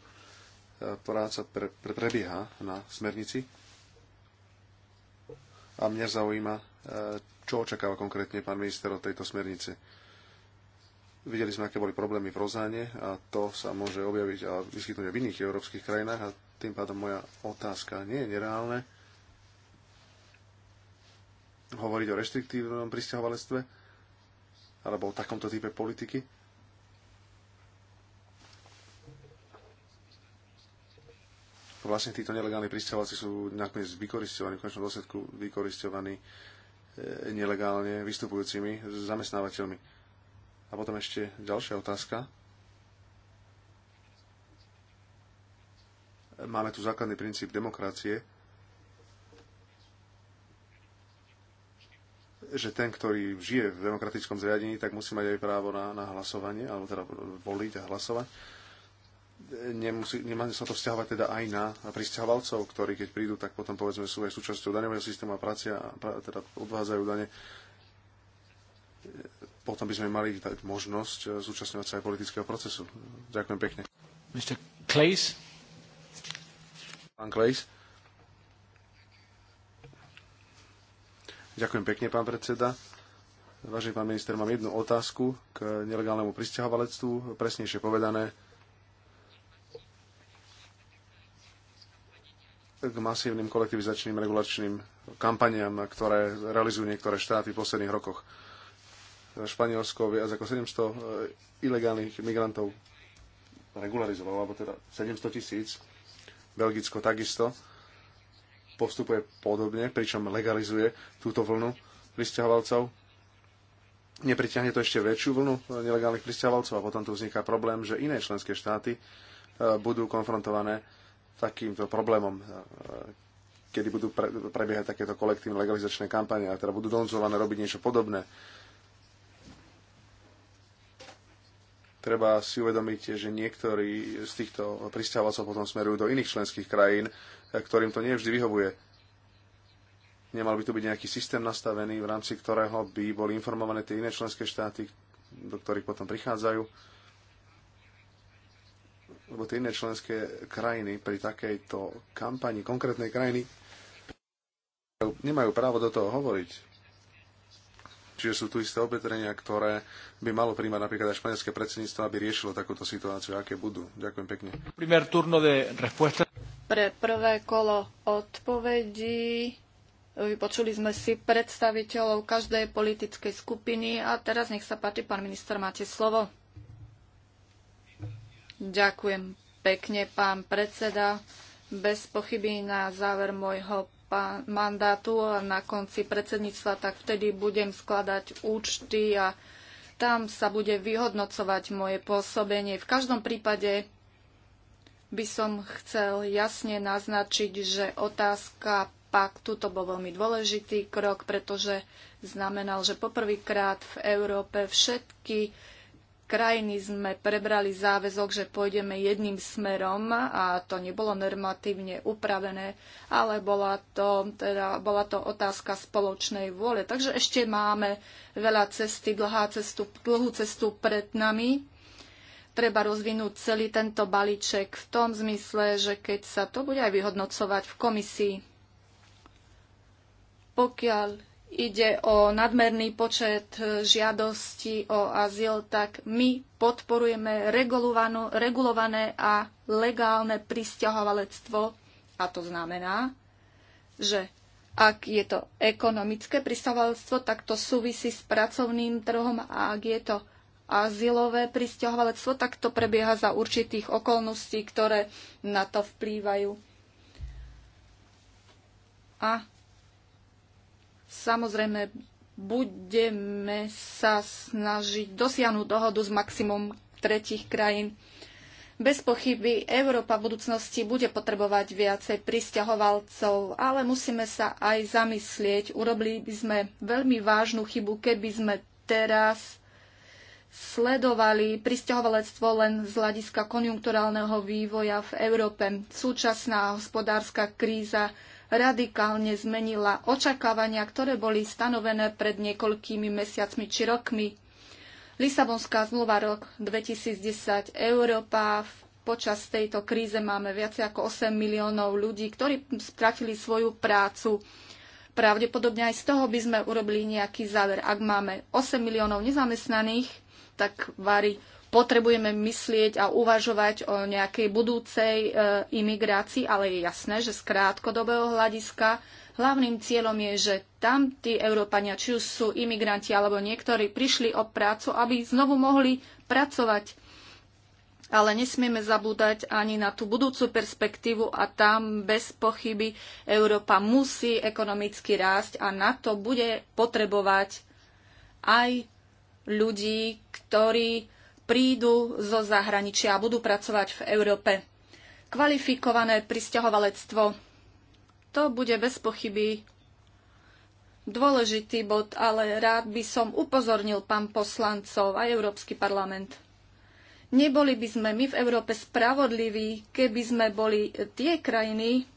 práca pre, pre, prebieha na smernici a mňa zaujíma, e, čo očakáva konkrétne pán minister od tejto smernice Videli sme, aké boli problémy v Rozáne a to sa môže objaviť a vyskytnúť aj v iných európskych krajinách a tým pádom moja otázka nie je nereálne hovoriť o reštriktívnom pristahovalectve alebo o takomto type politiky. Vlastne títo nelegálni pristahovalci sú nakoniec vykoristovaní, v konečnom dôsledku vykoristovaní e, nelegálne vystupujúcimi zamestnávateľmi a potom ešte ďalšia otázka. Máme tu základný princíp demokracie, že ten, ktorý žije v demokratickom zriadení, tak musí mať aj právo na, na hlasovanie, alebo teda voliť a hlasovať. Nemusí, nemá sa to vzťahovať teda aj na, pristahovalcov, ktorí keď prídu, tak potom povedzme sú aj súčasťou daňového systému a pracia, pra, teda odvádzajú dane potom by sme mali dať možnosť eh, zúčastňovať sa aj politického procesu. Ďakujem pekne. Mr. Clays? Pán Clays? Ďakujem pekne, pán predseda. Vážený pán minister, mám jednu otázku k nelegálnemu pristahovalectvu, presnejšie povedané k masívnym kolektivizačným regulačným kampaniám, ktoré realizujú niektoré štáty v posledných rokoch Španielsko viac ako 700 e, ilegálnych migrantov regularizovalo, alebo teda 700 tisíc. Belgicko takisto postupuje podobne, pričom legalizuje túto vlnu pristahovalcov. Nepriťahne to ešte väčšiu vlnu e, nelegálnych pristahovalcov a potom tu vzniká problém, že iné členské štáty e, budú konfrontované takýmto problémom, kedy budú prebiehať takéto kolektívne legalizačné kampanie a teda budú donzované robiť niečo podobné treba si uvedomiť, že niektorí z týchto pristahovalcov potom smerujú do iných členských krajín, ktorým to nie vždy vyhovuje. Nemal by tu byť nejaký systém nastavený, v rámci ktorého by boli informované tie iné členské štáty, do ktorých potom prichádzajú. Lebo tie iné členské krajiny pri takejto kampani konkrétnej krajiny nemajú právo do toho hovoriť Čiže sú tu isté opetrenia, ktoré by malo príjmať napríklad aj španielské predsedníctvo, aby riešilo takúto situáciu, aké budú. Ďakujem pekne. Pre prvé kolo odpovedí eh, vypočuli sme si predstaviteľov každej politickej skupiny a teraz nech sa páči, pán minister, máte slovo. Ďakujem pekne, pán predseda. Bez pochyby na záver môjho mandátu a na konci predsedníctva, tak vtedy budem skladať účty a tam sa bude vyhodnocovať moje pôsobenie. V každom prípade by som chcel jasne naznačiť, že otázka paktu to bol veľmi dôležitý krok, pretože znamenal, že poprvýkrát v Európe všetky krajiny sme prebrali záväzok, že pôjdeme jedným smerom a to nebolo normatívne upravené, ale bola to, teda, bola to otázka spoločnej vôle. Takže ešte máme veľa cesty, dlhá cestu, dlhú cestu pred nami. Treba rozvinúť celý tento balíček v tom zmysle, že keď sa to bude aj vyhodnocovať v komisii, pokiaľ ide o nadmerný počet žiadostí o azyl, tak my podporujeme regulované a legálne pristahovalectvo. A to znamená, že ak je to ekonomické pristahovalectvo, tak to súvisí s pracovným trhom a ak je to azylové pristahovalectvo, tak to prebieha za určitých okolností, ktoré na to vplývajú. A Samozrejme, budeme sa snažiť dosiahnuť dohodu s maximum tretich krajín. Bez pochyby Európa v budúcnosti bude potrebovať viacej pristahovalcov, ale musíme sa aj zamyslieť. Urobili by sme veľmi vážnu chybu, keby sme teraz sledovali pristahovalectvo len z hľadiska konjunkturálneho vývoja v Európe. Súčasná hospodárska kríza radikálne zmenila očakávania, ktoré boli stanovené pred niekoľkými mesiacmi či rokmi. Lisabonská zmluva rok 2010 Európa počas tejto kríze máme viac ako 8 miliónov ľudí, ktorí stratili svoju prácu. Pravdepodobne aj z toho by sme urobili nejaký záver. Ak máme 8 miliónov nezamestnaných, tak varí potrebujeme myslieť a uvažovať o nejakej budúcej e, imigrácii, ale je jasné, že z krátkodobého hľadiska hlavným cieľom je, že tam tí Európania, či už sú imigranti alebo niektorí, prišli o prácu, aby znovu mohli pracovať. Ale nesmieme zabúdať ani na tú budúcu perspektívu a tam bez pochyby Európa musí ekonomicky rásť a na to bude potrebovať aj ľudí, ktorí prídu zo zahraničia a budú pracovať v Európe. Kvalifikované pristahovalectvo. To bude bez pochyby dôležitý bod, ale rád by som upozornil pán poslancov a Európsky parlament. Neboli by sme my v Európe spravodliví, keby sme boli tie krajiny,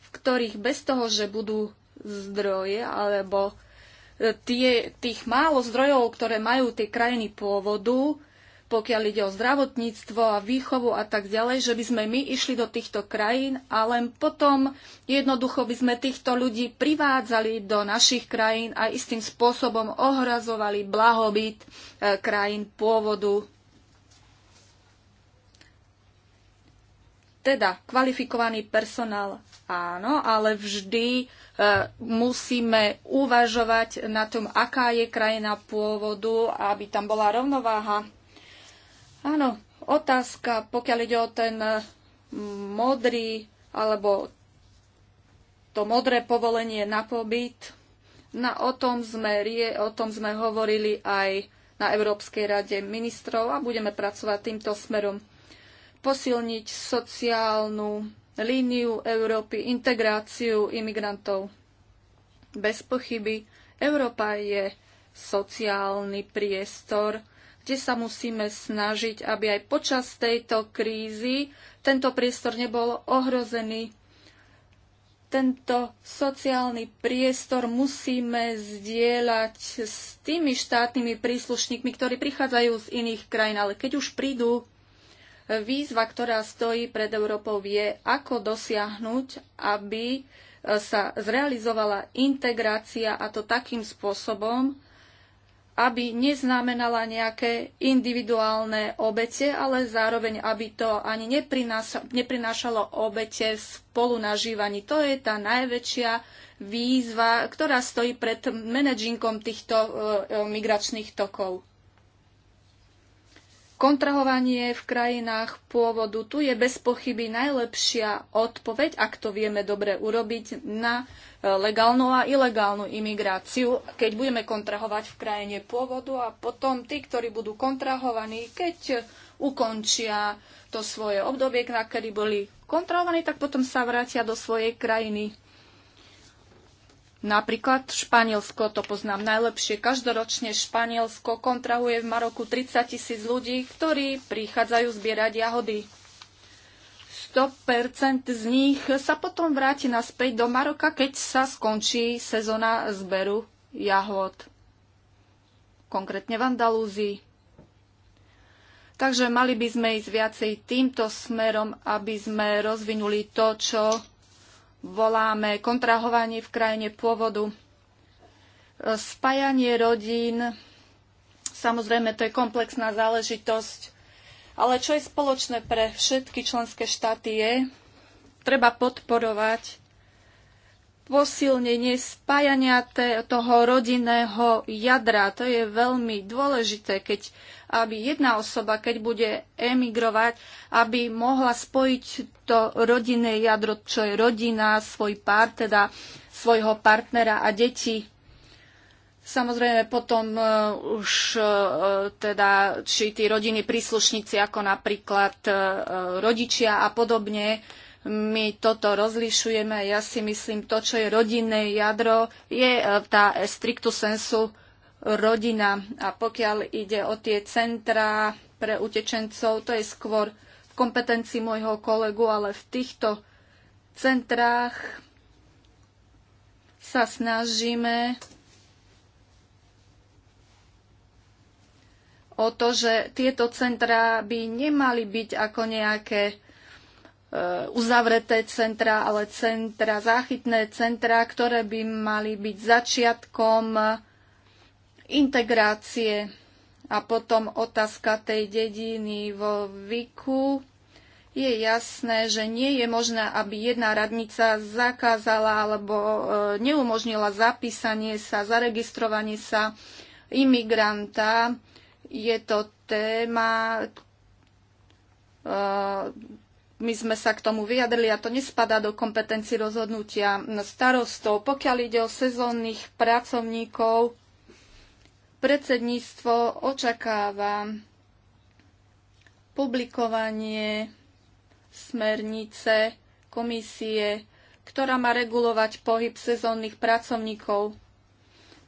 v ktorých bez toho, že budú zdroje alebo E, tie, tých málo zdrojov, ktoré majú tie krajiny pôvodu, pokiaľ ide o zdravotníctvo a výchovu a tak ďalej, že by sme my išli do týchto krajín a len potom jednoducho by sme týchto ľudí privádzali do našich krajín a istým spôsobom ohrazovali blahobyt e, krajín pôvodu Teda kvalifikovaný personál áno, ale vždy e, musíme uvažovať na tom, aká je krajina pôvodu, aby tam bola rovnováha. Áno, otázka, pokiaľ ide o ten e, modrý alebo to modré povolenie na pobyt. Na, o, tom sme, o tom sme hovorili aj na Európskej rade ministrov a budeme pracovať týmto smerom posilniť sociálnu líniu Európy, integráciu imigrantov. Bez pochyby Európa je sociálny priestor, kde sa musíme snažiť, aby aj počas tejto krízy tento priestor nebol ohrozený. Tento sociálny priestor musíme zdieľať s tými štátnymi príslušníkmi, ktorí prichádzajú z iných krajín, ale keď už prídu Výzva, ktorá stojí pred Európou, je, ako dosiahnuť, aby e, sa zrealizovala integrácia a to takým spôsobom, aby neznamenala nejaké individuálne obete, ale zároveň, aby to ani neprinášalo obete v spolunažívaní. To je tá najväčšia výzva, ktorá stojí pred manažinkom týchto e, e, migračných tokov. Kontrahovanie v krajinách pôvodu, tu je bez pochyby najlepšia odpoveď, ak to vieme dobre urobiť, na e, legálnu a ilegálnu imigráciu, keď budeme kontrahovať v krajine pôvodu a potom tí, ktorí budú kontrahovaní, keď ukončia to svoje obdobie, na kedy boli kontrahovaní, tak potom sa vrátia do svojej krajiny Napríklad Španielsko, to poznám najlepšie. Každoročne Španielsko kontrahuje v Maroku 30 tisíc ľudí, ktorí prichádzajú zbierať jahody. 100% z nich sa potom vráti naspäť do Maroka, keď sa skončí sezóna zberu jahod. Konkrétne v Andalúzii. Takže mali by sme ísť viacej týmto smerom, aby sme rozvinuli to, čo voláme kontrahovanie v krajine pôvodu. Spájanie rodín, samozrejme to je komplexná záležitosť, ale čo je spoločné pre všetky členské štáty je, treba podporovať posilnenie spájania toho rodinného jadra. To je veľmi dôležité, keď aby jedna osoba, keď bude emigrovať, aby mohla spojiť to rodinné jadro, čo je rodina, svoj pár, teda svojho partnera a deti. Samozrejme potom e, už e, teda, či tí rodiny príslušníci, ako napríklad e, rodičia a podobne, my toto rozlišujeme. Ja si myslím, to, čo je rodinné jadro, je tá striktu sensu rodina. A pokiaľ ide o tie centrá pre utečencov, to je skôr v kompetencii môjho kolegu, ale v týchto centrách sa snažíme o to, že tieto centrá by nemali byť ako nejaké e, uzavreté centra, ale centra, záchytné centra, ktoré by mali byť začiatkom integrácie a potom otázka tej dediny vo Viku. Je jasné, že nie je možné, aby jedna radnica zakázala alebo e, neumožnila zapísanie sa, zaregistrovanie sa imigranta. Je to téma, e, my sme sa k tomu vyjadrili a to nespadá do kompetencií rozhodnutia starostov. Pokiaľ ide o sezónnych pracovníkov, Predsedníctvo očakáva publikovanie smernice komisie, ktorá má regulovať pohyb sezónnych pracovníkov.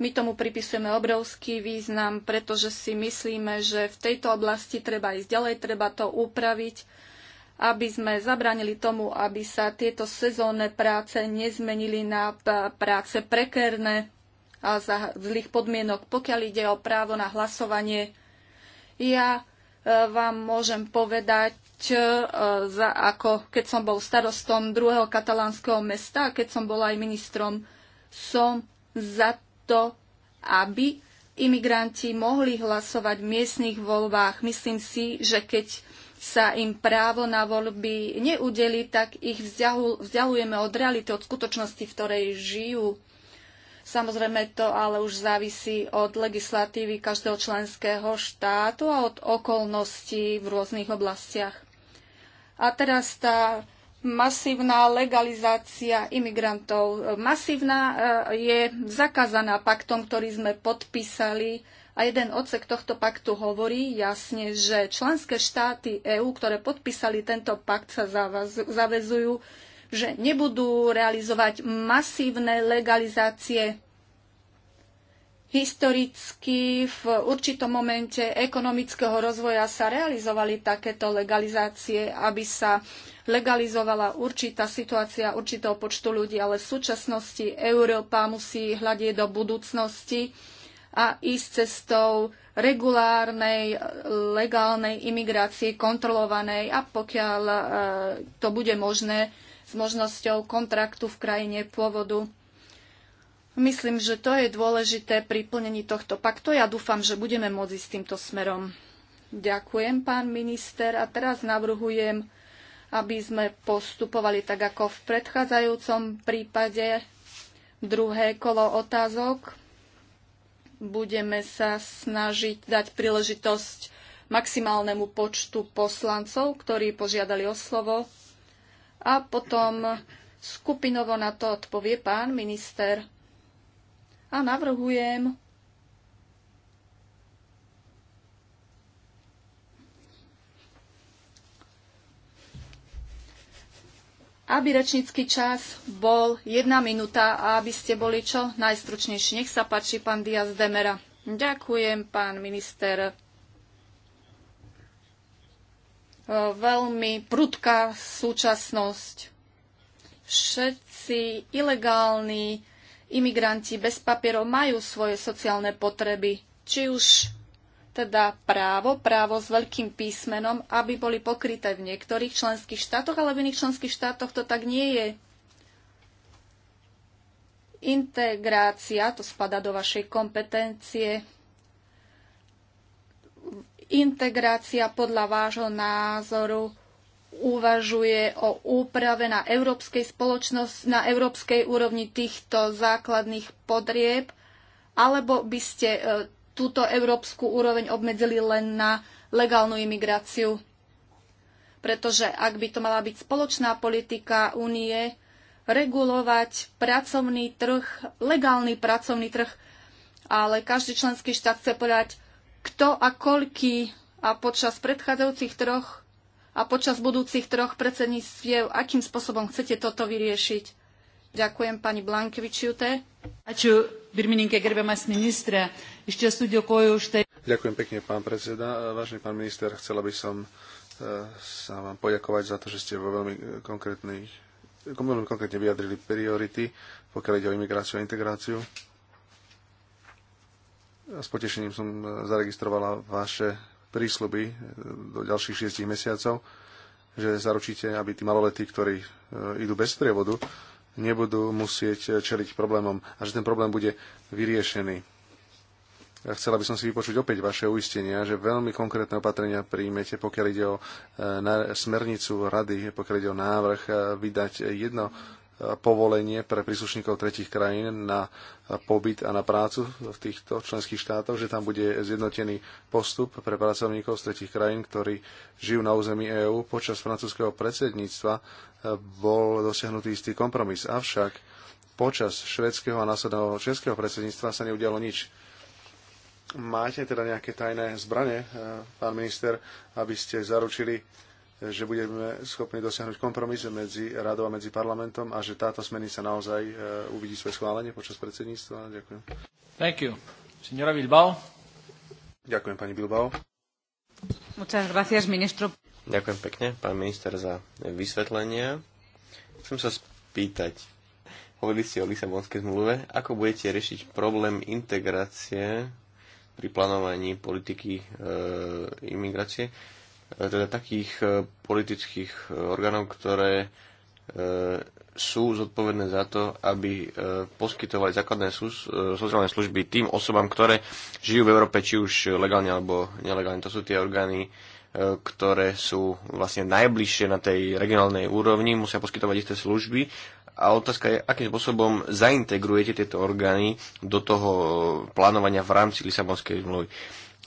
My tomu pripisujeme obrovský význam, pretože si myslíme, že v tejto oblasti treba ísť ďalej, treba to upraviť, aby sme zabranili tomu, aby sa tieto sezónne práce nezmenili na práce prekérne a za zlých podmienok. Pokiaľ ide o právo na hlasovanie, ja e, vám môžem povedať, e, za ako keď som bol starostom druhého katalánskeho mesta, keď som bol aj ministrom, som za to, aby imigranti mohli hlasovať v miestnych voľbách. Myslím si, že keď sa im právo na voľby neudeli, tak ich vzdialujeme od reality, od skutočnosti, v ktorej žijú. Samozrejme to ale už závisí od legislatívy každého členského štátu a od okolností v rôznych oblastiach. A teraz tá masívna legalizácia imigrantov. Masívna e, je zakázaná paktom, ktorý sme podpísali a jeden odsek tohto paktu hovorí jasne, že členské štáty EÚ, ktoré podpísali tento pakt, sa zavezujú že nebudú realizovať masívne legalizácie. Historicky v určitom momente ekonomického rozvoja sa realizovali takéto legalizácie, aby sa legalizovala určitá situácia určitého počtu ľudí, ale v súčasnosti Európa musí hľadieť do budúcnosti a ísť cestou regulárnej, legálnej imigrácie kontrolovanej a pokiaľ e, to bude možné, s možnosťou kontraktu v krajine pôvodu. Myslím, že to je dôležité pri plnení tohto paktu. Ja dúfam, že budeme môcť s týmto smerom. Ďakujem, pán minister. A teraz navrhujem, aby sme postupovali tak ako v predchádzajúcom prípade. Druhé kolo otázok. Budeme sa snažiť dať príležitosť maximálnemu počtu poslancov, ktorí požiadali o slovo a potom skupinovo na to odpovie pán minister. A navrhujem aby rečnícky čas bol jedna minúta a aby ste boli čo najstručnejší. Nech sa páči, pán Diaz Demera. Ďakujem, pán minister. E, veľmi prudká súčasnosť. Všetci ilegálni imigranti bez papierov majú svoje sociálne potreby, či už teda právo, právo s veľkým písmenom, aby boli pokryté v niektorých členských štátoch, ale v iných členských štátoch to tak nie je. Integrácia, to spada do vašej kompetencie, integrácia podľa vášho názoru uvažuje o úprave na európskej spoločnosť, na európskej úrovni týchto základných podrieb, alebo by ste e, túto európsku úroveň obmedzili len na legálnu imigráciu. Pretože ak by to mala byť spoločná politika únie, regulovať pracovný trh, legálny pracovný trh, ale každý členský štát chce povedať, kto a koľký a počas predchádzajúcich troch a počas budúcich troch predsedníctiev, akým spôsobom chcete toto vyriešiť. Ďakujem pani Blankevičiute. Ačiū, gerbiamas Ďakujem pekne, pán predseda. Vážený pán minister, chcela by som e, sa vám poďakovať za to, že ste vo veľmi e, konkrétnej veľmi konkrétne vyjadrili priority, pokiaľ ide o imigráciu a integráciu. S potešením som e, zaregistrovala vaše prísľuby e, do ďalších šiestich mesiacov, že zaručíte, aby tí maloletí, ktorí e, idú bez prievodu, nebudú musieť čeliť problémom a že ten problém bude vyriešený. Chcela by som si vypočuť opäť vaše uistenia, že veľmi konkrétne opatrenia príjmete, pokiaľ ide o smernicu rady, pokiaľ ide o návrh vydať jedno povolenie pre príslušníkov tretich krajín na pobyt a na prácu v týchto členských štátoch, že tam bude zjednotený postup pre pracovníkov z tretich krajín, ktorí žijú na území EÚ. Počas francúzského predsedníctva eh, bol dosiahnutý istý kompromis. Avšak počas švedského a následného českého predsedníctva sa neudialo nič. Máte teda nejaké tajné zbranie, eh, pán minister, aby ste zaručili že budeme schopní dosiahnuť kompromis medzi radou a medzi parlamentom a že táto smernica naozaj e, uvidí svoje schválenie počas predsedníctva. Ďakujem. Thank you. Signora Bilbao. Ďakujem, pani Bilbao. Muchas gracias, ministro. Ďakujem pekne, pán minister, za vysvetlenia. Chcem sa spýtať, hovorili ste o Lisabonskej zmluve, ako budete riešiť problém integrácie pri plánovaní politiky e, imigrácie? E, teda takých e, politických e, orgánov, ktoré sú zodpovedné za to, aby poskytovali základné sociálne služby tým osobám, ktoré žijú v Európe, či už legálne alebo nelegálne. To sú tie orgány, ktoré sú vlastne najbližšie na tej regionálnej úrovni, musia poskytovať isté služby. A otázka je, akým spôsobom zaintegrujete tieto orgány do toho plánovania v rámci Lisabonskej zmluvy.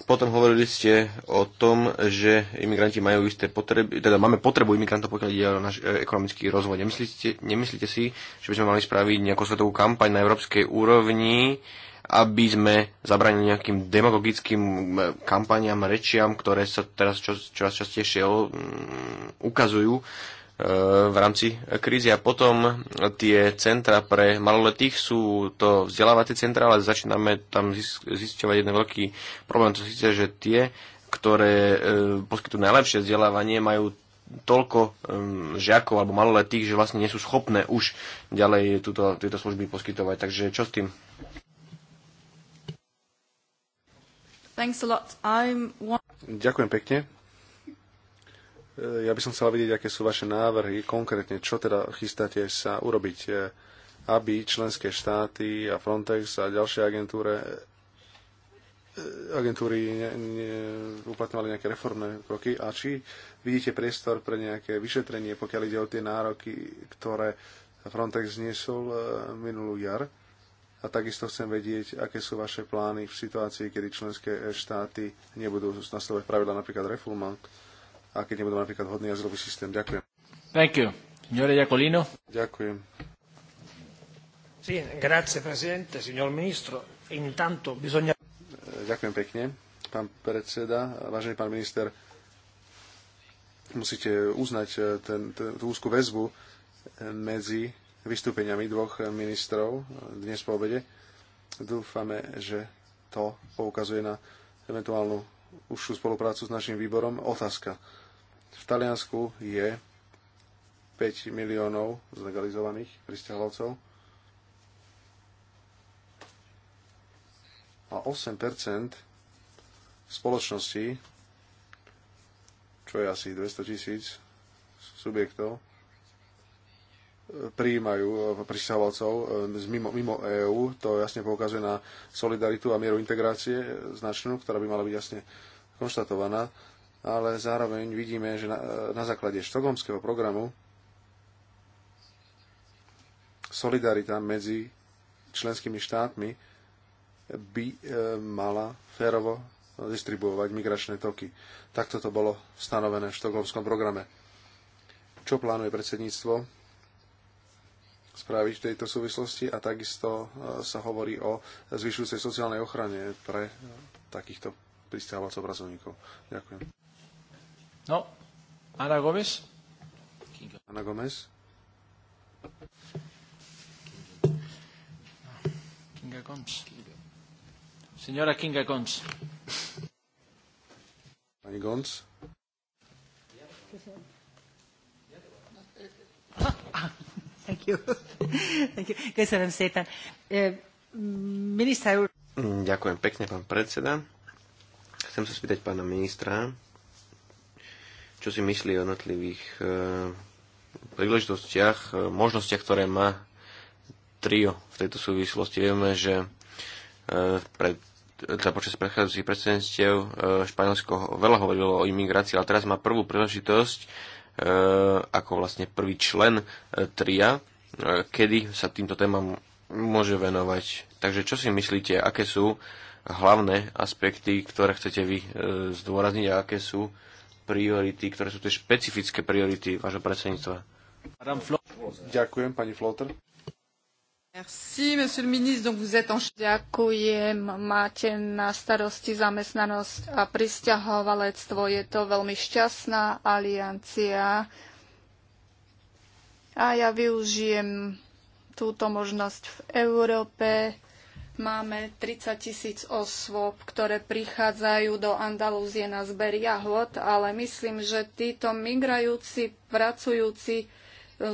Potom hovorili ste o tom, že imigranti majú isté potreby, teda máme potrebu imigrantov, pokiaľ ide o náš e, ekonomický rozvoj. Nemyslíte, nemyslíte si, že by sme mali spraviť nejakú svetovú kampaň na európskej úrovni, aby sme zabranili nejakým demagogickým kampaniam, rečiam, ktoré sa teraz čoraz častejšie mm, ukazujú v rámci krízy. A potom tie centra pre maloletých sú to vzdelávacie centra, ale začíname tam zisťovať jeden veľký problém. To síce, že tie, ktoré e, poskytujú najlepšie vzdelávanie, majú toľko žiakov alebo maloletých, že vlastne nie sú schopné už ďalej túto, tieto služby poskytovať. Takže čo s tým? Ďakujem pekne. E, ja by som chcela vidieť, aké sú vaše návrhy, konkrétne čo teda chystáte sa urobiť, e, aby členské štáty a Frontex a ďalšie agentúre e, agentúry ne, ne, uplatňovali nejaké reformné kroky a či vidíte priestor pre nejaké vyšetrenie, pokiaľ ide o tie nároky, ktoré Frontex zniesol minulú jar. A takisto chcem vedieť, aké sú vaše plány v situácii, kedy členské štáty nebudú nastavovať pravidla napríklad refulmant a keď nebudeme napríklad hodný jazdový systém. Ďakujem. Thank you. Signore Jacolino. Ďakujem. Sí, grazie, presidente, signor ministro. Intanto bisogna... Ďakujem pekne, pán predseda, vážený pán minister. Musíte uznať eh, ten, ten, tú úzkú väzbu eh, medzi vystúpeniami dvoch ministrov eh, dnes po obede. Dúfame, že to poukazuje na eventuálnu užšiu spoluprácu s našim výborom. Otázka v Taliansku je 5 miliónov zlegalizovaných pristahovalcov a 8 spoločnosti, čo je asi 200 tisíc subjektov, prijímajú eh, pristahovalcov eh, mimo, mimo EÚ. To jasne poukazuje na solidaritu a mieru integrácie eh, značnú, ktorá by mala byť jasne konštatovaná ale zároveň vidíme, že na, na základe štokholmského programu solidarita medzi členskými štátmi by e, mala férovo distribuovať migračné toky. Takto to bolo stanovené v štokholmskom programe. Čo plánuje predsedníctvo spraviť v tejto súvislosti a takisto e, sa hovorí o zvyšujúcej sociálnej ochrane pre e, takýchto pristávacov pracovníkov. Ďakujem. No, Ana Gómez. Ana Gómez. Kinga Gomes. Señora Kinga Gomes. Pani Gomes. Thank you. Thank you. Köszönöm szépen. Miniszter úr. Ďakujem pekne, pán predseda. Chcem sa spýtať pána ministra, čo si myslí o jednotlivých eh, príležitostiach, eh, možnostiach, ktoré má trio v tejto súvislosti. Vieme, že eh, pred, teda počas predchádzajúcich e, Španielsko veľa hovorilo o imigrácii, ale teraz má prvú príležitosť ako vlastne prvý člen tria, kedy sa týmto témam môže venovať. Takže čo si myslíte, aké sú hlavné aspekty, ktoré chcete vy zdôrazniť a aké sú priority, ktoré sú tie špecifické priority vášho predsedníctva. Ďakujem, pani Flotter. Merci, monsieur le ministre. Donc vous êtes en... Ďakujem. Máte na starosti zamestnanosť a pristahovalectvo. Je to veľmi šťastná aliancia. A ja využijem túto možnosť v Európe Máme 30 tisíc osôb, ktoré prichádzajú do Andalúzie na zber jahod, ale myslím, že títo migrajúci, pracujúci, e,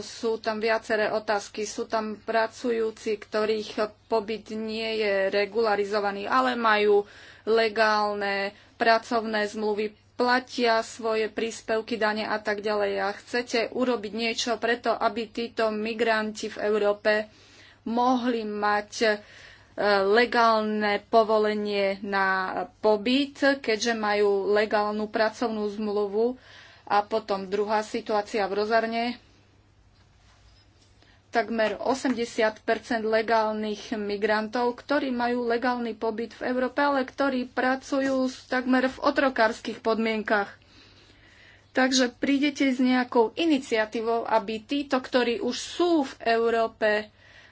sú tam viaceré otázky. Sú tam pracujúci, ktorých pobyt nie je regularizovaný, ale majú legálne pracovné zmluvy, platia svoje príspevky, dane a tak ďalej. A chcete urobiť niečo preto, aby títo migranti v Európe mohli mať legálne povolenie na pobyt, keďže majú legálnu pracovnú zmluvu. A potom druhá situácia v Rozarne. Takmer 80 legálnych migrantov, ktorí majú legálny pobyt v Európe, ale ktorí pracujú takmer v otrokárskych podmienkach. Takže prídete s nejakou iniciatívou, aby títo, ktorí už sú v Európe,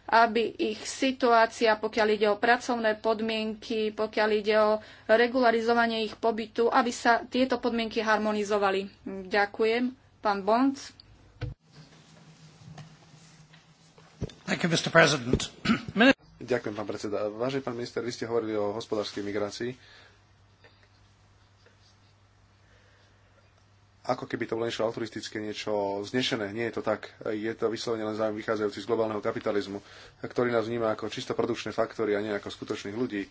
aby ich situácia, pokiaľ ide o pracovné podmienky, pokiaľ ide o regularizovanie ich pobytu, aby sa tieto podmienky harmonizovali. Ďakujem. Pán Bond. [CLEARS THROAT] Ďakujem, pán predseda. Vážený pán minister, vy ste hovorili o hospodárskej migrácii ako keby to bolo niečo altruistické, niečo znešené. Nie je to tak. Je to vyslovene len záujem vychádzajúci z globálneho kapitalizmu, ktorý nás vníma ako čisto produkčné faktory a nie ako skutočných ľudí.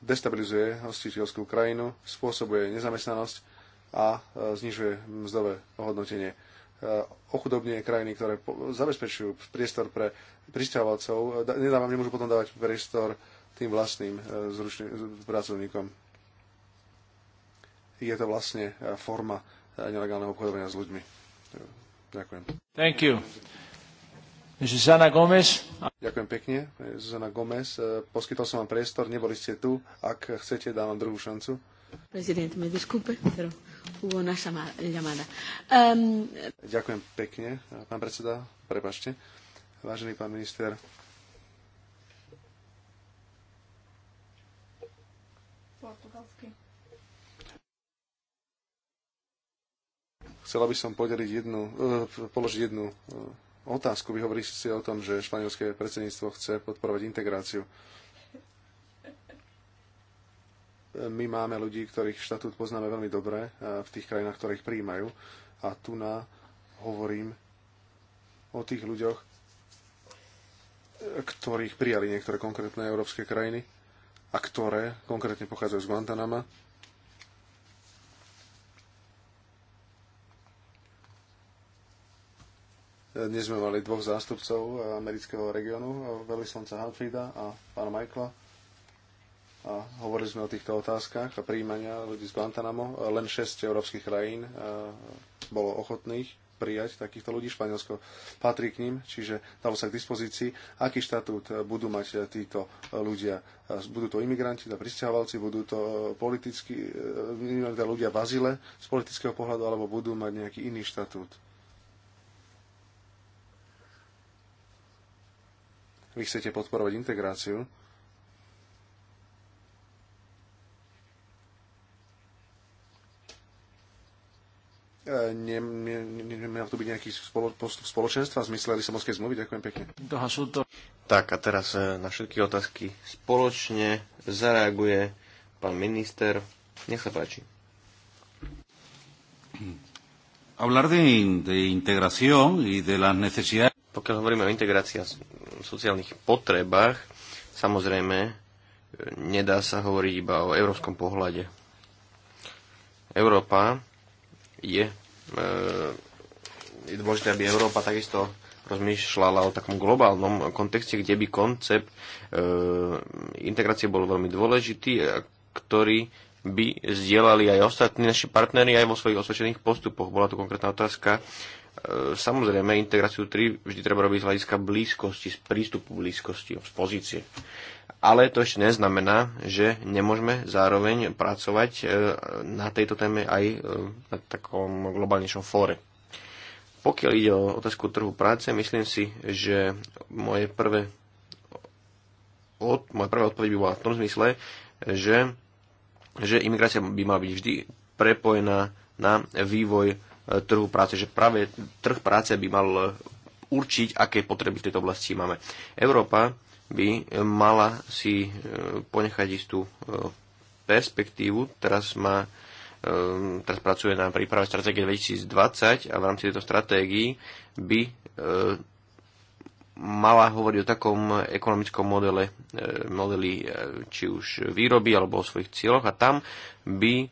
Destabilizuje hostiteľskú krajinu, spôsobuje nezamestnanosť a e, znižuje mzdové ohodnotenie. E, ochudobňuje krajiny, ktoré zabezpečujú priestor pre pristahovalcov. Nedávam, nemôžu potom dávať priestor tým vlastným e, zručným pracovníkom. Je to vlastne forma nelegálneho obchodovania s ľuďmi. Ďakujem. Thank you. Gomez. Ďakujem pekne, Zuzana Gomez. E, poskytol som vám priestor, neboli ste tu. Ak chcete, dám vám druhú šancu. Prezident, me disculpe, pero hubo una llamada. Um... Ďakujem pekne, pán predseda, prepašte. Vážený pán minister, Chcela by som podeliť jednu, e, položiť jednu e, otázku. Vy hovoríte si o tom, že španielské predsedníctvo chce podporovať integráciu. My máme ľudí, ktorých štatút poznáme veľmi dobre e, v tých krajinách, ktoré ich prijímajú. A tu na hovorím o tých ľuďoch, ktorých prijali niektoré konkrétne európske krajiny a ktoré konkrétne pochádzajú z Guantanama Dnes sme mali dvoch zástupcov amerického regiónu, veľvyslanca Hanfrida a pána Michaela. A hovorili sme o týchto otázkach a príjmania ľudí z Guantanamo. Len 6 európskych krajín e, bolo ochotných prijať takýchto ľudí. Španielsko patrí k ním, čiže dalo sa k dispozícii, aký štatút budú mať títo ľudia. Budú to imigranti, teda pristahovalci, budú to politicky, e, teda ľudia v azile z politického pohľadu, alebo budú mať nejaký iný štatút. Vy chcete podporovať integráciu. E, nemal to byť nejaký postup spoločenstva v zmysle Lisabonskej zmluvy? Ďakujem pekne. Tak a teraz e, na všetky otázky spoločne zareaguje pán minister. Nech sa páči. Hablar de, de integración y de las necesidades. Pokiaľ hovoríme o integrácii a sociálnych potrebách, samozrejme e, nedá sa hovoriť iba o európskom pohľade. Európa je, e, je dôležité, aby Európa takisto rozmýšľala o takom globálnom kontexte, kde by koncept e, integrácie bol veľmi dôležitý, a ktorý by zdieľali aj ostatní naši partnery aj vo svojich osvedčených postupoch. Bola tu konkrétna otázka E, samozrejme, integráciu 3 vždy treba robiť z hľadiska blízkosti, z prístupu blízkosti, z pozície. Ale to ešte neznamená, že nemôžeme zároveň pracovať e, na tejto téme aj e, na takom globálnejšom fóre. Pokiaľ ide o otázku trhu práce, myslím si, že moje prvé od, moja prvá odpoveď by bola v tom zmysle, že, že imigrácia by mala byť vždy prepojená na vývoj trhu práce, že práve trh práce by mal určiť, aké potreby v tejto oblasti máme. Európa by mala si e, ponechať istú e, perspektívu. Teraz má e, teraz pracuje na príprave stratégie 2020 a v rámci tejto stratégii by mala hovoriť o takom ekonomickom modele, modeli či už výroby alebo o svojich cieľoch a tam by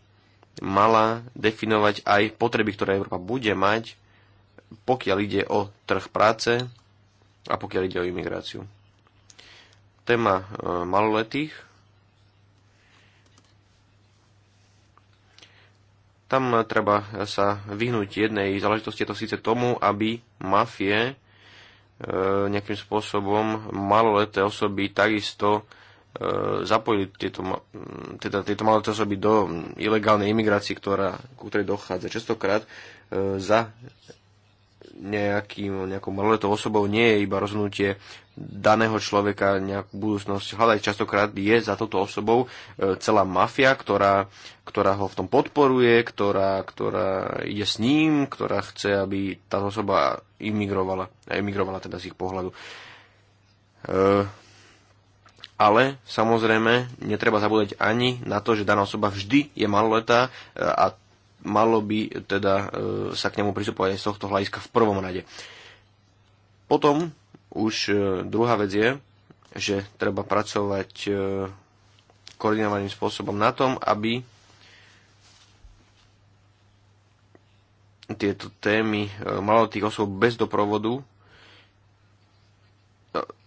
mala definovať aj potreby, ktoré Európa bude mať, pokiaľ ide o trh práce a pokiaľ ide o imigráciu. Téma e, maloletých. Tam e, treba sa vyhnúť jednej záležitosti, je to síce tomu, aby mafie e, nejakým spôsobom maloleté osoby takisto E, zapojili tieto, teda tieto malé osoby do ilegálnej imigrácie, ktorá, ku ktorej dochádza častokrát e, za nejakým, nejakou maloletou osobou nie je iba rozhodnutie daného človeka nejakú budúcnosť hľadať. Častokrát je za touto osobou e, celá mafia, ktorá, ktorá ho v tom podporuje, ktorá, ktorá ide s ním, ktorá chce, aby táto osoba imigrovala, emigrovala teda z ich pohľadu. E ale samozrejme netreba zabúdať ani na to, že daná osoba vždy je maloletá e, a malo by teda e, sa k nemu pristupovať aj z tohto hľadiska v prvom rade. Potom už e, druhá vec je, že treba pracovať koordinovaným spôsobom na tom, aby tieto témy malotých osôb bez doprovodu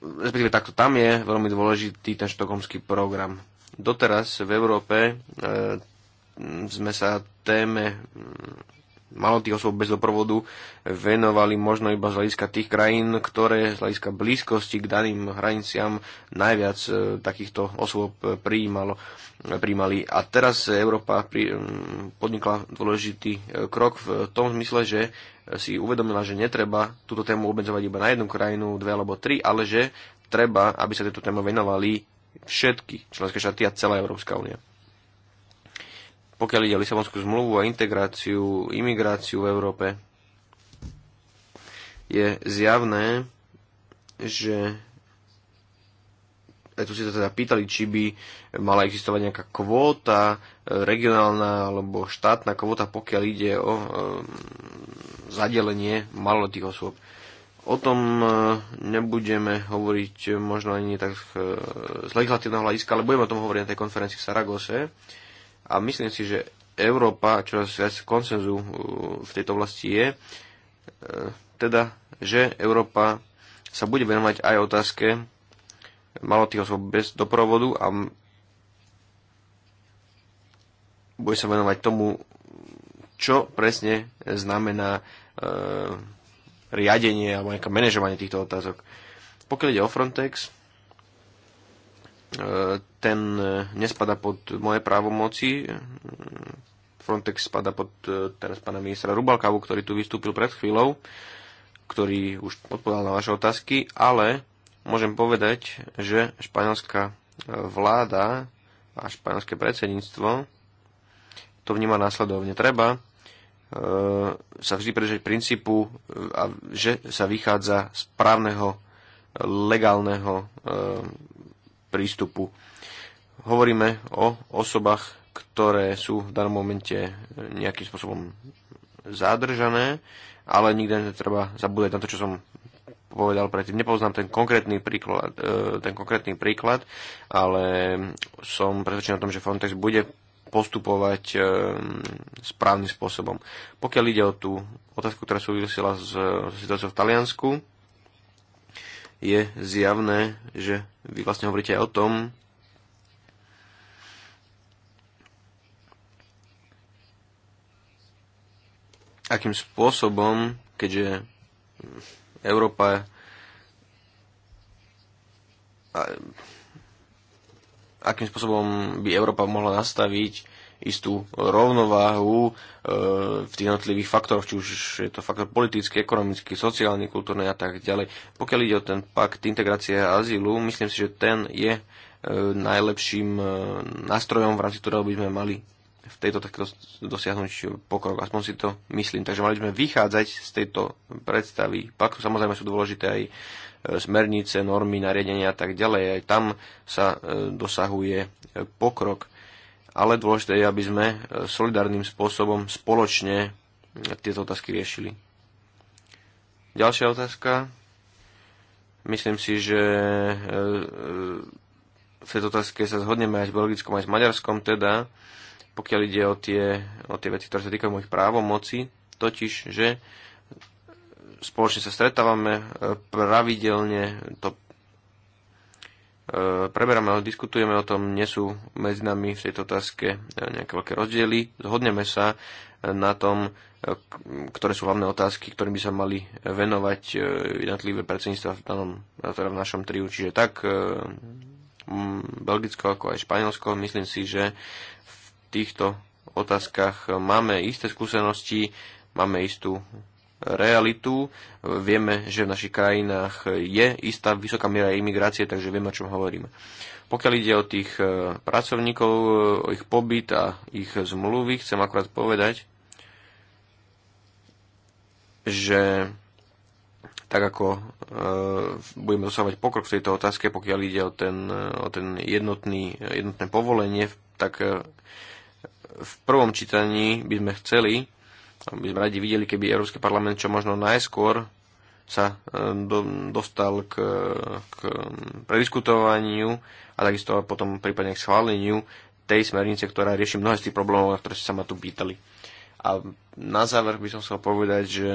respektíve takto tam je veľmi dôležitý ten štokomský program. Doteraz v Európe e, sme sa téme malo mm, tých osôb bez doprovodu venovali možno iba z hľadiska tých krajín, ktoré z hľadiska blízkosti k daným hraniciam najviac e, takýchto osôb prijímalo, prijímali. A teraz Európa pri, mm, podnikla dôležitý e, krok v tom zmysle, že si uvedomila, že netreba túto tému obmedzovať iba na jednu krajinu, dve alebo tri, ale že treba, aby sa tejto téme venovali všetky členské štáty a celá Európska únia. Pokiaľ ide o Lisabonskú zmluvu a integráciu, imigráciu v Európe, je zjavné, že tu si sa teda pýtali, či by mala existovať nejaká kvóta, regionálna alebo štátna kvóta, pokiaľ ide o zadelenie malotých osôb. O tom e, nebudeme hovoriť možno ani tak e, z legislatívneho hľadiska, ale budeme o tom hovoriť na tej konferencii v Saragose. A myslím si, že Európa, čo viac konsenzu e, v tejto oblasti je, teda, že Európa sa bude venovať aj otázke malotých osôb bez doprovodu a bude sa venovať tomu, čo presne znamená E, riadenie alebo nejaké manažovanie týchto otázok. Pokiaľ ide o Frontex, e, ten nespada pod moje právomoci. Frontex spada pod e, teraz pána ministra Rubalkavu, ktorý tu vystúpil pred chvíľou, ktorý už odpovedal na vaše otázky, ale môžem povedať, že španielská vláda a španielské predsedníctvo to vníma následovne. Treba sa vždy pridržať princípu, že sa vychádza z právneho, legálneho e, prístupu. Hovoríme o osobách, ktoré sú v danom momente nejakým spôsobom zadržané, ale nikdy netreba zabúdať na to, čo som povedal predtým. Nepoznám ten konkrétny príklad, e, ten konkrétny príklad ale som presvedčený o tom, že Frontex bude postupovať eh, správnym spôsobom. Pokiaľ ide o tú otázku, ktorá súvisela s situáciou v Taliansku, je zjavné, že vy vlastne hovoríte aj o tom, akým spôsobom, keďže Európa akým spôsobom by Európa mohla nastaviť istú rovnováhu e, v tých jednotlivých faktoroch, či už je to faktor politický, ekonomický, sociálny, kultúrny a tak ďalej. Pokiaľ ide o ten pakt integrácie a azylu, myslím si, že ten je e, najlepším e, nástrojom, v rámci ktorého by sme mali v tejto takto dosiahnuť pokrok. Aspoň si to myslím. Takže mali sme vychádzať z tejto predstavy paktu. Samozrejme sú dôležité aj smernice, normy, nariadenia a tak ďalej. Aj tam sa e, dosahuje e, pokrok. Ale dôležité je, aby sme e, solidárnym spôsobom spoločne tieto otázky riešili. Ďalšia otázka. Myslím si, že v tejto otázke sa zhodneme aj s Belgickom, aj s Maďarskom, teda pokiaľ ide o tie, o tie veci, ktoré sa týkajú mojich právomocí, totiž, že spoločne sa stretávame e, pravidelne, to e, preberáme, diskutujeme o tom, nie sú medzi nami v tejto otázke e, nejaké veľké rozdiely. Zhodneme sa na tom, ktoré sú hlavné otázky, ktorým by sa mali venovať jednotlivé predsedníctva v, danom, teda v našom triu. Čiže tak Belgicko ako aj Španielsko, myslím si, že v týchto otázkach máme isté skúsenosti, máme istú realitu. Vieme, že v našich krajinách je istá vysoká miera imigrácie, takže vieme, o čom hovoríme. Pokiaľ ide o tých e, pracovníkov, e, o ich pobyt a ich zmluvy, chcem akurát povedať, že tak ako e, budeme dosávať pokrok v tejto otázke, pokiaľ ide o ten, e, o ten jednotný, jednotné povolenie, tak e, v prvom čítaní by sme chceli, by sme radi videli, keby Európsky parlament čo možno najskôr sa e, do, dostal k, k mm, prediskutovaniu a takisto potom prípadne k schváleniu tej smernice, ktorá rieši mnohé z tých problémov, na ktoré ste sa ma tu pýtali. A na záver by som chcel povedať, že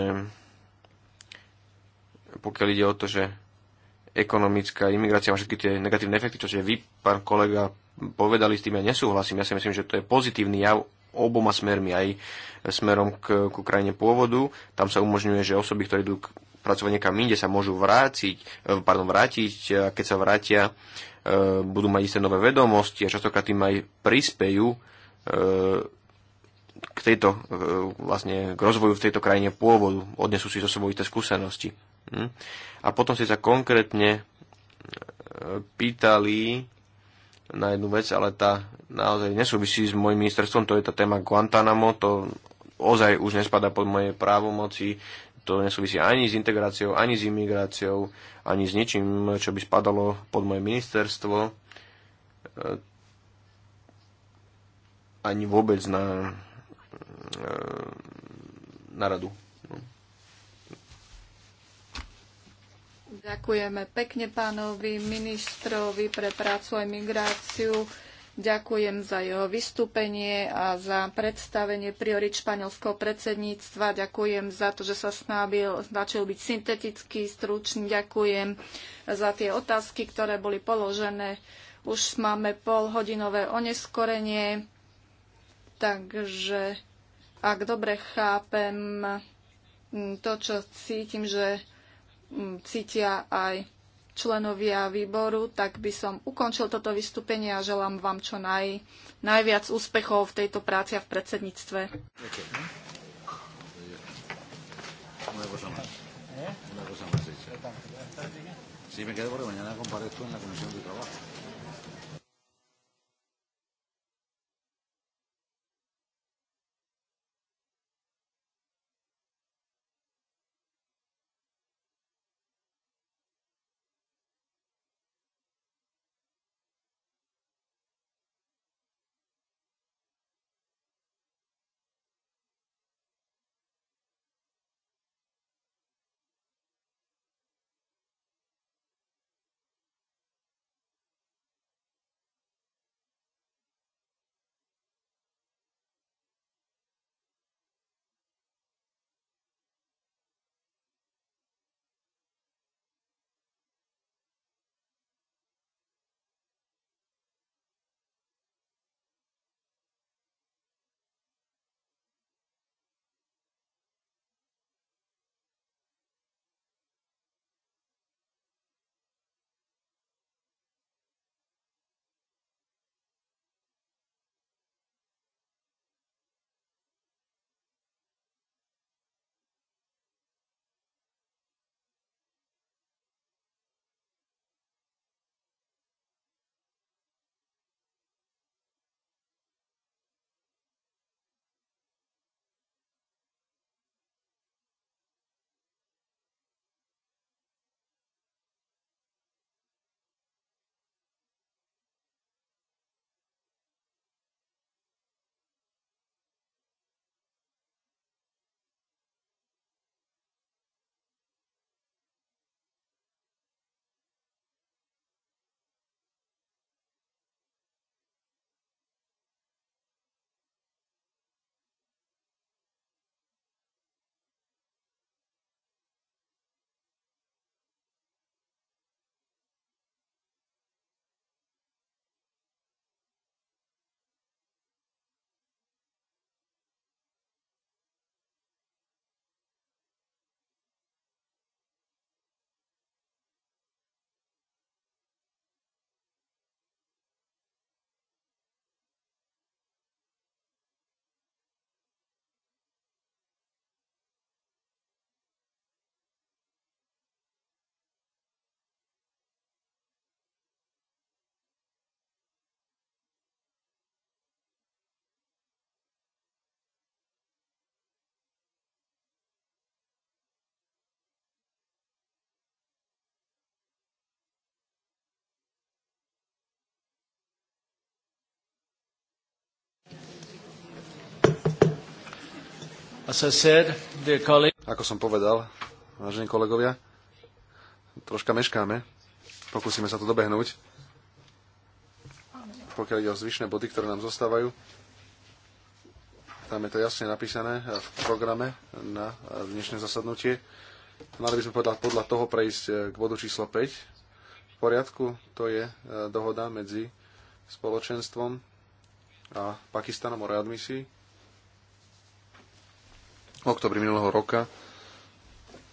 pokiaľ ide o to, že ekonomická imigrácia má všetky tie negatívne efekty, čo ste vy, pán kolega, povedali, s tým ja nesúhlasím. Ja si myslím, že to je pozitívny jav oboma smermi, aj smerom k, k krajine pôvodu. Tam sa umožňuje, že osoby, ktoré idú pracovať niekam inde, sa môžu vrátiť, e, pardon, vrátiť e, a keď sa vrátia, e, budú mať isté nové vedomosti a častokrát tým aj prispejú k tejto, vlastne k rozvoju v tejto krajine pôvodu. Odnesú si zo sebou isté skúsenosti. Hm? A potom ste sa konkrétne pýtali na jednu vec, ale tá naozaj nesúvisí s môjim ministerstvom, to je tá téma Guantanamo, to ozaj už nespada pod moje právomoci, to nesúvisí ani s integráciou, ani s imigráciou, ani s ničím, čo by spadalo pod moje ministerstvo, e, ani vôbec na, e, na radu. Ďakujeme pekne pánovi ministrovi pre prácu a migráciu. Ďakujem za jeho vystúpenie a za predstavenie priorit španielského predsedníctva. Ďakujem za to, že sa snábil, značil byť syntetický, stručný. Ďakujem za tie otázky, ktoré boli položené. Už máme polhodinové oneskorenie, takže ak dobre chápem to, čo cítim, že cítia aj členovia výboru, tak by som ukončil toto vystúpenie a želám vám čo naj, najviac úspechov v tejto práci a v predsedníctve. Sí, me quedo porque mañana comparezco en la Comisión de Trabajo. Ako som povedal, vážení kolegovia, troška meškáme. Pokúsime sa to dobehnúť. Pokiaľ ide o zvyšné body, ktoré nám zostávajú, tam je to jasne napísané v programe na dnešné zasadnutie. Mali by sme podľa, podľa toho prejsť eh, k bodu číslo 5. V poriadku, to je eh, dohoda medzi spoločenstvom a Pakistanom o readmisii oktobri minulého roka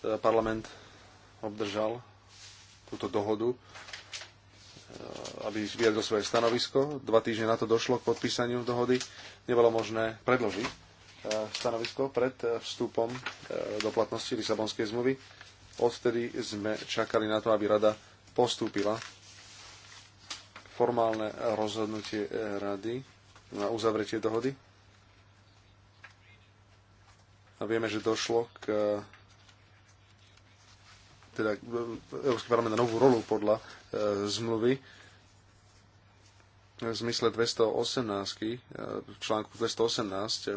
e, parlament obdržal túto dohodu, e, aby vyjadril svoje stanovisko. Dva týždne na to došlo k podpísaniu dohody. Nebolo možné predložiť e, stanovisko pred vstupom do platnosti Lisabonskej zmluvy. Odvtedy sme čakali na to, aby rada postúpila formálne rozhodnutie rady na uzavretie dohody a vieme, že došlo k e, teda e, Európsky parlament na novú rolu podľa e, zmluvy v zmysle 218, e, článku 218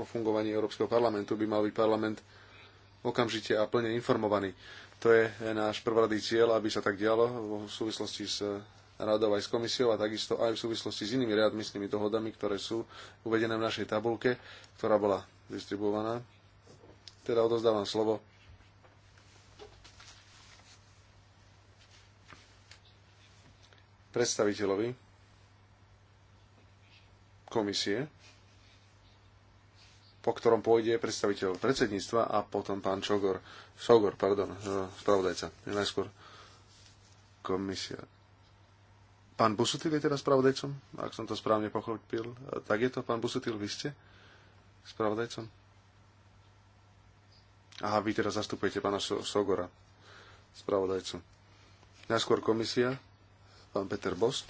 o fungovaní Európskeho parlamentu by mal byť parlament okamžite a plne informovaný. To je náš prvoradý cieľ, aby sa tak dialo v súvislosti s radov aj s komisiou a takisto aj v súvislosti s inými readmisnými dohodami, ktoré sú uvedené v našej tabulke, ktorá bola distribuovaná. Teda odozdávam slovo predstaviteľovi komisie, po ktorom pôjde predstaviteľ predsedníctva a potom pán Čogor, Šogor, pardon, eh, spravodajca, najskôr komisia. Pán Busutil je teda spravodajcom, ak som to správne pochopil. Tak je to, pán Busutil, vy ste spravodajcom? Aha, vy teda zastupujete pána Sogora, spravodajcu. Najskôr komisia, pán Peter Bost.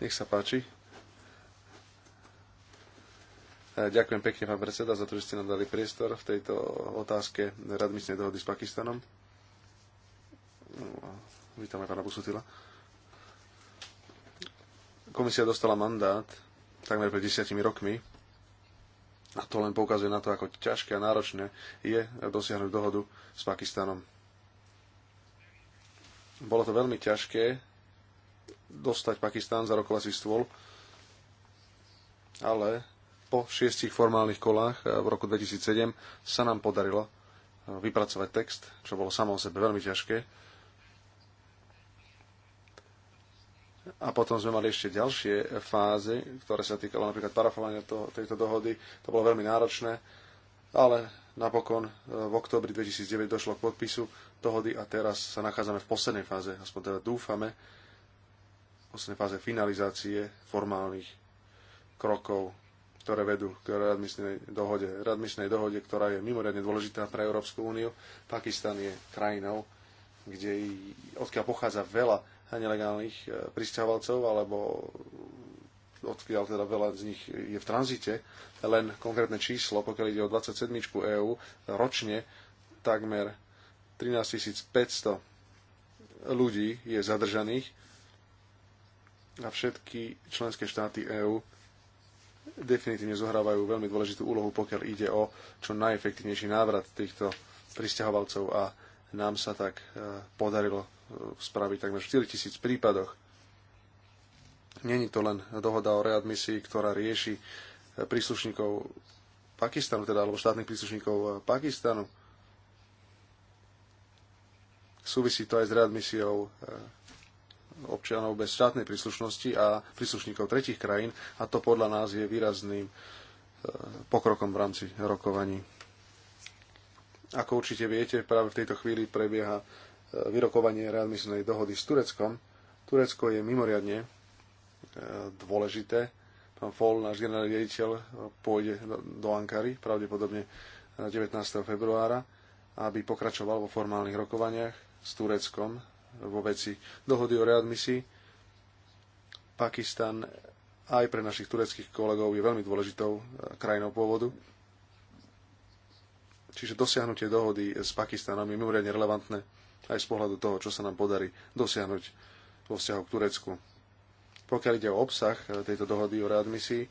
Nech sa páči. E, ďakujem pekne, pán predseda, za to, že ste nám dali priestor v tejto otázke radmyslnej dohody s Pakistanom no Vítame pána Busutila. Komisia dostala mandát takmer pred desiatimi rokmi a to len poukazuje na to, ako ťažké a náročné je dosiahnuť dohodu s Pakistanom. Bolo to veľmi ťažké dostať Pakistán za rokovací stôl, ale po šiestich formálnych kolách v roku 2007 sa nám podarilo vypracovať text, čo bolo samo o sebe veľmi ťažké A potom sme mali ešte ďalšie fázy, ktoré sa týkalo napríklad parafovania to, tejto dohody. To bolo veľmi náročné, ale napokon e, v oktobri 2009 došlo k podpisu dohody a teraz sa nachádzame v poslednej fáze, aspoň teda dúfame, v poslednej fáze finalizácie formálnych krokov, ktoré vedú k radmisnej dohode. Radmisnej dohode, ktorá je mimoriadne dôležitá pre Európsku úniu. Pakistan je krajinou, kde, odkiaľ pochádza veľa nelegálnych e, pristahovalcov, alebo odkiaľ teda veľa z nich je v tranzite, len konkrétne číslo, pokiaľ ide o 27 EÚ ročne, takmer 13 500 ľudí je zadržaných a všetky členské štáty EÚ definitívne zohrávajú veľmi dôležitú úlohu, pokiaľ ide o čo najefektívnejší návrat týchto pristahovalcov a nám sa tak e, podarilo e, spraviť takmer v 4000 prípadoch. Není to len dohoda o readmisii, ktorá rieši e, príslušníkov Pakistanu, teda, alebo štátnych príslušníkov Pakistanu. Súvisí to aj s readmisiou občanov bez štátnej príslušnosti a príslušníkov tretich krajín a to podľa nás je výrazným pokrokom v rámci rokovaní. Ako určite viete, práve v tejto chvíli prebieha e, vyrokovanie readmisnej dohody s Tureckom. Turecko je mimoriadne e, dôležité. Pán Fol, náš generálny riaditeľ, pôjde do Ankary pravdepodobne 19. februára, aby pokračoval vo formálnych rokovaniach s Tureckom vo veci dohody o readmisii. Pakistan aj pre našich tureckých kolegov je veľmi dôležitou e, krajinou pôvodu. Čiže dosiahnutie dohody s Pakistanom je mimoriadne relevantné aj z pohľadu toho, čo sa nám podarí dosiahnuť vo vzťahu k Turecku. Pokiaľ ide o obsah eh, tejto dohody o readmisii,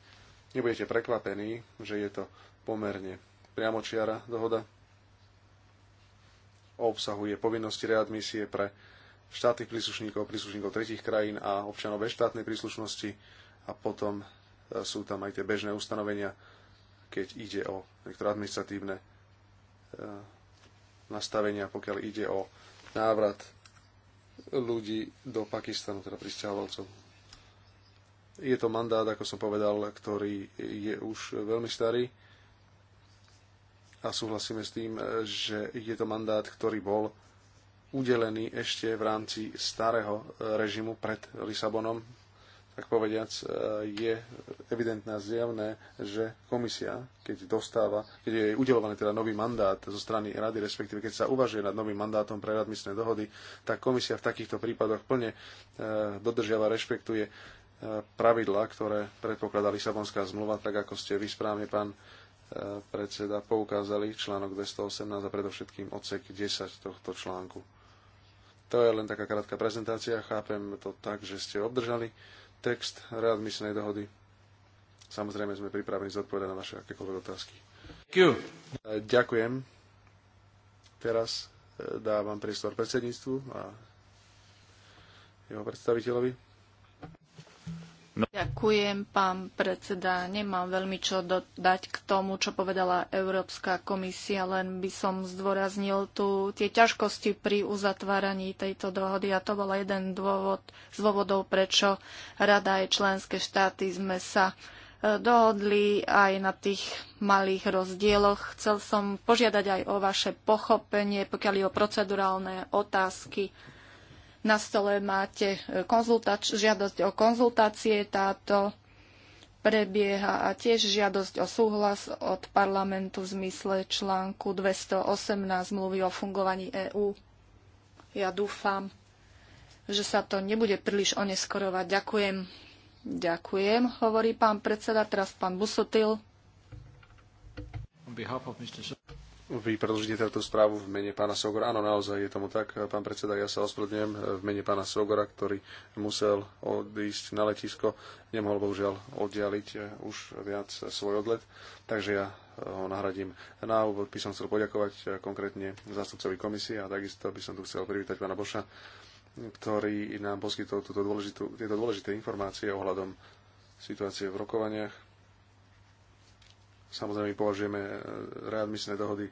nebudete prekvapení, že je to pomerne priamočiara dohoda. Obsahuje povinnosti readmisie pre štátnych príslušníkov, príslušníkov tretich krajín a občanov bez štátnej príslušnosti a potom eh, sú tam aj tie bežné ustanovenia, keď ide o niektoré administratívne E, nastavenia, pokiaľ ide o návrat ľudí do Pakistanu, teda pristahovalcov. Je to mandát, ako som povedal, ktorý je už veľmi starý a súhlasíme s tým, že je to mandát, ktorý bol udelený ešte v rámci starého režimu pred Lisabonom, tak povediac, e, je evidentné a zjavné, že komisia, keď dostáva, keď je udelovaný teda nový mandát zo strany rady, respektíve keď sa uvažuje nad novým mandátom pre radmyslné dohody, tak komisia v takýchto prípadoch plne e, dodržiava, rešpektuje e, pravidlá, ktoré predpokladá Lisabonská zmluva, tak ako ste vy správne, pán predseda, poukázali článok 218 a predovšetkým odsek 10 tohto článku. To je len taká krátka prezentácia, chápem to tak, že ste obdržali text readmisnej dohody. Samozrejme sme pripravení zodpovedať na vaše akékoľvek otázky. E, ďakujem. Teraz e, dávam priestor predsedníctvu a jeho predstaviteľovi. No. Ďakujem, pán predseda. Nemám veľmi čo dodať k tomu, čo povedala Európska komisia, len by som zdôraznil tu tie ťažkosti pri uzatváraní tejto dohody a to bol jeden dôvod, z dôvodov, prečo Rada aj členské štáty sme sa e, dohodli aj na tých malých rozdieloch. Chcel som požiadať aj o vaše pochopenie, pokiaľ je o procedurálne otázky na stole máte e, konzultač- žiadosť o konzultácie, táto prebieha a tiež žiadosť o súhlas od parlamentu v zmysle článku 218 mluví o fungovaní EÚ. Ja dúfam, že sa to nebude príliš oneskorovať. Ďakujem. Ďakujem, hovorí pán predseda, teraz pán Busotil. Vy predložíte túto správu v mene pána Sogora. Áno, naozaj je tomu tak. Pán predseda, ja sa ospravedlňujem eh, v mene pána Sogora, ktorý musel odísť na letisko. Nemohol bohužiaľ oddialiť eh, už viac svoj odlet, takže ja eh, ho nahradím. Na úvod by som chcel poďakovať konkrétne zástupcovi komisie a takisto by som tu chcel privítať pána Boša, ktorý nám poskytol túto tieto dôležité informácie ohľadom situácie v rokovaniach Samozrejme, považujeme eh, readmisné dohody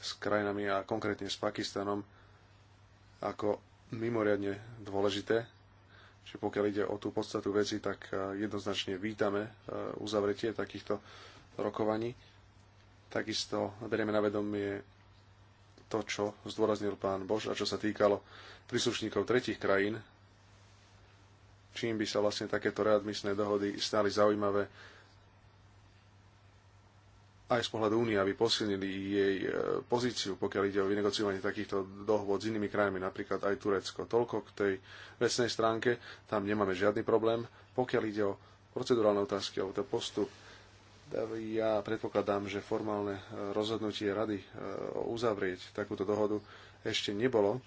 s krajinami a konkrétne s Pakistanom ako mimoriadne dôležité. Čiže pokiaľ ide o tú podstatu veci, tak eh, jednoznačne vítame eh, uzavretie takýchto rokovaní. Takisto berieme na vedomie to, čo zdôraznil pán Bož a čo sa týkalo príslušníkov tretich krajín, čím by sa vlastne takéto readmisné dohody stali zaujímavé aj z pohľadu únie, aby posilnili jej e, pozíciu, pokiaľ ide o vynegociovanie takýchto dohôd s inými krajami, napríklad aj Turecko. Toľko k tej vecnej stránke, tam nemáme žiadny problém. Pokiaľ ide o procedurálne otázky alebo ten postup, e, ja predpokladám, že formálne e, rozhodnutie rady uzavrieť takúto dohodu ešte nebolo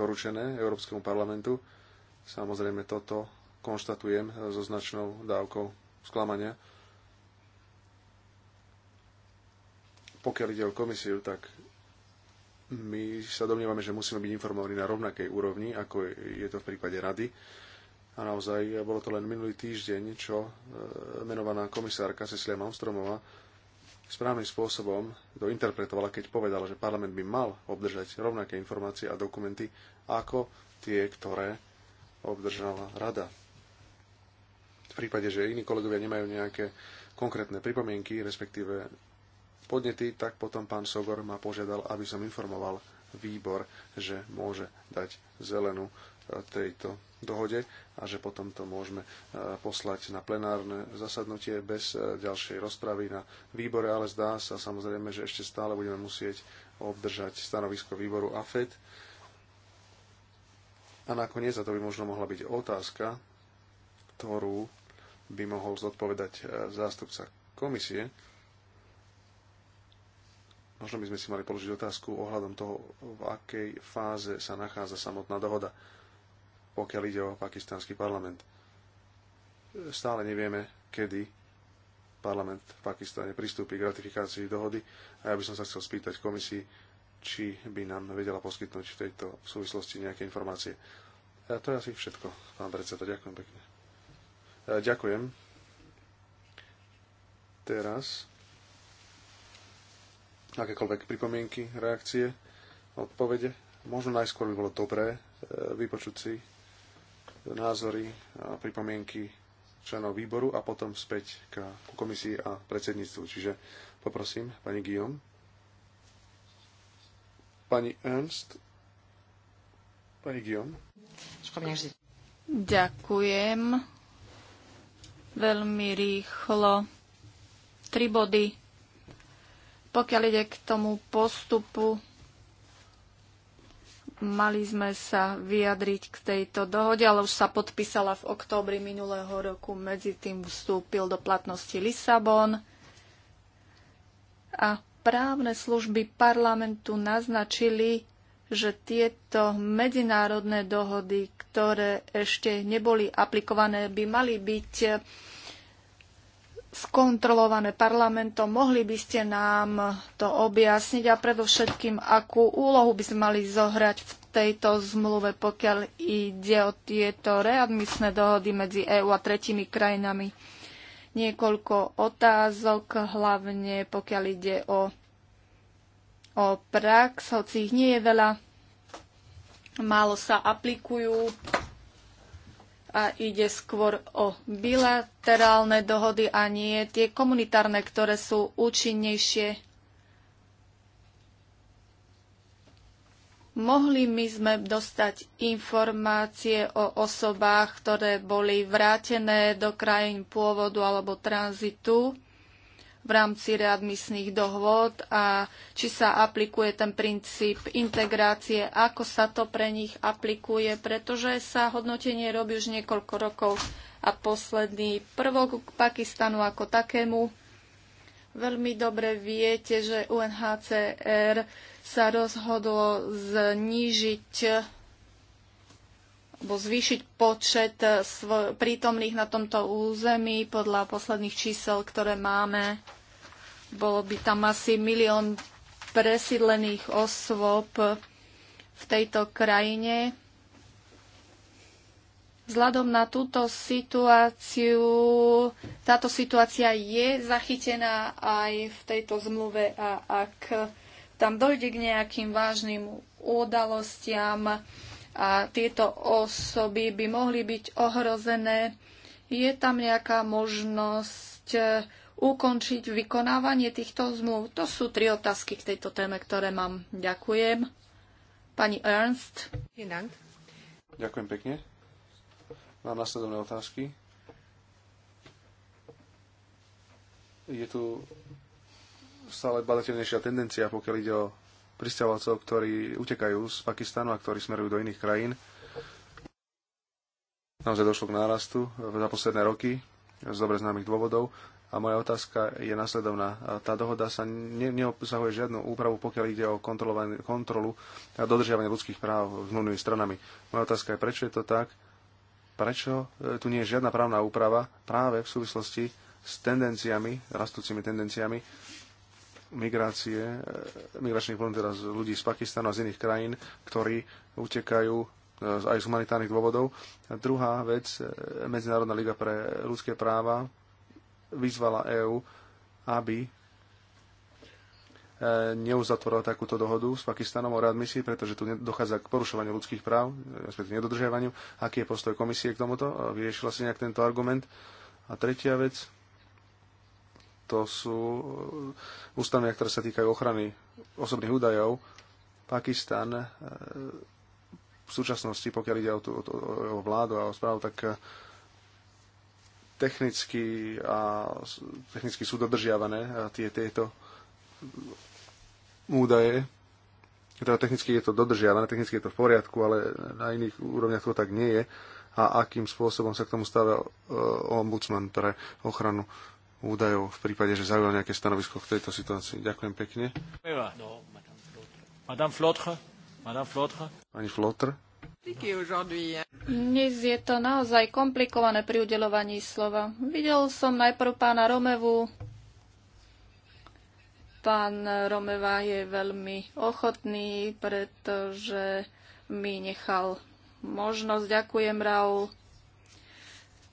doručené Európskemu parlamentu. Samozrejme toto konštatujem so značnou dávkou sklamania Pokiaľ ide o komisiu, tak my sa domnievame, že musíme byť informovaní na rovnakej úrovni, ako je to v prípade rady. A naozaj bolo to len minulý týždeň, čo e, menovaná komisárka Cecilia Malmstromová správnym spôsobom to interpretovala, keď povedala, že parlament by mal obdržať rovnaké informácie a dokumenty ako tie, ktoré obdržala rada. V prípade, že iní kolegovia nemajú nejaké konkrétne pripomienky, respektíve podnety, tak potom pán Sogor ma požiadal, aby som informoval výbor, že môže dať zelenú e, tejto dohode a že potom to môžeme e, poslať na plenárne zasadnutie bez e, ďalšej rozpravy na výbore, ale zdá sa samozrejme, že ešte stále budeme musieť obdržať stanovisko výboru AFED. A nakoniec, a to by možno mohla byť otázka, ktorú by mohol zodpovedať zástupca komisie, Možno by sme si mali položiť otázku ohľadom toho, v akej fáze sa nachádza samotná dohoda, pokiaľ ide o pakistánsky parlament. Stále nevieme, kedy parlament v Pakistane pristúpi k ratifikácii dohody a ja by som sa chcel spýtať komisii, či by nám vedela poskytnúť v tejto súvislosti nejaké informácie. A to je asi všetko, pán predseda. Ďakujem pekne. E, ďakujem. Teraz akékoľvek pripomienky, reakcie, odpovede. Možno najskôr by bolo dobré e, vypočuť si názory a pripomienky členov výboru a potom späť k komisii a predsedníctvu. Čiže poprosím pani Guillaume. Pani Ernst. Pani Guillaume. Ďakujem. Veľmi rýchlo. Tri body. Pokiaľ ide k tomu postupu, mali sme sa vyjadriť k tejto dohode, ale už sa podpísala v októbri minulého roku. Medzi tým vstúpil do platnosti Lisabon a právne služby parlamentu naznačili, že tieto medzinárodné dohody, ktoré ešte neboli aplikované, by mali byť skontrolované parlamentom. Mohli by ste nám to objasniť a predovšetkým, akú úlohu by sme mali zohrať v tejto zmluve, pokiaľ ide o tieto readmisné dohody medzi EÚ a tretimi krajinami. Niekoľko otázok, hlavne pokiaľ ide o, o prax, hoci ich nie je veľa, málo sa aplikujú a ide skôr o bilaterálne dohody a nie tie komunitárne, ktoré sú účinnejšie. Mohli my sme dostať informácie o osobách, ktoré boli vrátené do krajín pôvodu alebo tranzitu v rámci readmisných dohôd a či sa aplikuje ten princíp integrácie, ako sa to pre nich aplikuje, pretože sa hodnotenie robí už niekoľko rokov a posledný prvok k Pakistanu ako takému. Veľmi dobre viete, že UNHCR sa rozhodlo znížiť alebo zvýšiť počet prítomných na tomto území podľa posledných čísel, ktoré máme. Bolo by tam asi milión presídlených osôb v tejto krajine. Vzhľadom na túto situáciu, táto situácia je zachytená aj v tejto zmluve a ak tam dojde k nejakým vážnym udalostiam a tieto osoby by mohli byť ohrozené, je tam nejaká možnosť ukončiť vykonávanie týchto zmluv? To sú tri otázky k tejto téme, ktoré mám. Ďakujem. Pani Ernst. Ďakujem pekne. Mám následovné otázky. Je tu stále badateľnejšia tendencia, pokiaľ ide o pristahovalcov, ktorí utekajú z Pakistanu a ktorí smerujú do iných krajín. Naozaj došlo k nárastu za posledné roky z dobre známych dôvodov. A moja otázka je nasledovná. Tá dohoda sa ne, neobsahuje žiadnu úpravu, pokiaľ ide o kontrolu a dodržiavanie ľudských práv mnohými stranami. Moja otázka je, prečo je to tak? Prečo e, tu nie je žiadna právna úprava práve v súvislosti s tendenciami, rastúcimi tendenciami migrácie, e, migračných vln teraz ľudí z Pakistanu a z iných krajín, ktorí utekajú e, aj z humanitárnych dôvodov. A druhá vec, Medzinárodná liga pre ľudské práva vyzvala EÚ, aby e, neuzatvorila takúto dohodu s Pakistanom o readmisii, pretože tu dochádza k porušovaniu ľudských práv, respektíve nedodržiavaniu. Aký je postoj komisie k tomuto? E, vyriešila si nejak tento argument? A tretia vec, to sú ústavy, e, ktoré sa týkajú ochrany osobných údajov. Pakistan v súčasnosti, pokiaľ ide o, tú, o, o vládu a o správu, tak technicky, a, technicky sú dodržiavané tie, tieto údaje. Teda technicky je to dodržiavané, technicky je to v poriadku, ale na iných úrovniach to tak nie je. A akým spôsobom sa k tomu stavia e, ombudsman pre ochranu údajov v prípade, že zaujal nejaké stanovisko k tejto situácii. Ďakujem pekne. Pani Flotre. Dnes je to naozaj komplikované pri udelovaní slova. Videl som najprv pána Romevu. Pán Romeva je veľmi ochotný, pretože mi nechal možnosť. Ďakujem, Raul.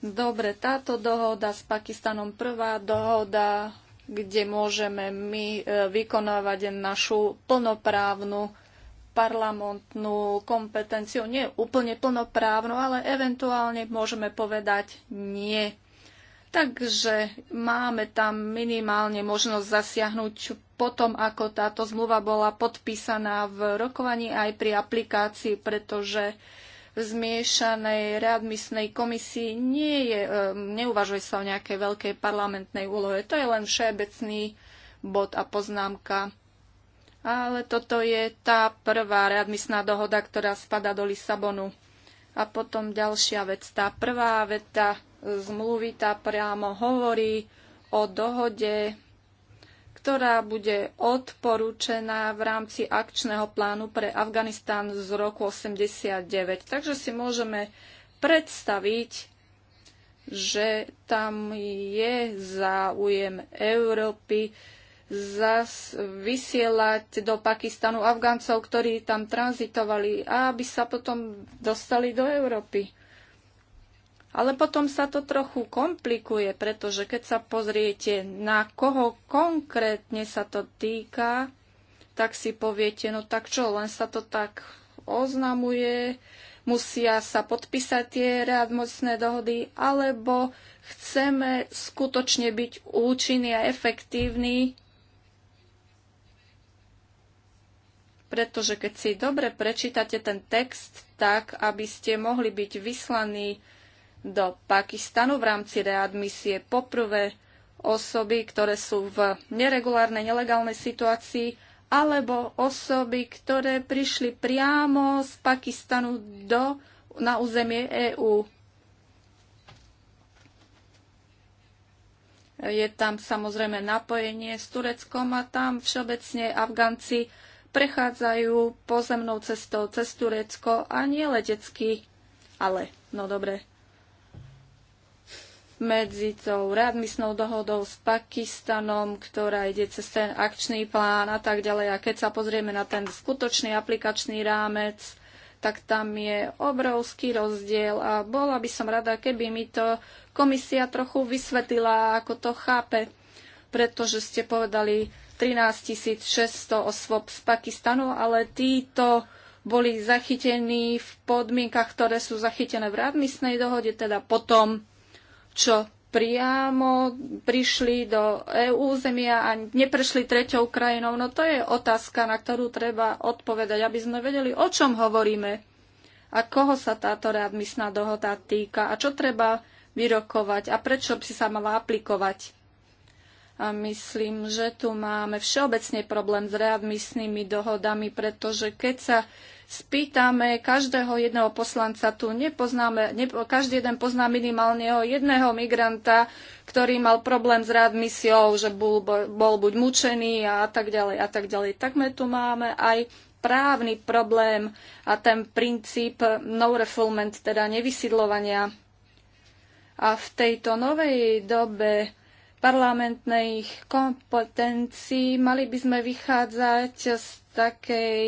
Dobre, táto dohoda s Pakistanom, prvá dohoda, kde môžeme my e, vykonávať našu plnoprávnu parlamentnú kompetenciu, nie úplne plnoprávnu, ale eventuálne môžeme povedať nie. Takže máme tam minimálne možnosť zasiahnuť potom, ako táto zmluva bola podpísaná v rokovaní aj pri aplikácii, pretože v zmiešanej readmisnej komisii nie je, e, neuvažuje sa o nejakej veľkej parlamentnej úlohe. To je len všeobecný bod a poznámka. Ale toto je tá prvá readmisná dohoda, ktorá spada do Lisabonu. A potom ďalšia vec. Tá prvá veta zmluvy tá priamo hovorí o dohode, ktorá bude odporúčená v rámci akčného plánu pre Afganistan z roku 89. Takže si môžeme predstaviť, že tam je záujem Európy zas vysielať do Pakistanu Afgáncov, ktorí tam tranzitovali, aby sa potom dostali do Európy. Ale potom sa to trochu komplikuje, pretože keď sa pozriete, na koho konkrétne sa to týka, tak si poviete, no tak čo, len sa to tak oznamuje, musia sa podpísať tie readmocné dohody, alebo chceme skutočne byť účinní a efektívni pretože keď si dobre prečítate ten text tak, aby ste mohli byť vyslaní do Pakistanu v rámci readmisie poprvé osoby, ktoré sú v neregulárnej, nelegálnej situácii, alebo osoby, ktoré prišli priamo z Pakistanu do, na územie EÚ. Je tam samozrejme napojenie s Tureckom a tam všeobecne Afganci prechádzajú pozemnou cestou cez Turecko a nie letecky, ale no dobre, medzi tou readmisnou dohodou s Pakistanom, ktorá ide cez ten akčný plán a tak ďalej. A keď sa pozrieme na ten skutočný aplikačný rámec, tak tam je obrovský rozdiel a bola by som rada, keby mi to komisia trochu vysvetlila, ako to chápe, pretože ste povedali, 13 600 osôb z Pakistanu, ale títo boli zachytení v podmienkach, ktoré sú zachytené v radmisnej dohode, teda potom, čo priamo prišli do EÚ zemia a neprešli treťou krajinou. No to je otázka, na ktorú treba odpovedať, aby sme vedeli, o čom hovoríme a koho sa táto readmisná dohoda týka a čo treba vyrokovať a prečo by sa mala aplikovať. A myslím, že tu máme všeobecne problém s readmisnými dohodami, pretože keď sa spýtame každého jedného poslanca, tu nepoznáme, ne, každý jeden pozná minimálneho jedného migranta, ktorý mal problém s readmisiou, že bol, bol buď mučený a tak ďalej a tak ďalej. tak my tu máme aj právny problém a ten princíp no refoulement, teda nevysídlovania. A v tejto novej dobe parlamentných kompetencií. Mali by sme vychádzať z, takej,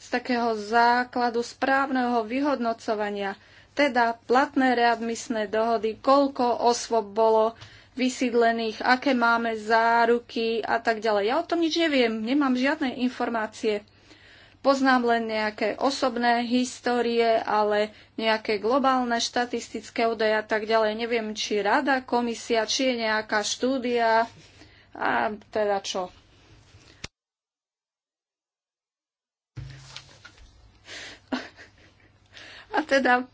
z takého základu správneho vyhodnocovania, teda platné readmisné dohody, koľko osôb bolo vysídlených, aké máme záruky a tak ďalej. Ja o tom nič neviem, nemám žiadne informácie. Poznám len nejaké osobné histórie, ale nejaké globálne štatistické údaje a tak ďalej. Neviem, či rada, komisia, či je nejaká štúdia a teda čo. A teda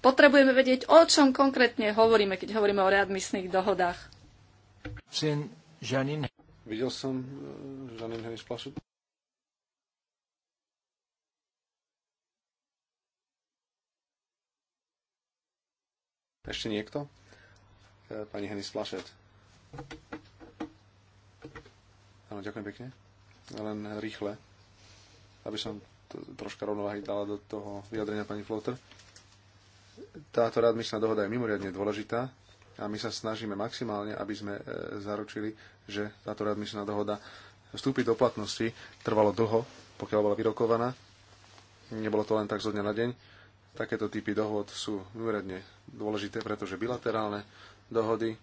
potrebujeme vedieť, o čom konkrétne hovoríme, keď hovoríme o readmisných dohodách. Videl som eh, Žanin Hevis Ešte niekto? E, pani Henny Splašet. Áno, ďakujem pekne. Len rýchle, aby som troška rovnováhy dala do toho vyjadrenia pani Flotter. Táto radmyslná dohoda je mimoriadne dôležitá a my sa snažíme maximálne, aby sme e, zaručili, že táto radmyslná dohoda vstúpi do platnosti. Trvalo dlho, pokiaľ bola vyrokovaná. Nebolo to len tak zo dňa na deň takéto typy dohod sú mimoriadne dôležité, pretože bilaterálne dohody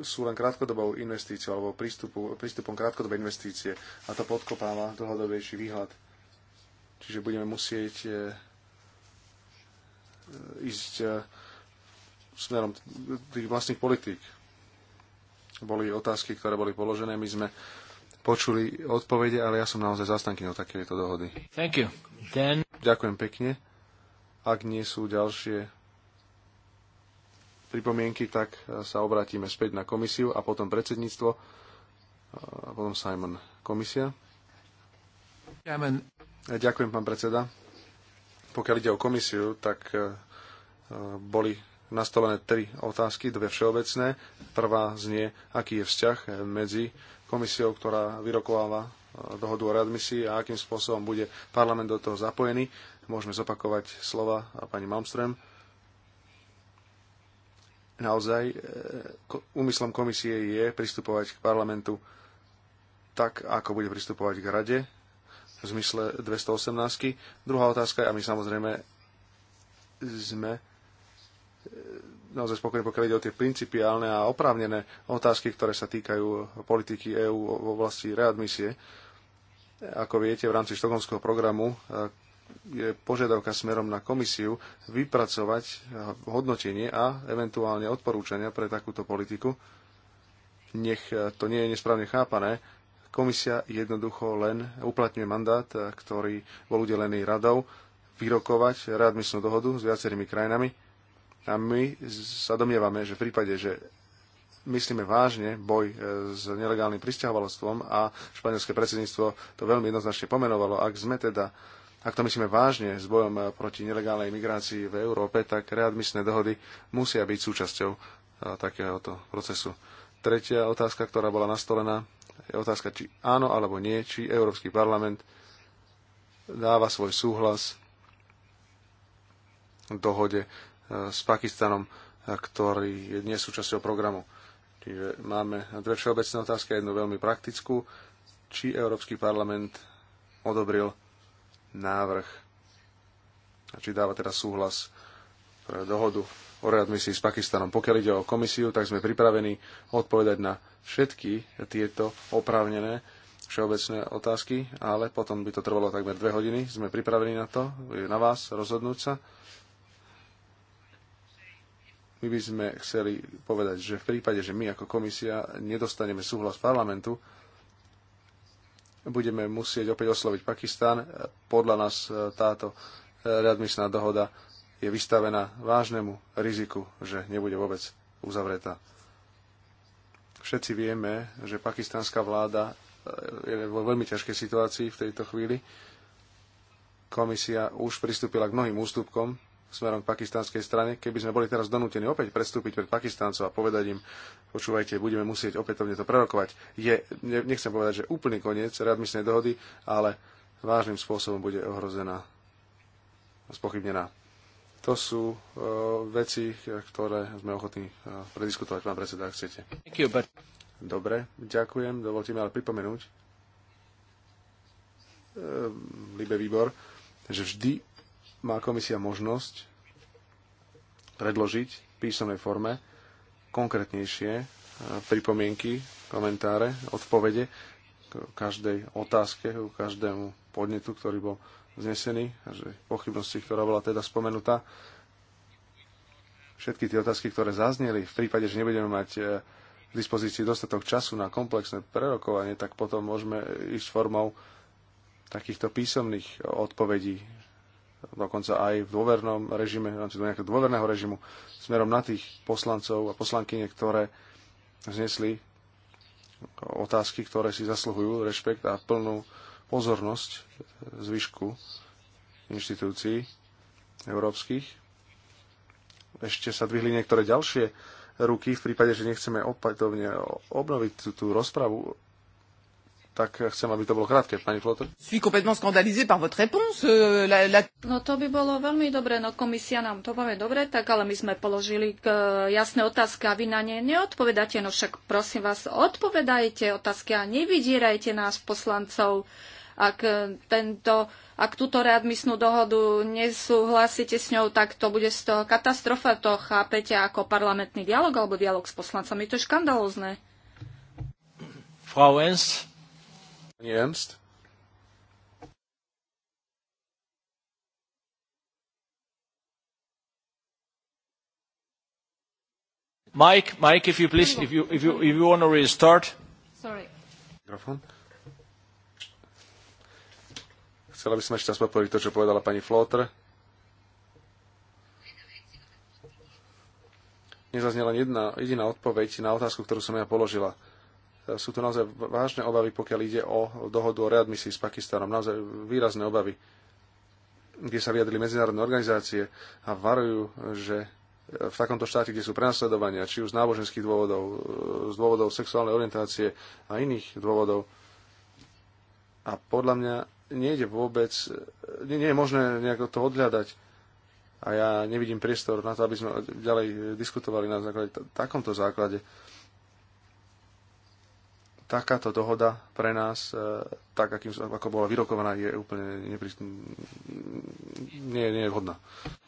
sú len krátkodobou investíciou alebo prístupu, prístupom krátkodobej investície a to podkopáva dlhodobejší výhľad. Čiže budeme musieť e, e, ísť e, smerom tých vlastných politík. Boli otázky, ktoré boli položené, my sme počuli odpovede, ale ja som naozaj zastankyňou takéto dohody. Thank you. Then... Ďakujem pekne. Ak nie sú ďalšie pripomienky, tak e, sa obrátime späť na komisiu a potom predsedníctvo e, a potom Simon. Komisia. Amen. E, ďakujem, pán predseda. Pokiaľ ide o komisiu, tak boli nastolené tri otázky, dve všeobecné. Prvá znie, aký je vzťah medzi komisiou, ktorá vyrokováva dohodu o readmisii a akým spôsobom bude parlament do toho zapojený môžeme zopakovať slova a pani Malmström. Naozaj, e, úmyslom komisie je pristupovať k parlamentu tak, ako bude pristupovať k rade v zmysle 218. Druhá otázka, a my samozrejme sme e, naozaj spokojní, pokiaľ ide o tie principiálne a oprávnené otázky, ktoré sa týkajú politiky EÚ v oblasti readmisie. E, ako viete, v rámci štokholmského programu je požiadavka smerom na komisiu vypracovať hodnotenie a eventuálne odporúčania pre takúto politiku. Nech to nie je nesprávne chápané. Komisia jednoducho len uplatňuje mandát, ktorý bol udelený radou, vyrokovať readmisnú dohodu s viacerými krajinami. A my sa domnievame, že v prípade, že myslíme vážne boj e, s nelegálnym pristahovalostvom a španielské predsedníctvo to veľmi jednoznačne pomenovalo, ak sme teda ak to myslíme vážne s bojom proti nelegálnej migrácii v Európe, tak readmisné dohody musia byť súčasťou e, takéhoto procesu. Tretia otázka, ktorá bola nastolená, je otázka, či áno alebo nie, či Európsky parlament dáva svoj súhlas v dohode e, s Pakistanom, ktorý je dnes súčasťou programu. Čiže máme dve všeobecné otázky a jednu veľmi praktickú. Či Európsky parlament odobril návrh a či dáva teda súhlas pre dohodu o readmisii s Pakistanom. Pokiaľ ide o komisiu, tak sme pripravení odpovedať na všetky tieto oprávnené všeobecné otázky, ale potom by to trvalo takmer dve hodiny. Sme pripravení na to, na vás rozhodnúť sa. My by sme chceli povedať, že v prípade, že my ako komisia nedostaneme súhlas parlamentu, budeme musieť opäť osloviť Pakistan. Podľa nás e, táto e, readmisná dohoda je vystavená vážnemu riziku, že nebude vôbec uzavretá. Všetci vieme, že pakistánska vláda e, je vo veľmi ťažkej situácii v tejto chvíli. Komisia už pristúpila k mnohým ústupkom smerom k pakistánskej strane, keby sme boli teraz donútení opäť prestúpiť pred Pakistáncov a povedať im, počúvajte, budeme musieť opätovne to prerokovať, je, nechcem povedať, že úplný koniec readmisnej dohody, ale vážnym spôsobom bude ohrozená, spochybnená. To sú uh, veci, ktoré sme ochotní uh, prediskutovať, pán predseda, ak chcete. Dobre, ďakujem. Dovolte mi ale pripomenúť, uh, Libe výbor, že vždy má komisia možnosť predložiť v písomnej forme konkrétnejšie e, pripomienky, komentáre, odpovede k každej otázke, k každému podnetu, ktorý bol znesený, že pochybnosti, ktorá bola teda spomenutá. Všetky tie otázky, ktoré zazneli, v prípade, že nebudeme mať e, k dispozícii dostatok času na komplexné prerokovanie, tak potom môžeme ísť formou takýchto písomných odpovedí dokonca aj v dôvernom režime, v rámci nejakého dôverného režimu, smerom na tých poslancov a poslankyne, ktoré znesli otázky, ktoré si zasluhujú rešpekt a plnú pozornosť zvyšku inštitúcií európskych. Ešte sa dvihli niektoré ďalšie ruky v prípade, že nechceme opätovne obnoviť tú, tú rozpravu tak chcem, aby to bolo krátke, pani Flotter. Suis complètement scandalisé par votre réponse. Euh, la, la... No to by bolo veľmi dobre, no komisia nám to povie dobre, tak ale my sme položili k, jasné otázky a vy na ne neodpovedáte, no však prosím vás, odpovedajte otázky a nevydierajte nás poslancov, ak e, tento ak túto readmisnú dohodu nesúhlasíte s ňou, tak to bude z toho katastrofa, to chápete ako parlamentný dialog alebo dialog s poslancami. To je škandalózne. Frau Ernst, Pani Ernst? Mike, Mike, if you please, if you, if you, if you want to restart. Sorry. Mikrofón. Chcela by som ešte raz podporiť to, čo povedala pani Flotter. Nezaznela jedna jediná odpoveď na otázku, ktorú som ja položila sú to naozaj vážne obavy, pokiaľ ide o dohodu o readmisii s Pakistanom. Naozaj výrazné obavy, kde sa vyjadrili medzinárodné organizácie a varujú, že v takomto štáte, kde sú prenasledovania, či už z náboženských dôvodov, z dôvodov sexuálnej orientácie a iných dôvodov. A podľa mňa nejde vôbec, nie, nie je možné nejako to odhľadať. A ja nevidím priestor na to, aby sme ďalej diskutovali na základe, takomto základe takáto dohoda pre nás, e, tak akým, ako bola vyrokovaná, je úplne nepri... nie, nie je vhodná.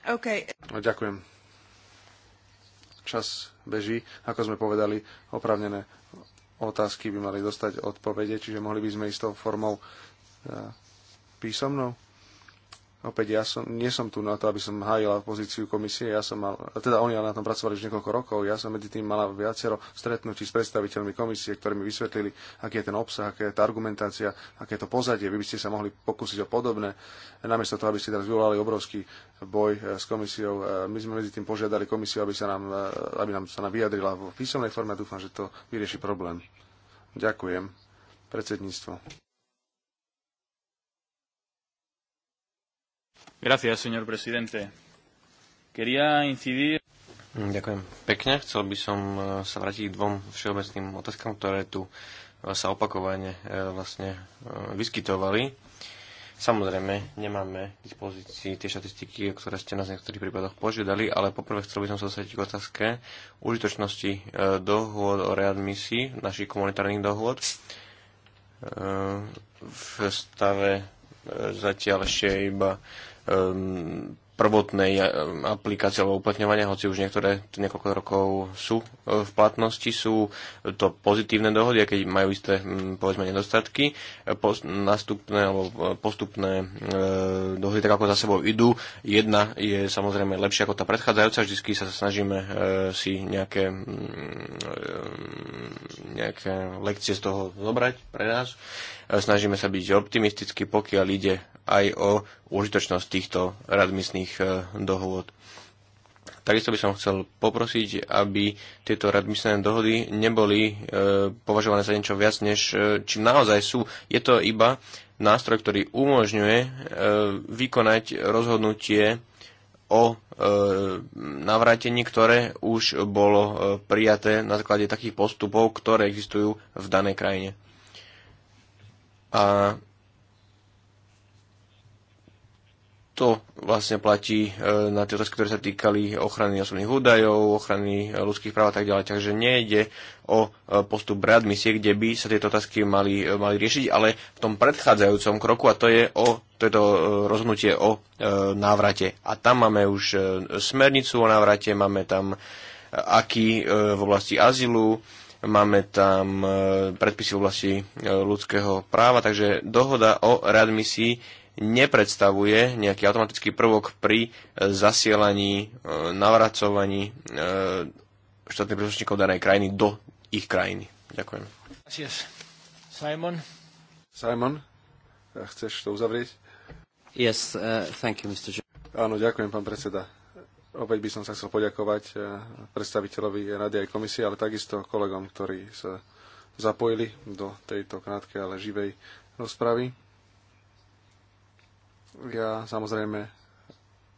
Okay. No, ďakujem. Čas beží. Ako sme povedali, opravnené otázky by mali dostať odpovede, čiže mohli by sme ísť tou formou e, písomnou. Opäť ja som, nie som tu na to, aby som hájila pozíciu komisie, ja som mal, teda oni na tom pracovali už niekoľko rokov, ja som medzi tým mala viacero stretnutí s predstaviteľmi komisie, ktorí mi vysvetlili, aký je ten obsah, aká je tá argumentácia, aké je to pozadie, vy by ste sa mohli pokúsiť o podobné, namiesto toho, aby ste teraz vyvolali obrovský boj eh, s komisiou. Eh, my sme medzi tým požiadali komisiu, aby sa nám, eh, aby nám sa nám vyjadrila v písomnej forme dúfam, že to vyrieši problém. Ďakujem. Predsedníctvo. Gracias, señor presidente. Quería incidir... Mm, ďakujem pekne. Chcel by som e, sa vrátiť k dvom všeobecným otázkam, ktoré tu e, sa opakovane e, vlastne vyskytovali. Samozrejme, nemáme k dispozícii tie štatistiky, ktoré ste nás v niektorých prípadoch požiadali, ale poprvé chcel by som sa dostať k otázke užitočnosti dohôd o readmisii, našich komunitárnych dohôd. V stave zatiaľ ešte iba Um, prvotnej um, aplikácie alebo uplatňovania, hoci už niektoré niekoľko rokov sú uh, v platnosti, sú to pozitívne dohody, keď majú isté mm, povedzme nedostatky. Uh, Post, nastupné alebo uh, postupné e, dohody tak ako za sebou idú. Jedna je samozrejme lepšia ako tá predchádzajúca, vždy sa snažíme e, si nejaké, e, nejaké lekcie z toho zobrať pre nás. snažíme sa byť optimisticky, pokiaľ ide aj o užitočnosť týchto radmisných e, dohôd. Takisto by som chcel poprosiť, aby tieto radmisné dohody neboli e, považované za niečo viac, než e, naozaj sú. Je to iba nástroj, ktorý umožňuje e, vykonať rozhodnutie o e, navrátení, ktoré už bolo e, prijaté na základe takých postupov, ktoré existujú v danej krajine. A to vlastne platí e, na tie otázky, ktoré sa týkali ochrany osobných údajov, ochrany e, ľudských práv a tak ďalej. Takže nejde o e, postup misie, kde by sa tieto otázky mali, mali riešiť, ale v tom predchádzajúcom kroku, a to je o toto rozhodnutie o návrate. A tam máme už smernicu o návrate, máme tam aký v oblasti azylu, máme tam predpisy v oblasti ľudského práva, takže dohoda o readmisii nepredstavuje nejaký automatický prvok pri e, zasielaní, e, navracovaní e, štátnych príslušníkov danej krajiny do ich krajiny. Ďakujem. Simon. Simon, chceš to uzavrieť? Yes, uh, thank you, Mr. Áno, ďakujem, pán predseda. Opäť by som sa chcel poďakovať predstaviteľovi Rady aj komisie, ale takisto kolegom, ktorí sa zapojili do tejto krátkej, ale živej rozpravy. Ja samozrejme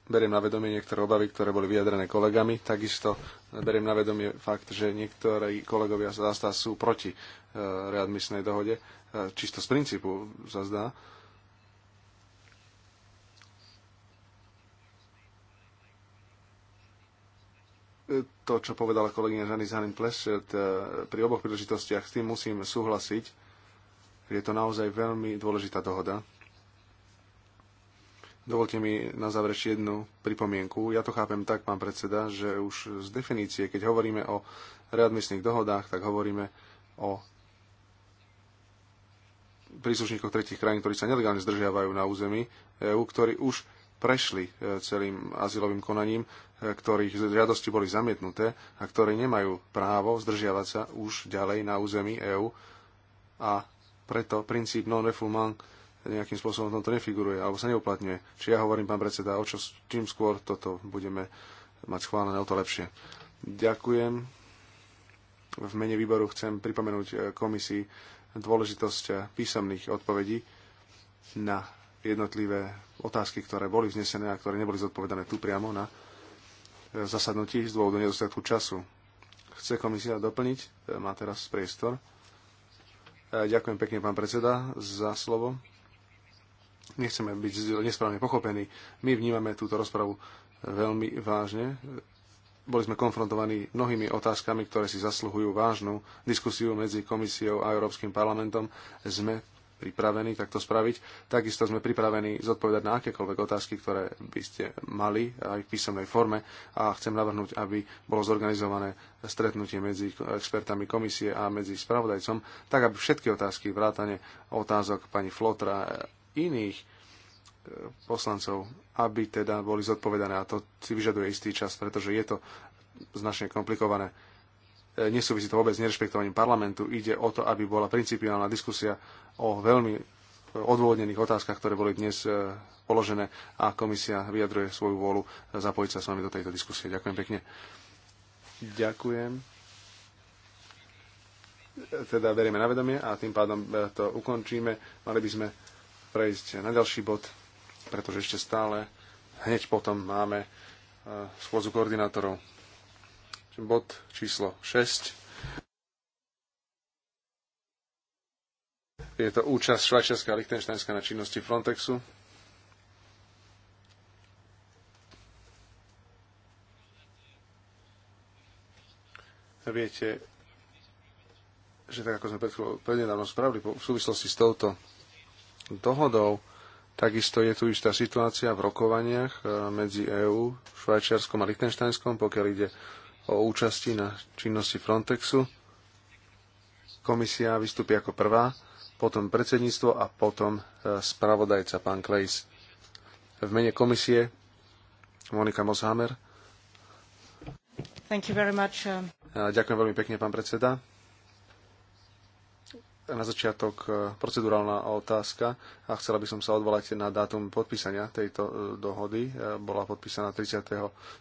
beriem na vedomie niektoré obavy, ktoré boli vyjadrené kolegami. Takisto beriem na vedomie fakt, že niektorí kolegovia sa sú proti e, readmisnej dohode. E, čisto z princípu sa zdá. E, to, čo povedala kolegyňa Žany Zanin Plešet, pri oboch príležitostiach s tým musím súhlasiť. Je to naozaj veľmi dôležitá dohoda Dovolte mi na záver ešte jednu pripomienku. Ja to chápem tak, pán predseda, že už z definície, keď hovoríme o readmisných dohodách, tak hovoríme o príslušníkoch tretich krajín, ktorí sa nelegálne zdržiavajú na území EÚ, ktorí už prešli e, celým azylovým konaním, e, ktorých žiadosti boli zamietnuté a ktorí nemajú právo zdržiavať sa už ďalej na území EÚ a preto princíp non-refoulement nejakým spôsobom tomto nefiguruje alebo sa neuplatňuje. Či ja hovorím, pán predseda, o čo čím skôr toto budeme mať schválené, o to lepšie. Ďakujem. V mene výboru chcem pripomenúť e, komisii dôležitosť e, písomných odpovedí na jednotlivé otázky, ktoré boli vznesené a ktoré neboli zodpovedané tu priamo na e, zasadnutí z dôvodu nedostatku času. Chce komisia doplniť? Má teraz priestor. Ďakujem pekne, pán predseda, za slovo. Nechceme byť nesprávne pochopení. My vnímame túto rozpravu veľmi vážne. Boli sme konfrontovaní mnohými otázkami, ktoré si zasluhujú vážnu diskusiu medzi komisiou a Európskym parlamentom. Sme pripravení takto spraviť. Takisto sme pripravení zodpovedať na akékoľvek otázky, ktoré by ste mali aj v písomnej forme a chcem navrhnúť, aby bolo zorganizované stretnutie medzi expertami komisie a medzi spravodajcom, tak aby všetky otázky, vrátane otázok pani Flotra, iných e, poslancov, aby teda boli zodpovedané. A to si vyžaduje istý čas, pretože je to značne komplikované. E, nesúvisí to vôbec s nerešpektovaním parlamentu. Ide o to, aby bola principiálna diskusia o veľmi odôvodnených otázkach, ktoré boli dnes e, položené a komisia vyjadruje svoju vôľu zapojiť sa s vami do tejto diskusie. Ďakujem pekne. Ďakujem. Teda berieme na vedomie a tým pádom to ukončíme. Mali by sme prejsť na ďalší bod, pretože ešte stále hneď potom máme e, schôdzu koordinátorov. Bod číslo 6. Je to účasť Švajčiarska a Lichtensteinska na činnosti Frontexu. Viete, že tak ako sme prednedávno spravili v súvislosti s touto dohodou. Takisto je tu istá situácia v rokovaniach e, medzi EÚ, Švajčiarskom a Lichtensteinskom, pokiaľ ide o účasti na činnosti Frontexu. Komisia vystúpi ako prvá, potom predsedníctvo a potom e, spravodajca pán Klejs. V mene komisie Monika Moshammer. Um. Ďakujem veľmi pekne, pán predseda na začiatok e, procedurálna otázka a chcela by som sa odvolať na dátum podpísania tejto e, dohody. E, bola podpísaná 30.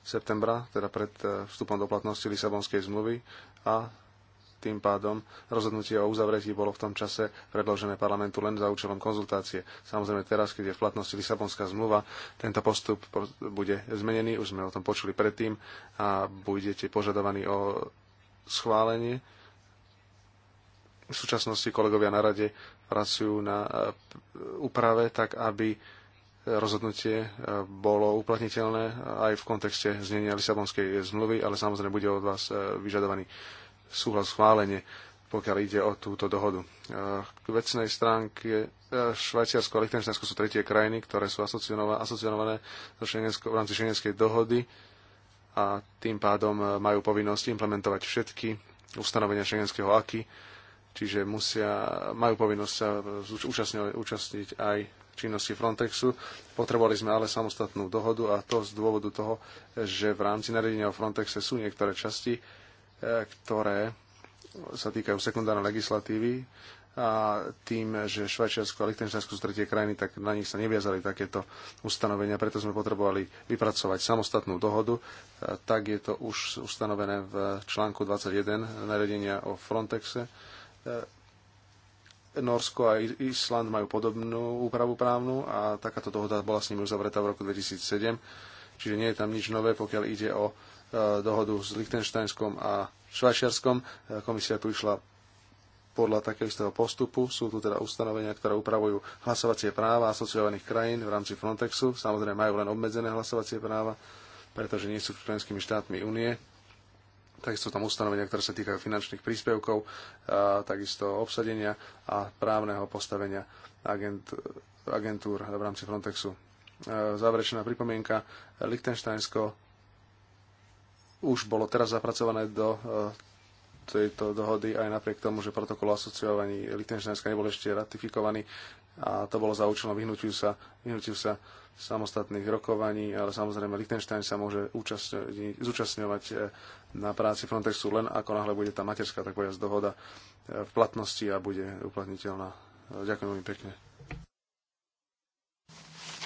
septembra, teda pred vstupom do platnosti Lisabonskej zmluvy a tým pádom rozhodnutie o uzavretí bolo v tom čase predložené parlamentu len za účelom konzultácie. Samozrejme teraz, keď je v platnosti Lisabonská zmluva, tento postup bude zmenený, už sme o tom počuli predtým a budete požadovaní o schválenie v súčasnosti kolegovia na rade pracujú na e, úprave, tak aby rozhodnutie e, bolo uplatniteľné aj v kontexte znenia Lisabonskej zmluvy, ale samozrejme bude od vás e, vyžadovaný súhlas schválenie, pokiaľ ide o túto dohodu. K vecnej stránke Švajčiarsko a Lichtensteinsko sú tretie krajiny, ktoré sú asociované v rámci šengenskej dohody a tým pádom majú povinnosť implementovať všetky ustanovenia šengenského aky čiže musia, majú povinnosť sa účastniť, účastniť aj činnosti Frontexu. Potrebovali sme ale samostatnú dohodu a to z dôvodu toho, že v rámci nariadenia o Frontexe sú niektoré časti, e, ktoré sa týkajú sekundárnej legislatívy a tým, že Švajčiarsko a Lichtensteinsko sú tretie krajiny, tak na nich sa neviazali takéto ustanovenia, preto sme potrebovali vypracovať samostatnú dohodu. E, tak je to už ustanovené v článku 21 nariadenia o Frontexe E, Norsko a Island majú podobnú úpravu právnu a takáto dohoda bola s nimi uzavretá v roku 2007, čiže nie je tam nič nové, pokiaľ ide o e, dohodu s Liechtensteinskom a Švajčiarskom. E, komisia tu išla podľa takého istého postupu. Sú tu teda ustanovenia, ktoré upravujú hlasovacie práva asociovaných krajín v rámci Frontexu. Samozrejme majú len obmedzené hlasovacie práva, pretože nie sú členskými štátmi únie. Takisto tam ustanovenia, ktoré sa týkajú finančných príspevkov, a takisto obsadenia a právneho postavenia agent, agentúr v rámci Frontexu. E, záverečná pripomienka. Lichtensteinsko už bolo teraz zapracované do e, tejto dohody aj napriek tomu, že protokol o asociovaní Lichtensteinska nebol ešte ratifikovaný, a to bolo za účelom vyhnutiu sa, vyhnutiu sa samostatných rokovaní, ale samozrejme Liechtenstein sa môže zúčastňovať e, na práci Frontexu len ako náhle bude tá materská tak povedať, dohoda e, v platnosti a bude uplatniteľná. E, ďakujem veľmi pekne.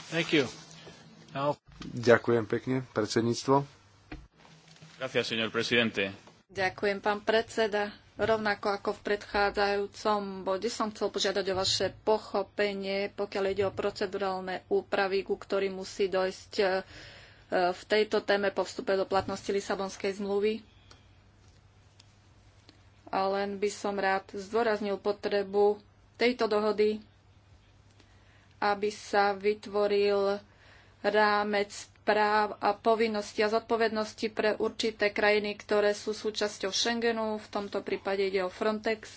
Thank you. Now... Ďakujem pekne, predsedníctvo. Gracias, señor presidente. Ďakujem, pán predseda. Rovnako ako v predchádzajúcom bode som chcel požiadať o vaše pochopenie, pokiaľ ide o procedurálne úpravy, ku ktorým musí dojsť e, v tejto téme po vstupe do platnosti Lisabonskej zmluvy. A len by som rád zdôraznil potrebu tejto dohody, aby sa vytvoril rámec práv a povinnosti a zodpovednosti pre určité krajiny, ktoré sú súčasťou Schengenu, v tomto prípade ide o Frontex.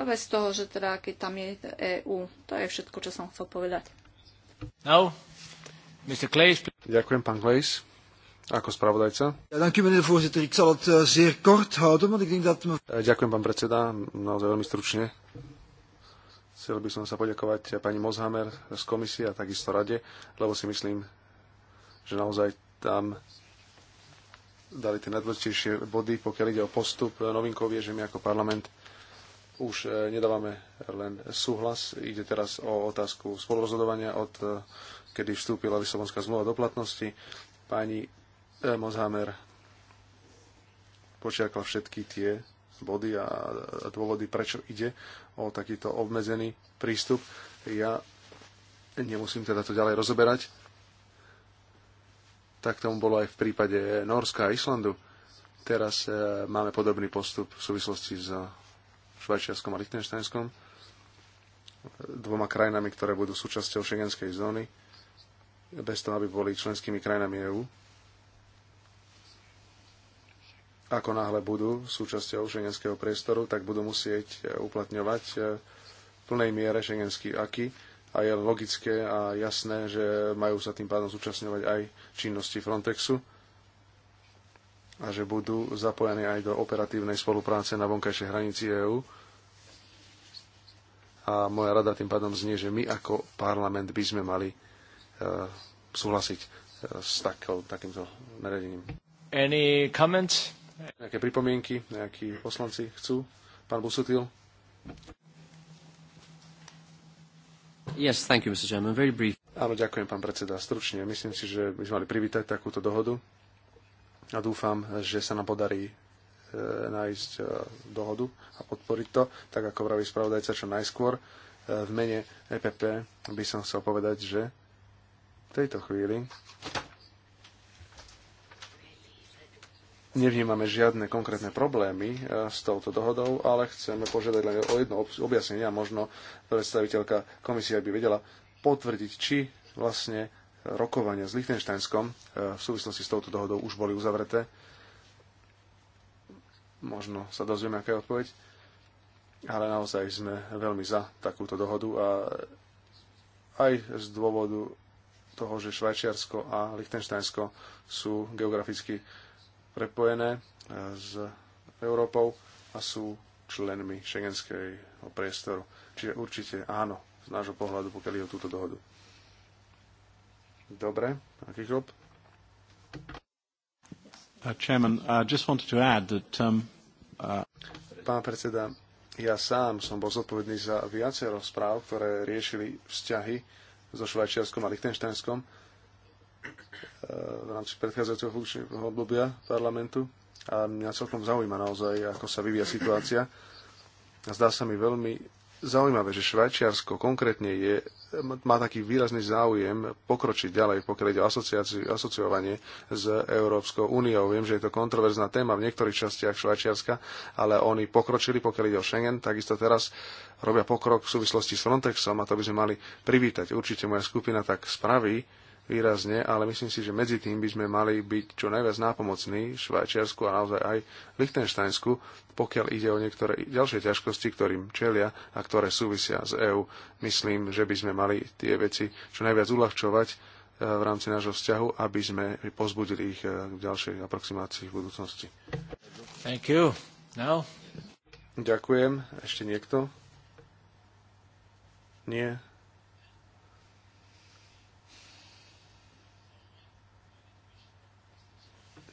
A bez toho, že teda, keď tam je EU. To je všetko, čo som chcel povedať. No. Mr. Claes. Ďakujem, pán Claes. Ako spravodajca. Ďakujem, pán predseda, naozaj veľmi stručne. Chcel by som sa poďakovať eh, pani Mozhamer z komisie a takisto rade, lebo si myslím, že naozaj tam dali tie najdôležitejšie body, pokiaľ ide o postup. novinkov, je, že my ako parlament už e, nedávame len súhlas. Ide teraz o otázku spolurozhodovania od e, kedy vstúpila Lisabonská zmluva do platnosti. Pani e, Mozhamer počiakla všetky tie body a dôvody, prečo ide o takýto obmedzený prístup. Ja nemusím teda to ďalej rozoberať. Tak tomu bolo aj v prípade Norska a Islandu. Teraz e, máme podobný postup v súvislosti s Švajčiarskom a Lichtensteinskom, dvoma krajinami, ktoré budú súčasťou šengenskej zóny, bez toho, aby boli členskými krajinami EÚ. Ako náhle budú súčasťou šengenského priestoru, tak budú musieť uplatňovať e, v plnej miere šengenský aky a je logické a jasné, že majú sa tým pádom zúčastňovať aj činnosti Frontexu a že budú zapojení aj do operatívnej spolupráce na vonkajšej hranici EÚ. A moja rada tým pádom znie, že my ako parlament by sme mali uh, súhlasiť uh, s takou, takýmto nariadením. Any comments? Nejaké pripomienky, nejakí poslanci chcú? Pán Busutil? Yes, thank you, Mr. Chairman. Very brief. Áno, ďakujem, pán predseda. Stručne, myslím si, že by sme mali privítať takúto dohodu a dúfam, že sa nám podarí e, nájsť e, dohodu a podporiť to, tak ako vraví spravodajca čo najskôr. E, v mene EPP by som chcel povedať, že v tejto chvíli nevnímame žiadne konkrétne problémy e, s touto dohodou, ale chceme požiadať len o jedno objasnenie a možno predstaviteľka komisie by vedela potvrdiť, či vlastne rokovania s Lichtensteinskom e, v súvislosti s touto dohodou už boli uzavreté. Možno sa dozvieme, aká je odpoveď. Ale naozaj sme veľmi za takúto dohodu a aj z dôvodu toho, že Švajčiarsko a Lichtensteinsko sú geograficky prepojené e, s Európou a sú členmi šengenského priestoru. Čiže určite áno, z nášho pohľadu, pokiaľ je o túto dohodu. Dobre, aký uh, chlop? Um, uh, pán predseda, ja sám som bol zodpovedný za viacero správ, ktoré riešili vzťahy so Švajčiarskom a Lichtenštajnskom v rámci predchádzajúceho funkčného obdobia parlamentu a mňa celkom zaujíma naozaj, ako sa vyvíja situácia. A zdá sa mi veľmi zaujímavé, že Švajčiarsko konkrétne je, má taký výrazný záujem pokročiť ďalej, pokiaľ ide o asociovanie s Európskou úniou. Viem, že je to kontroverzná téma v niektorých častiach Švajčiarska, ale oni pokročili, pokiaľ ide o Schengen, takisto teraz robia pokrok v súvislosti s Frontexom a to by sme mali privítať. Určite moja skupina tak spraví výrazne, ale myslím si, že medzi tým by sme mali byť čo najviac nápomocní Švajčiarsku a naozaj aj Lichtensteinsku, pokiaľ ide o niektoré ďalšie ťažkosti, ktorým čelia a ktoré súvisia s EÚ. Myslím, že by sme mali tie veci čo najviac uľahčovať eh, v rámci nášho vzťahu, aby sme pozbudili ich eh, k ďalšej aproximácii v budúcnosti. Thank you. No. Ďakujem. Ešte niekto? Nie.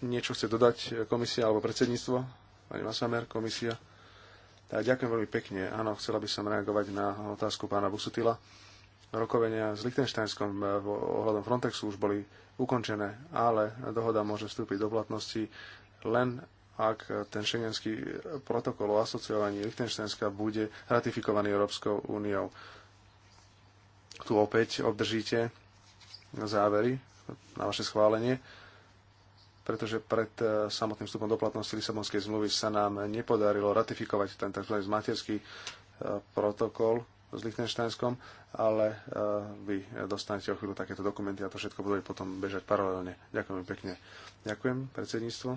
niečo chce dodať komisia alebo predsedníctvo? Pani Masamer, komisia. Tak, ďakujem veľmi pekne. Áno, chcela by som reagovať na otázku pána Busutila. Rokovenia s Lichtensteinskom eh, ohľadom Frontexu už boli ukončené, ale dohoda môže vstúpiť do platnosti len ak ten šengenský protokol o asociovaní Lichtensteinska bude ratifikovaný Európskou úniou. Tu opäť obdržíte závery na vaše schválenie pretože pred e, samotným vstupom do platnosti Lisabonskej zmluvy sa nám nepodarilo ratifikovať ten tzv. materský e, protokol s Lichtensteinskom, ale e, vy dostanete o chvíľu takéto dokumenty a to všetko bude potom bežať paralelne. Ďakujem pekne. Ďakujem, predsedníctvo.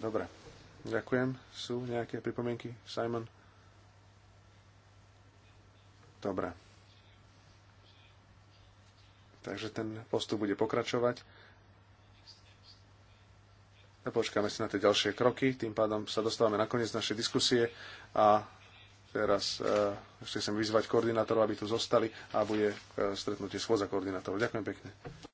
Dobre, ďakujem. Sú nejaké pripomienky? Simon? Dobre. Takže ten postup bude pokračovať počkáme si na tie ďalšie kroky, tým pádom sa dostávame na koniec našej diskusie a teraz e, ešte chcem vyzvať koordinátorov, aby tu zostali a bude e, stretnutie schôdza koordinátorov. Ďakujem pekne.